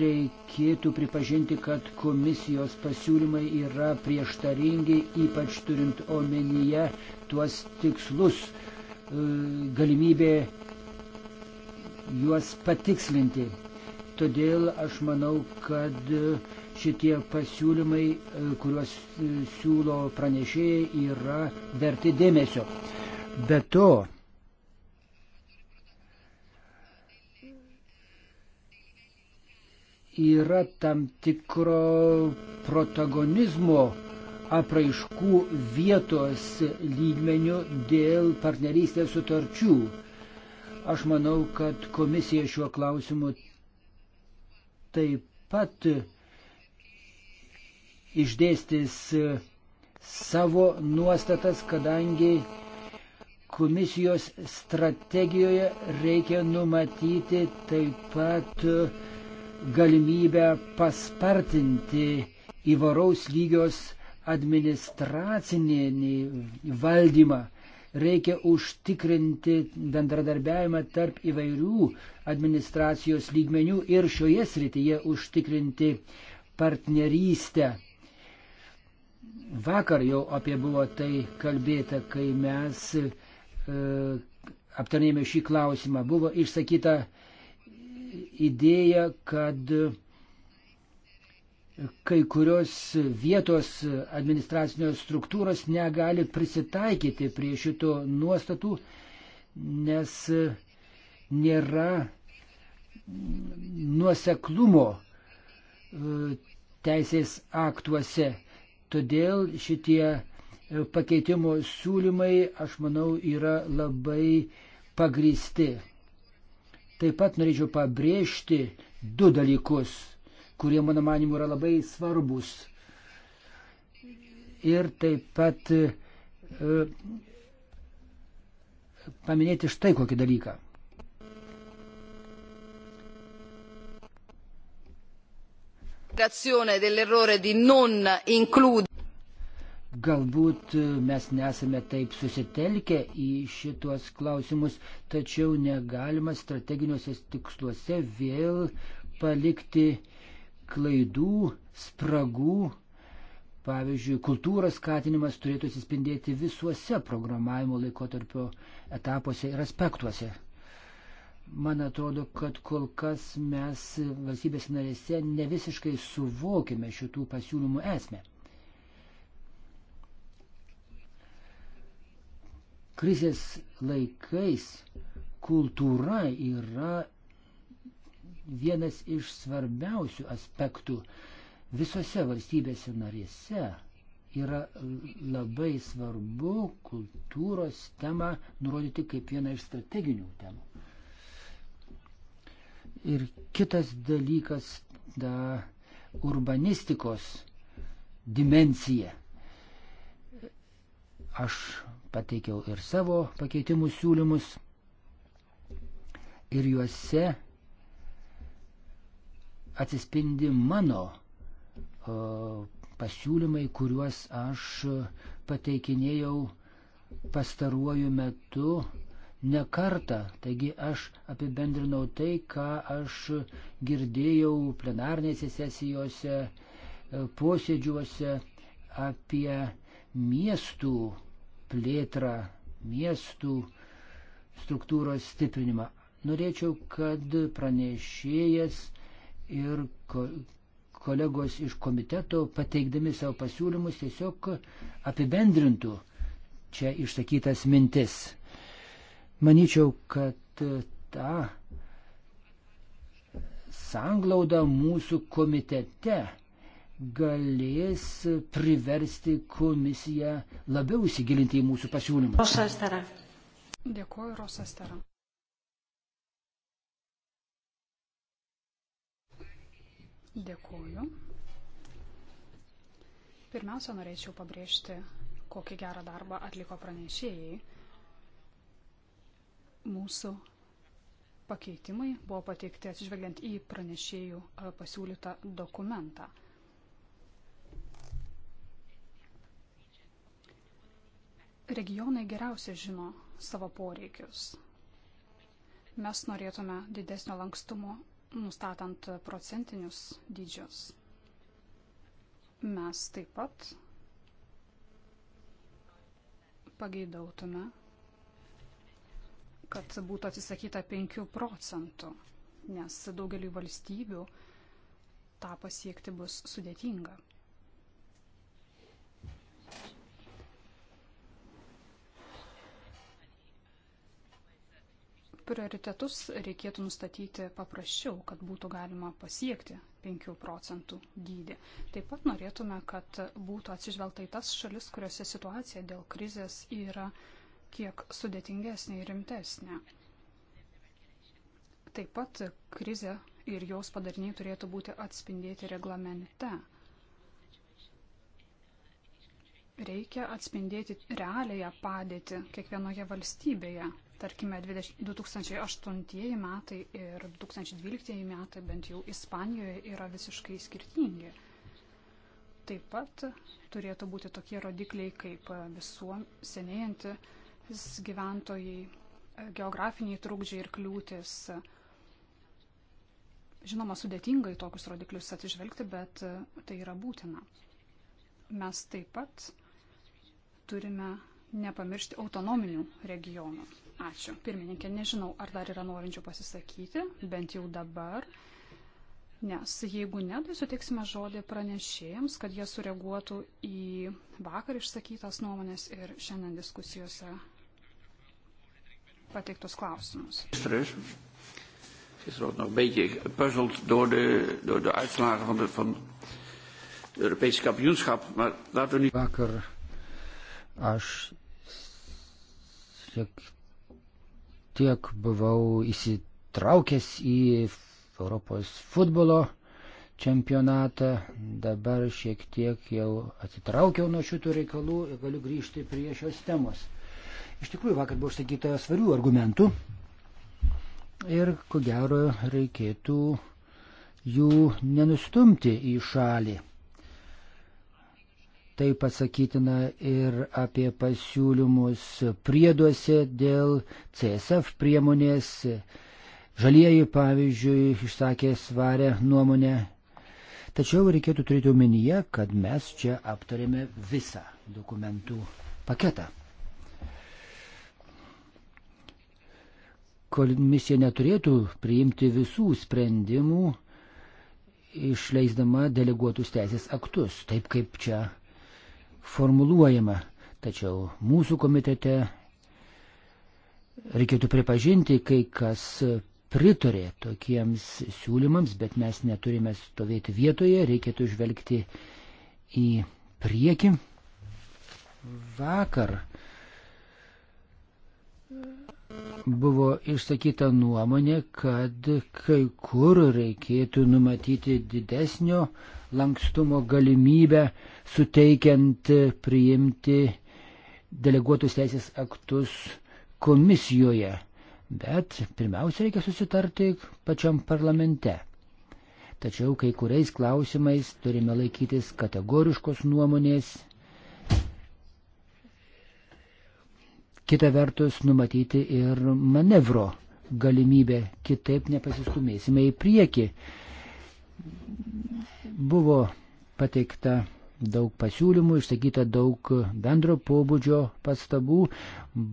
reikėtų pripažinti, kad komisijos pasiūlymai yra prieštaringi, ypač turint omenyje tuos tikslus e, galimybė juos patikslinti. Todėl aš manau, kad e, šitie pasiūlymai, e, kuriuos e, siūlo pranešėjai, yra verti dėmesio. Be to, yra tam tikro protagonizmo apraiškų vietos lygmenių dėl partnerystės sutarčių. Aš manau, kad komisija šiuo klausimu taip pat išdėstys savo nuostatas, kadangi komisijos strategijoje reikia numatyti taip pat galimybę paspartinti įvaraus lygios administracinį valdymą reikia užtikrinti bendradarbiavimą tarp įvairių administracijos lygmenių ir šioje srityje užtikrinti partnerystę. Vakar jau apie buvo tai kalbėta, kai mes e, aptarnėjome šį klausimą. Buvo išsakyta idėja, kad e, kai kurios vietos administracinės struktūros negali prisitaikyti prie šito nuostatų, nes nėra nuoseklumo e, teisės aktuose. Todėl šitie e, pakeitimo siūlymai, aš manau, yra labai pagristi. Taip pat norėčiau pabrėžti du dalykus kurie, mano manimu, yra labai svarbus. Ir taip pat e, paminėti štai kokį dalyką. Galbūt e, mes nesame taip susitelkę į šitos klausimus, tačiau negalima strateginiuose tiksluose vėl palikti uh, klaidų, spragų. Pavyzdžiui, kultūros skatinimas turėtų atsispindėti visuose programavimo laikotarpio etapuose ir aspektuose. Man atrodo, kad kol kas mes valstybės narėse ne visiškai suvokime šitų pasiūlymų esmę. Krizės laikais kultūra yra vienas iš svarbiausių aspektų. Visose valstybėse narėse yra labai svarbu kultūros temą nurodyti kaip vieną iš strateginių temų. Ir kitas dalykas da, - urbanistikos dimencija. Aš pateikiau ir savo pakeitimų siūlymus ir juose atsispindi mano o, pasiūlymai, kuriuos aš pateikinėjau pastaruoju metu ne kartą. Taigi aš apibendrinau tai, ką aš girdėjau plenarnėse sesijose, e, posėdžiuose apie miestų plėtrą, miestų struktūros stiprinimą. Norėčiau, kad pranešėjas ir ko, kolegos iš komiteto pateikdami savo pasiūlymus tiesiog apibendrintų čia išsakytas mintis. Manyčiau, kad e, ta sanglauda mūsų komitete galės priversti komisiją labiau įsigilinti į mūsų pasiūlymą. Dėkuoju, Rosastera. Dėkuoju. Pirmiausia, norėčiau pabrėžti, kokį gerą darbą atliko pranešėjai. Mūsų pakeitimai buvo pateikti atsižvelgiant į pranešėjų e, pasiūlytą dokumentą. Regionai geriausiai žino savo poreikius. Mes norėtume didesnio lankstumo nustatant procentinius dydžius. Mes taip pat pageidautume, kad būtų atsisakyta 5 procentų, nes daugeliu valstybių tą pasiekti bus sudėtinga. prioritetus reikėtų nustatyti paprasčiau, kad būtų galima pasiekti 5 procentų dydį. Taip pat norėtume, kad būtų atsižvelgta į tas šalis, kuriuose situacija dėl krizės yra kiek sudėtingesnė ir rimtesnė. Taip pat krizė ir jos padariniai turėtų būti atspindėti reglamente. Reikia atspindėti realiąją padėtį kiekvienoje valstybėje Tarkime, 2008 metai ir 2012 metai bent jau Ispanijoje yra visiškai skirtingi. Taip pat turėtų būti tokie rodikliai kaip visuom senėjantis gyventojai, geografiniai trūkdžiai ir kliūtis. Žinoma, sudėtinga į tokius rodiklius atsižvelgti, bet tai yra būtina. Mes taip pat turime nepamiršti autonominių regionų. Ačiū. Pirmininkė, nežinau, ar dar yra norinčių pasisakyti, bent jau dabar. Nes jeigu ne, tai suteiksime žodį pranešėjams, kad jie sureaguotų į vakar išsakytas nuomonės ir šiandien diskusijose pateiktus klausimus. Is er ook nog een beetje gepuzzeld door de, door de uitslagen van, de, van het Europese kampioenschap. Maar laten we nu. Wakker. Als. Sek tiek buvau įsitraukęs į Europos futbolo čempionatą, dabar šiek tiek jau atsitraukiau nuo šitų reikalų ir galiu grįžti prie šios temos. Iš tikrųjų, vakar buvo išsakyta svarių argumentų ir ko gero reikėtų jų nenustumti į šalį. Tai pasakytina ir apie pasiūlymus prieduose dėl CSF priemonės. Žalieji, pavyzdžiui, išsakė svarę nuomonę. Tačiau reikėtų turėti omenyje, kad mes čia aptarėme visą dokumentų paketą. Komisija neturėtų priimti visų sprendimų, išleisdama deleguotus teisės aktus, taip kaip čia formuluojama. Tačiau mūsų komitete reikėtų pripažinti, kai kas pritarė tokiems siūlymams, bet mes neturime stovėti vietoje, reikėtų žvelgti į priekį. Vakar buvo išsakyta nuomonė, kad kai kur reikėtų numatyti didesnio lankstumo galimybę, suteikiant priimti deleguotus teisės aktus komisijoje. Bet pirmiausia reikia susitarti pačiam parlamente. Tačiau kai kuriais klausimais turime laikytis kategoriškos nuomonės kita vertus numatyti ir manevro galimybę, kitaip nepasistumėsime į priekį. Buvo pateikta daug pasiūlymų, išsakyta daug bendro pobūdžio pastabų,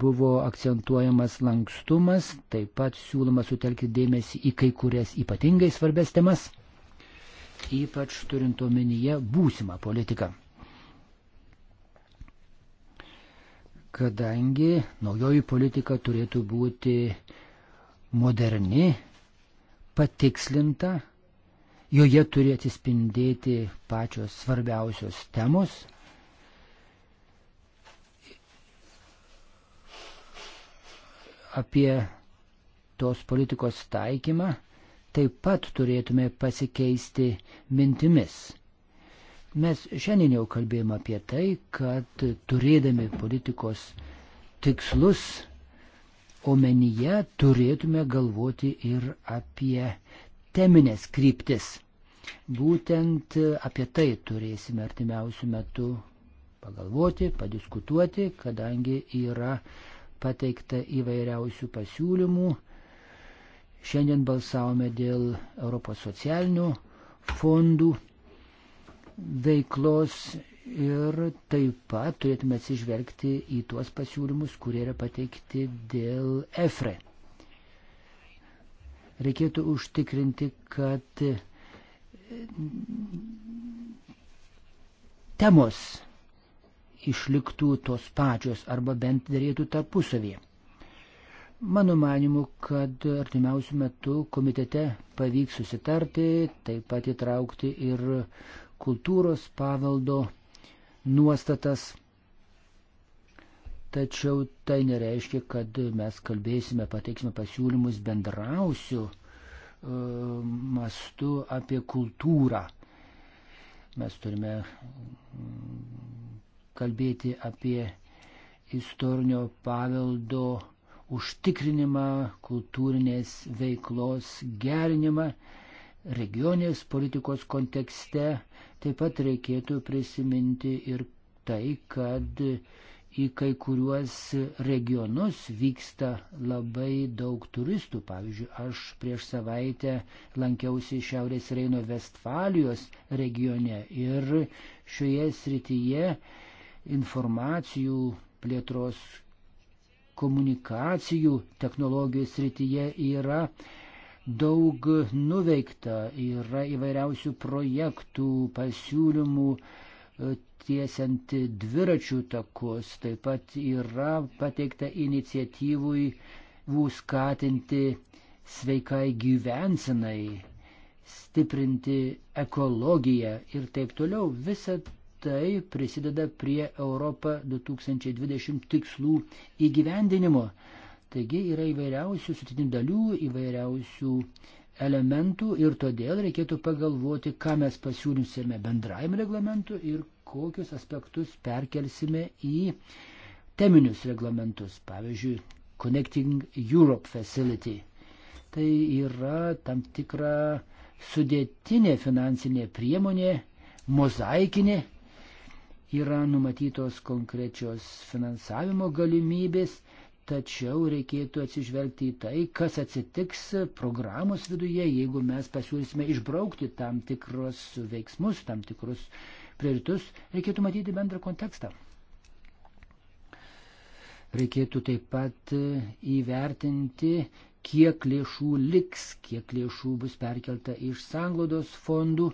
buvo akcentuojamas lankstumas, taip pat siūloma sutelkti dėmesį į kai kurias ypatingai svarbės temas, ypač turint omenyje būsimą politiką. kadangi naujoji politika turėtų būti moderni, patikslinta, joje turi atsispindėti pačios svarbiausios temos. Apie tos politikos taikymą taip pat turėtume pasikeisti mintimis. Mes šiandien jau kalbėjome apie tai, kad turėdami politikos tikslus omenyje turėtume galvoti ir apie teminės kryptis. Būtent apie tai turėsime artimiausių metų pagalvoti, padiskutuoti, kadangi yra pateikta įvairiausių pasiūlymų. Šiandien balsavome dėl Europos socialinių fondų veiklos ir taip pat turėtume atsižvelgti į tuos pasiūlymus, kurie yra pateikti dėl EFRE. Reikėtų užtikrinti, kad temos išliktų tos pačios arba bent dėrėtų tarpusavėje. Mano manimu, kad artimiausių metų komitete pavyks susitarti, taip pat įtraukti ir kultūros paveldo nuostatas. Tačiau tai nereiškia, kad mes kalbėsime, pateiksime pasiūlymus bendrausių e, mastu apie kultūrą. Mes turime mm, kalbėti apie istorinio paveldo užtikrinimą, kultūrinės veiklos gerinimą regionės politikos kontekste taip pat reikėtų prisiminti ir tai, kad į kai kuriuos regionus vyksta labai daug turistų. Pavyzdžiui, aš prieš savaitę lankiausi Šiaurės Reino Vestfalijos regione ir šioje srityje informacijų plėtros komunikacijų technologijų srityje yra daug nuveikta, yra įvairiausių projektų, pasiūlymų e, tiesiant dviračių takus, taip pat yra pateikta iniciatyvui skatinti sveikai gyvensinai, stiprinti ekologiją ir taip toliau. Visa tai prisideda prie Europą 2020 tikslų įgyvendinimo. Taigi yra įvairiausių sutinių dalių, įvairiausių elementų ir todėl reikėtų pagalvoti, ką mes pasiūlysime bendrajam reglamentu ir kokius aspektus perkelsime į teminius reglamentus, pavyzdžiui, Connecting Europe Facility. Tai yra tam tikra sudėtinė finansinė priemonė, mozaikinė, yra numatytos konkrečios finansavimo galimybės, Tačiau reikėtų atsižvelgti į tai, kas atsitiks programos viduje, jeigu mes pasiūlysime išbraukti tam tikrus veiksmus, tam tikrus prioritus, reikėtų matyti bendrą kontekstą. Reikėtų taip pat įvertinti, kiek lėšų liks, kiek lėšų bus perkelta iš sanglodos fondų.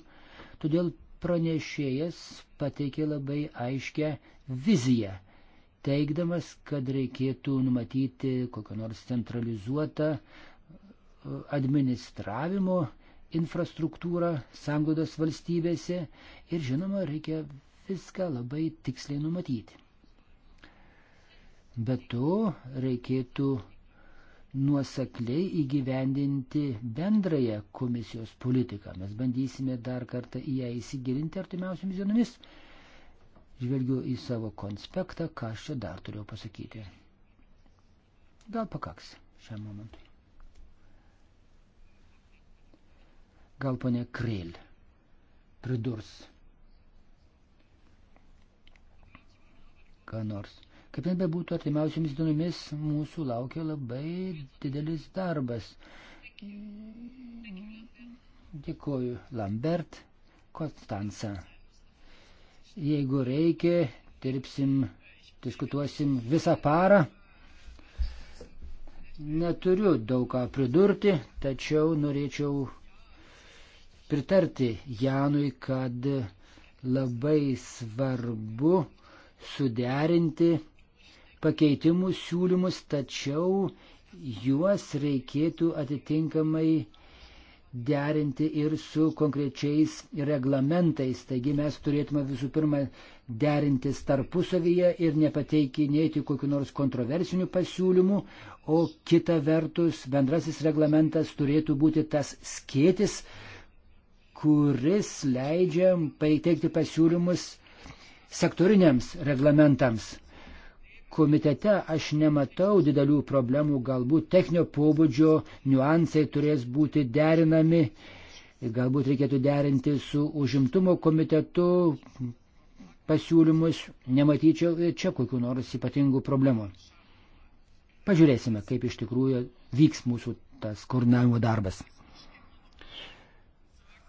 Todėl pranešėjas pateikė labai aiškę viziją teikdamas, kad reikėtų numatyti kokią nors centralizuotą e, administravimo infrastruktūrą sanglaudos valstybėse ir žinoma, reikia viską labai tiksliai numatyti. Be to reikėtų nuosekliai įgyvendinti bendrąją komisijos politiką. Mes bandysime dar kartą į ją įsigilinti artimiausiamis dienomis žvelgiu į savo konspektą, ką aš čia dar turėjau pasakyti. Gal pakaks šiam momentui. Gal ponė Kryl pridurs. Ką nors. Kaip ten bebūtų, artimiausiamis dienomis mūsų laukia labai didelis darbas. Dėkoju Lambert, Konstanca. Jeigu reikia, dirbsim, diskutuosim visą parą. Neturiu daug ką pridurti, tačiau norėčiau pritarti Janui, kad labai svarbu suderinti pakeitimų siūlymus, tačiau juos reikėtų atitinkamai derinti ir su konkrečiais reglamentais. Taigi mes turėtume visų pirma derintis tarpusavyje ir nepateikinėti kokiu nors kontroversiniu pasiūlymu, o kita vertus bendrasis reglamentas turėtų būti tas skėtis, kuris leidžia pateikti pasiūlymus sektoriniams reglamentams komitete aš nematau didelių problemų, galbūt techninio pobūdžio niuansai turės būti derinami, galbūt reikėtų derinti su užimtumo komitetu pasiūlymus, nematyčiau čia kokiu nors ypatingų problemų. Pažiūrėsime, kaip iš tikrųjų vyks mūsų tas koordinavimo darbas.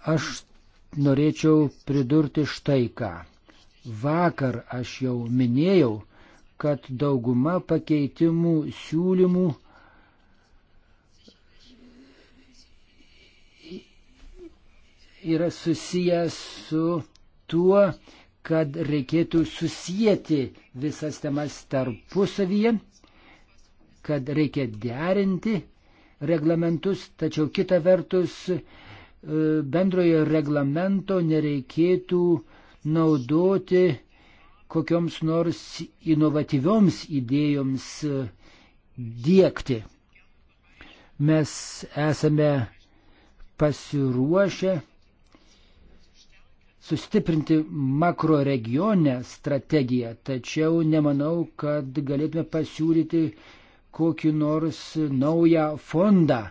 Aš norėčiau pridurti štai ką. Vakar aš jau minėjau, kad dauguma pakeitimų siūlymų yra susijęs su tuo, kad reikėtų susijęti visas temas tarpusavyje, kad reikia derinti reglamentus, tačiau kita vertus e, bendrojo reglamento nereikėtų naudoti kokioms nors inovatyvioms idėjoms e, dėkti. Mes esame pasiruošę sustiprinti makroregionę strategiją, tačiau nemanau, kad galėtume pasiūlyti kokį nors naują fondą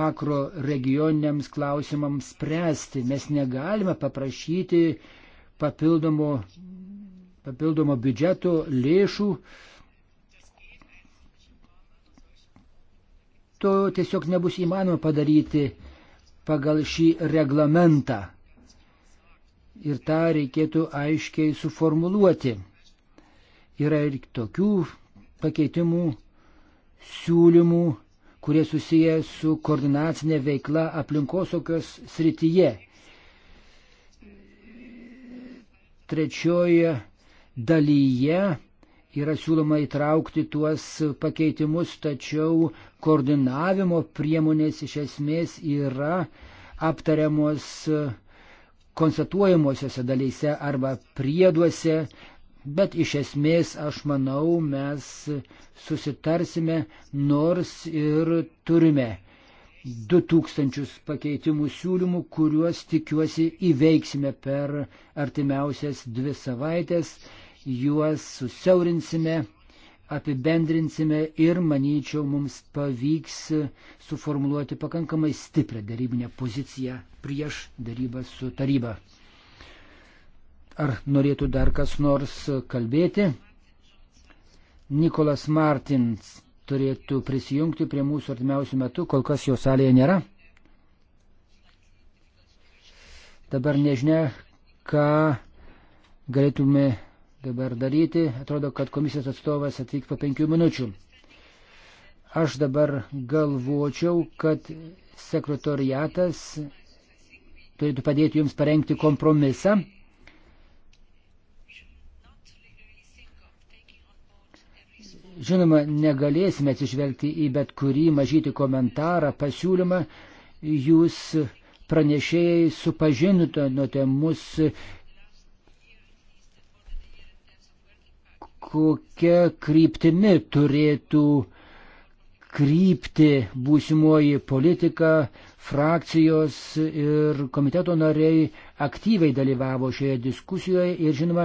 makroregioniniams klausimams spręsti. Mes negalime paprašyti papildomų papildomo biudžeto lėšų. To tiesiog nebus įmanoma padaryti pagal šį reglamentą. Ir tą reikėtų aiškiai suformuluoti. Yra ir tokių pakeitimų, siūlymų, kurie susiję su koordinacinė veikla aplinkosokios srityje. Trečioje dalyje yra siūloma įtraukti tuos pakeitimus, tačiau koordinavimo priemonės iš esmės yra aptariamos konstatuojamosiose dalyse arba prieduose, bet iš esmės aš manau mes susitarsime, nors ir turime 2000 pakeitimų siūlymų, kuriuos tikiuosi įveiksime per artimiausias dvi savaitės juos susiaurinsime, apibendrinsime ir, manyčiau, mums pavyks suformuoluoti pakankamai stiprią darybinę poziciją prieš darybą su taryba. Ar norėtų dar kas nors kalbėti? Nikolas Martins turėtų prisijungti prie mūsų artimiausių metų, kol kas jo salėje nėra. Dabar nežinia, ką galėtume dabar daryti. Atrodo, kad komisijos atstovas atvyks po penkių minučių. Aš dabar galvočiau, kad sekretoriatas turėtų padėti jums parengti kompromisą. Žinoma, negalėsime atsižvelgti į bet kurį mažytį komentarą, pasiūlymą. Jūs pranešėjai supažinote mus kokia kryptimi turėtų krypti būsimoji politika, frakcijos ir komiteto nariai aktyviai dalyvavo šioje diskusijoje ir žinoma,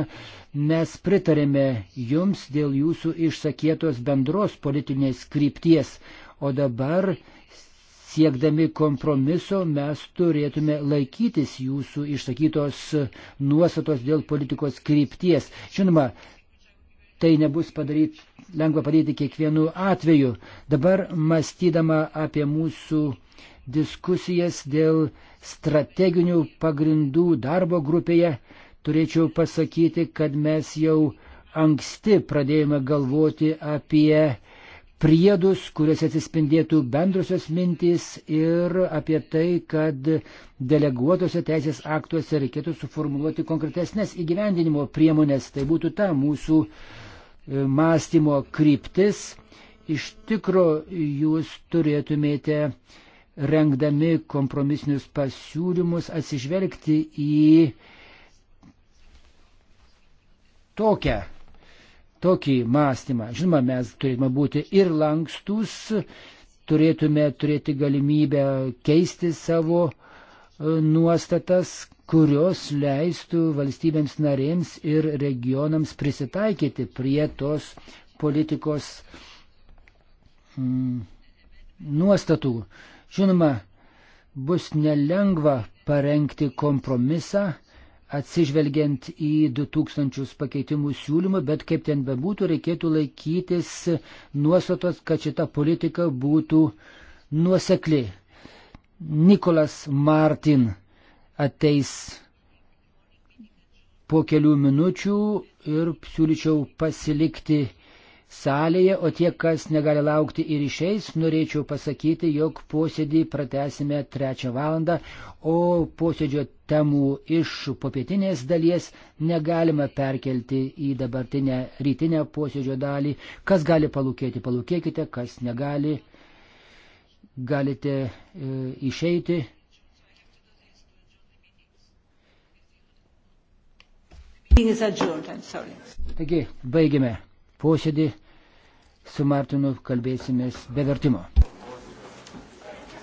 mes pritarėme jums dėl jūsų išsakytos bendros politinės krypties, o dabar siekdami kompromiso mes turėtume laikytis jūsų išsakytos nuostatos dėl politikos krypties. Žinoma, tai nebus padaryt, lengva padaryti kiekvienu atveju. Dabar mąstydama apie mūsų diskusijas dėl strateginių pagrindų darbo grupėje, turėčiau pasakyti, kad mes jau anksti pradėjome galvoti apie priedus, kuriuose atsispindėtų bendrusios mintys ir apie tai, kad deleguotose teisės aktuose reikėtų suformuoluoti konkretesnės įgyvendinimo priemonės. Tai būtų ta mūsų uh, E, mąstymo kryptis, iš tikro jūs turėtumėte rengdami kompromisinius pasiūlymus atsižvelgti į tokią, tokį mąstymą. Žinoma, mes turėtume būti ir lankstus, turėtume turėti galimybę keisti savo e, nuostatas, kurios leistų valstybėms narėms ir regionams prisitaikyti prie tos politikos mm, nuostatų. Žinoma, bus nelengva parengti kompromisą, atsižvelgiant į 2000 pakeitimų siūlymą, bet kaip ten bebūtų, reikėtų laikytis nuostatos, kad šita politika būtų nuosekli. Nikolas Martin ateis po kelių minučių ir siūlyčiau pasilikti salėje, o tie, kas negali laukti ir išeis, norėčiau pasakyti, jog posėdį pratesime trečią valandą, o posėdžio temų iš popietinės dalies negalima perkelti į dabartinę rytinę posėdžio dalį. Kas gali palūkėti, palūkėkite, kas negali, galite e, išeiti. Taigi, baigime posėdį. Su Martinu kalbėsimės be vertimo.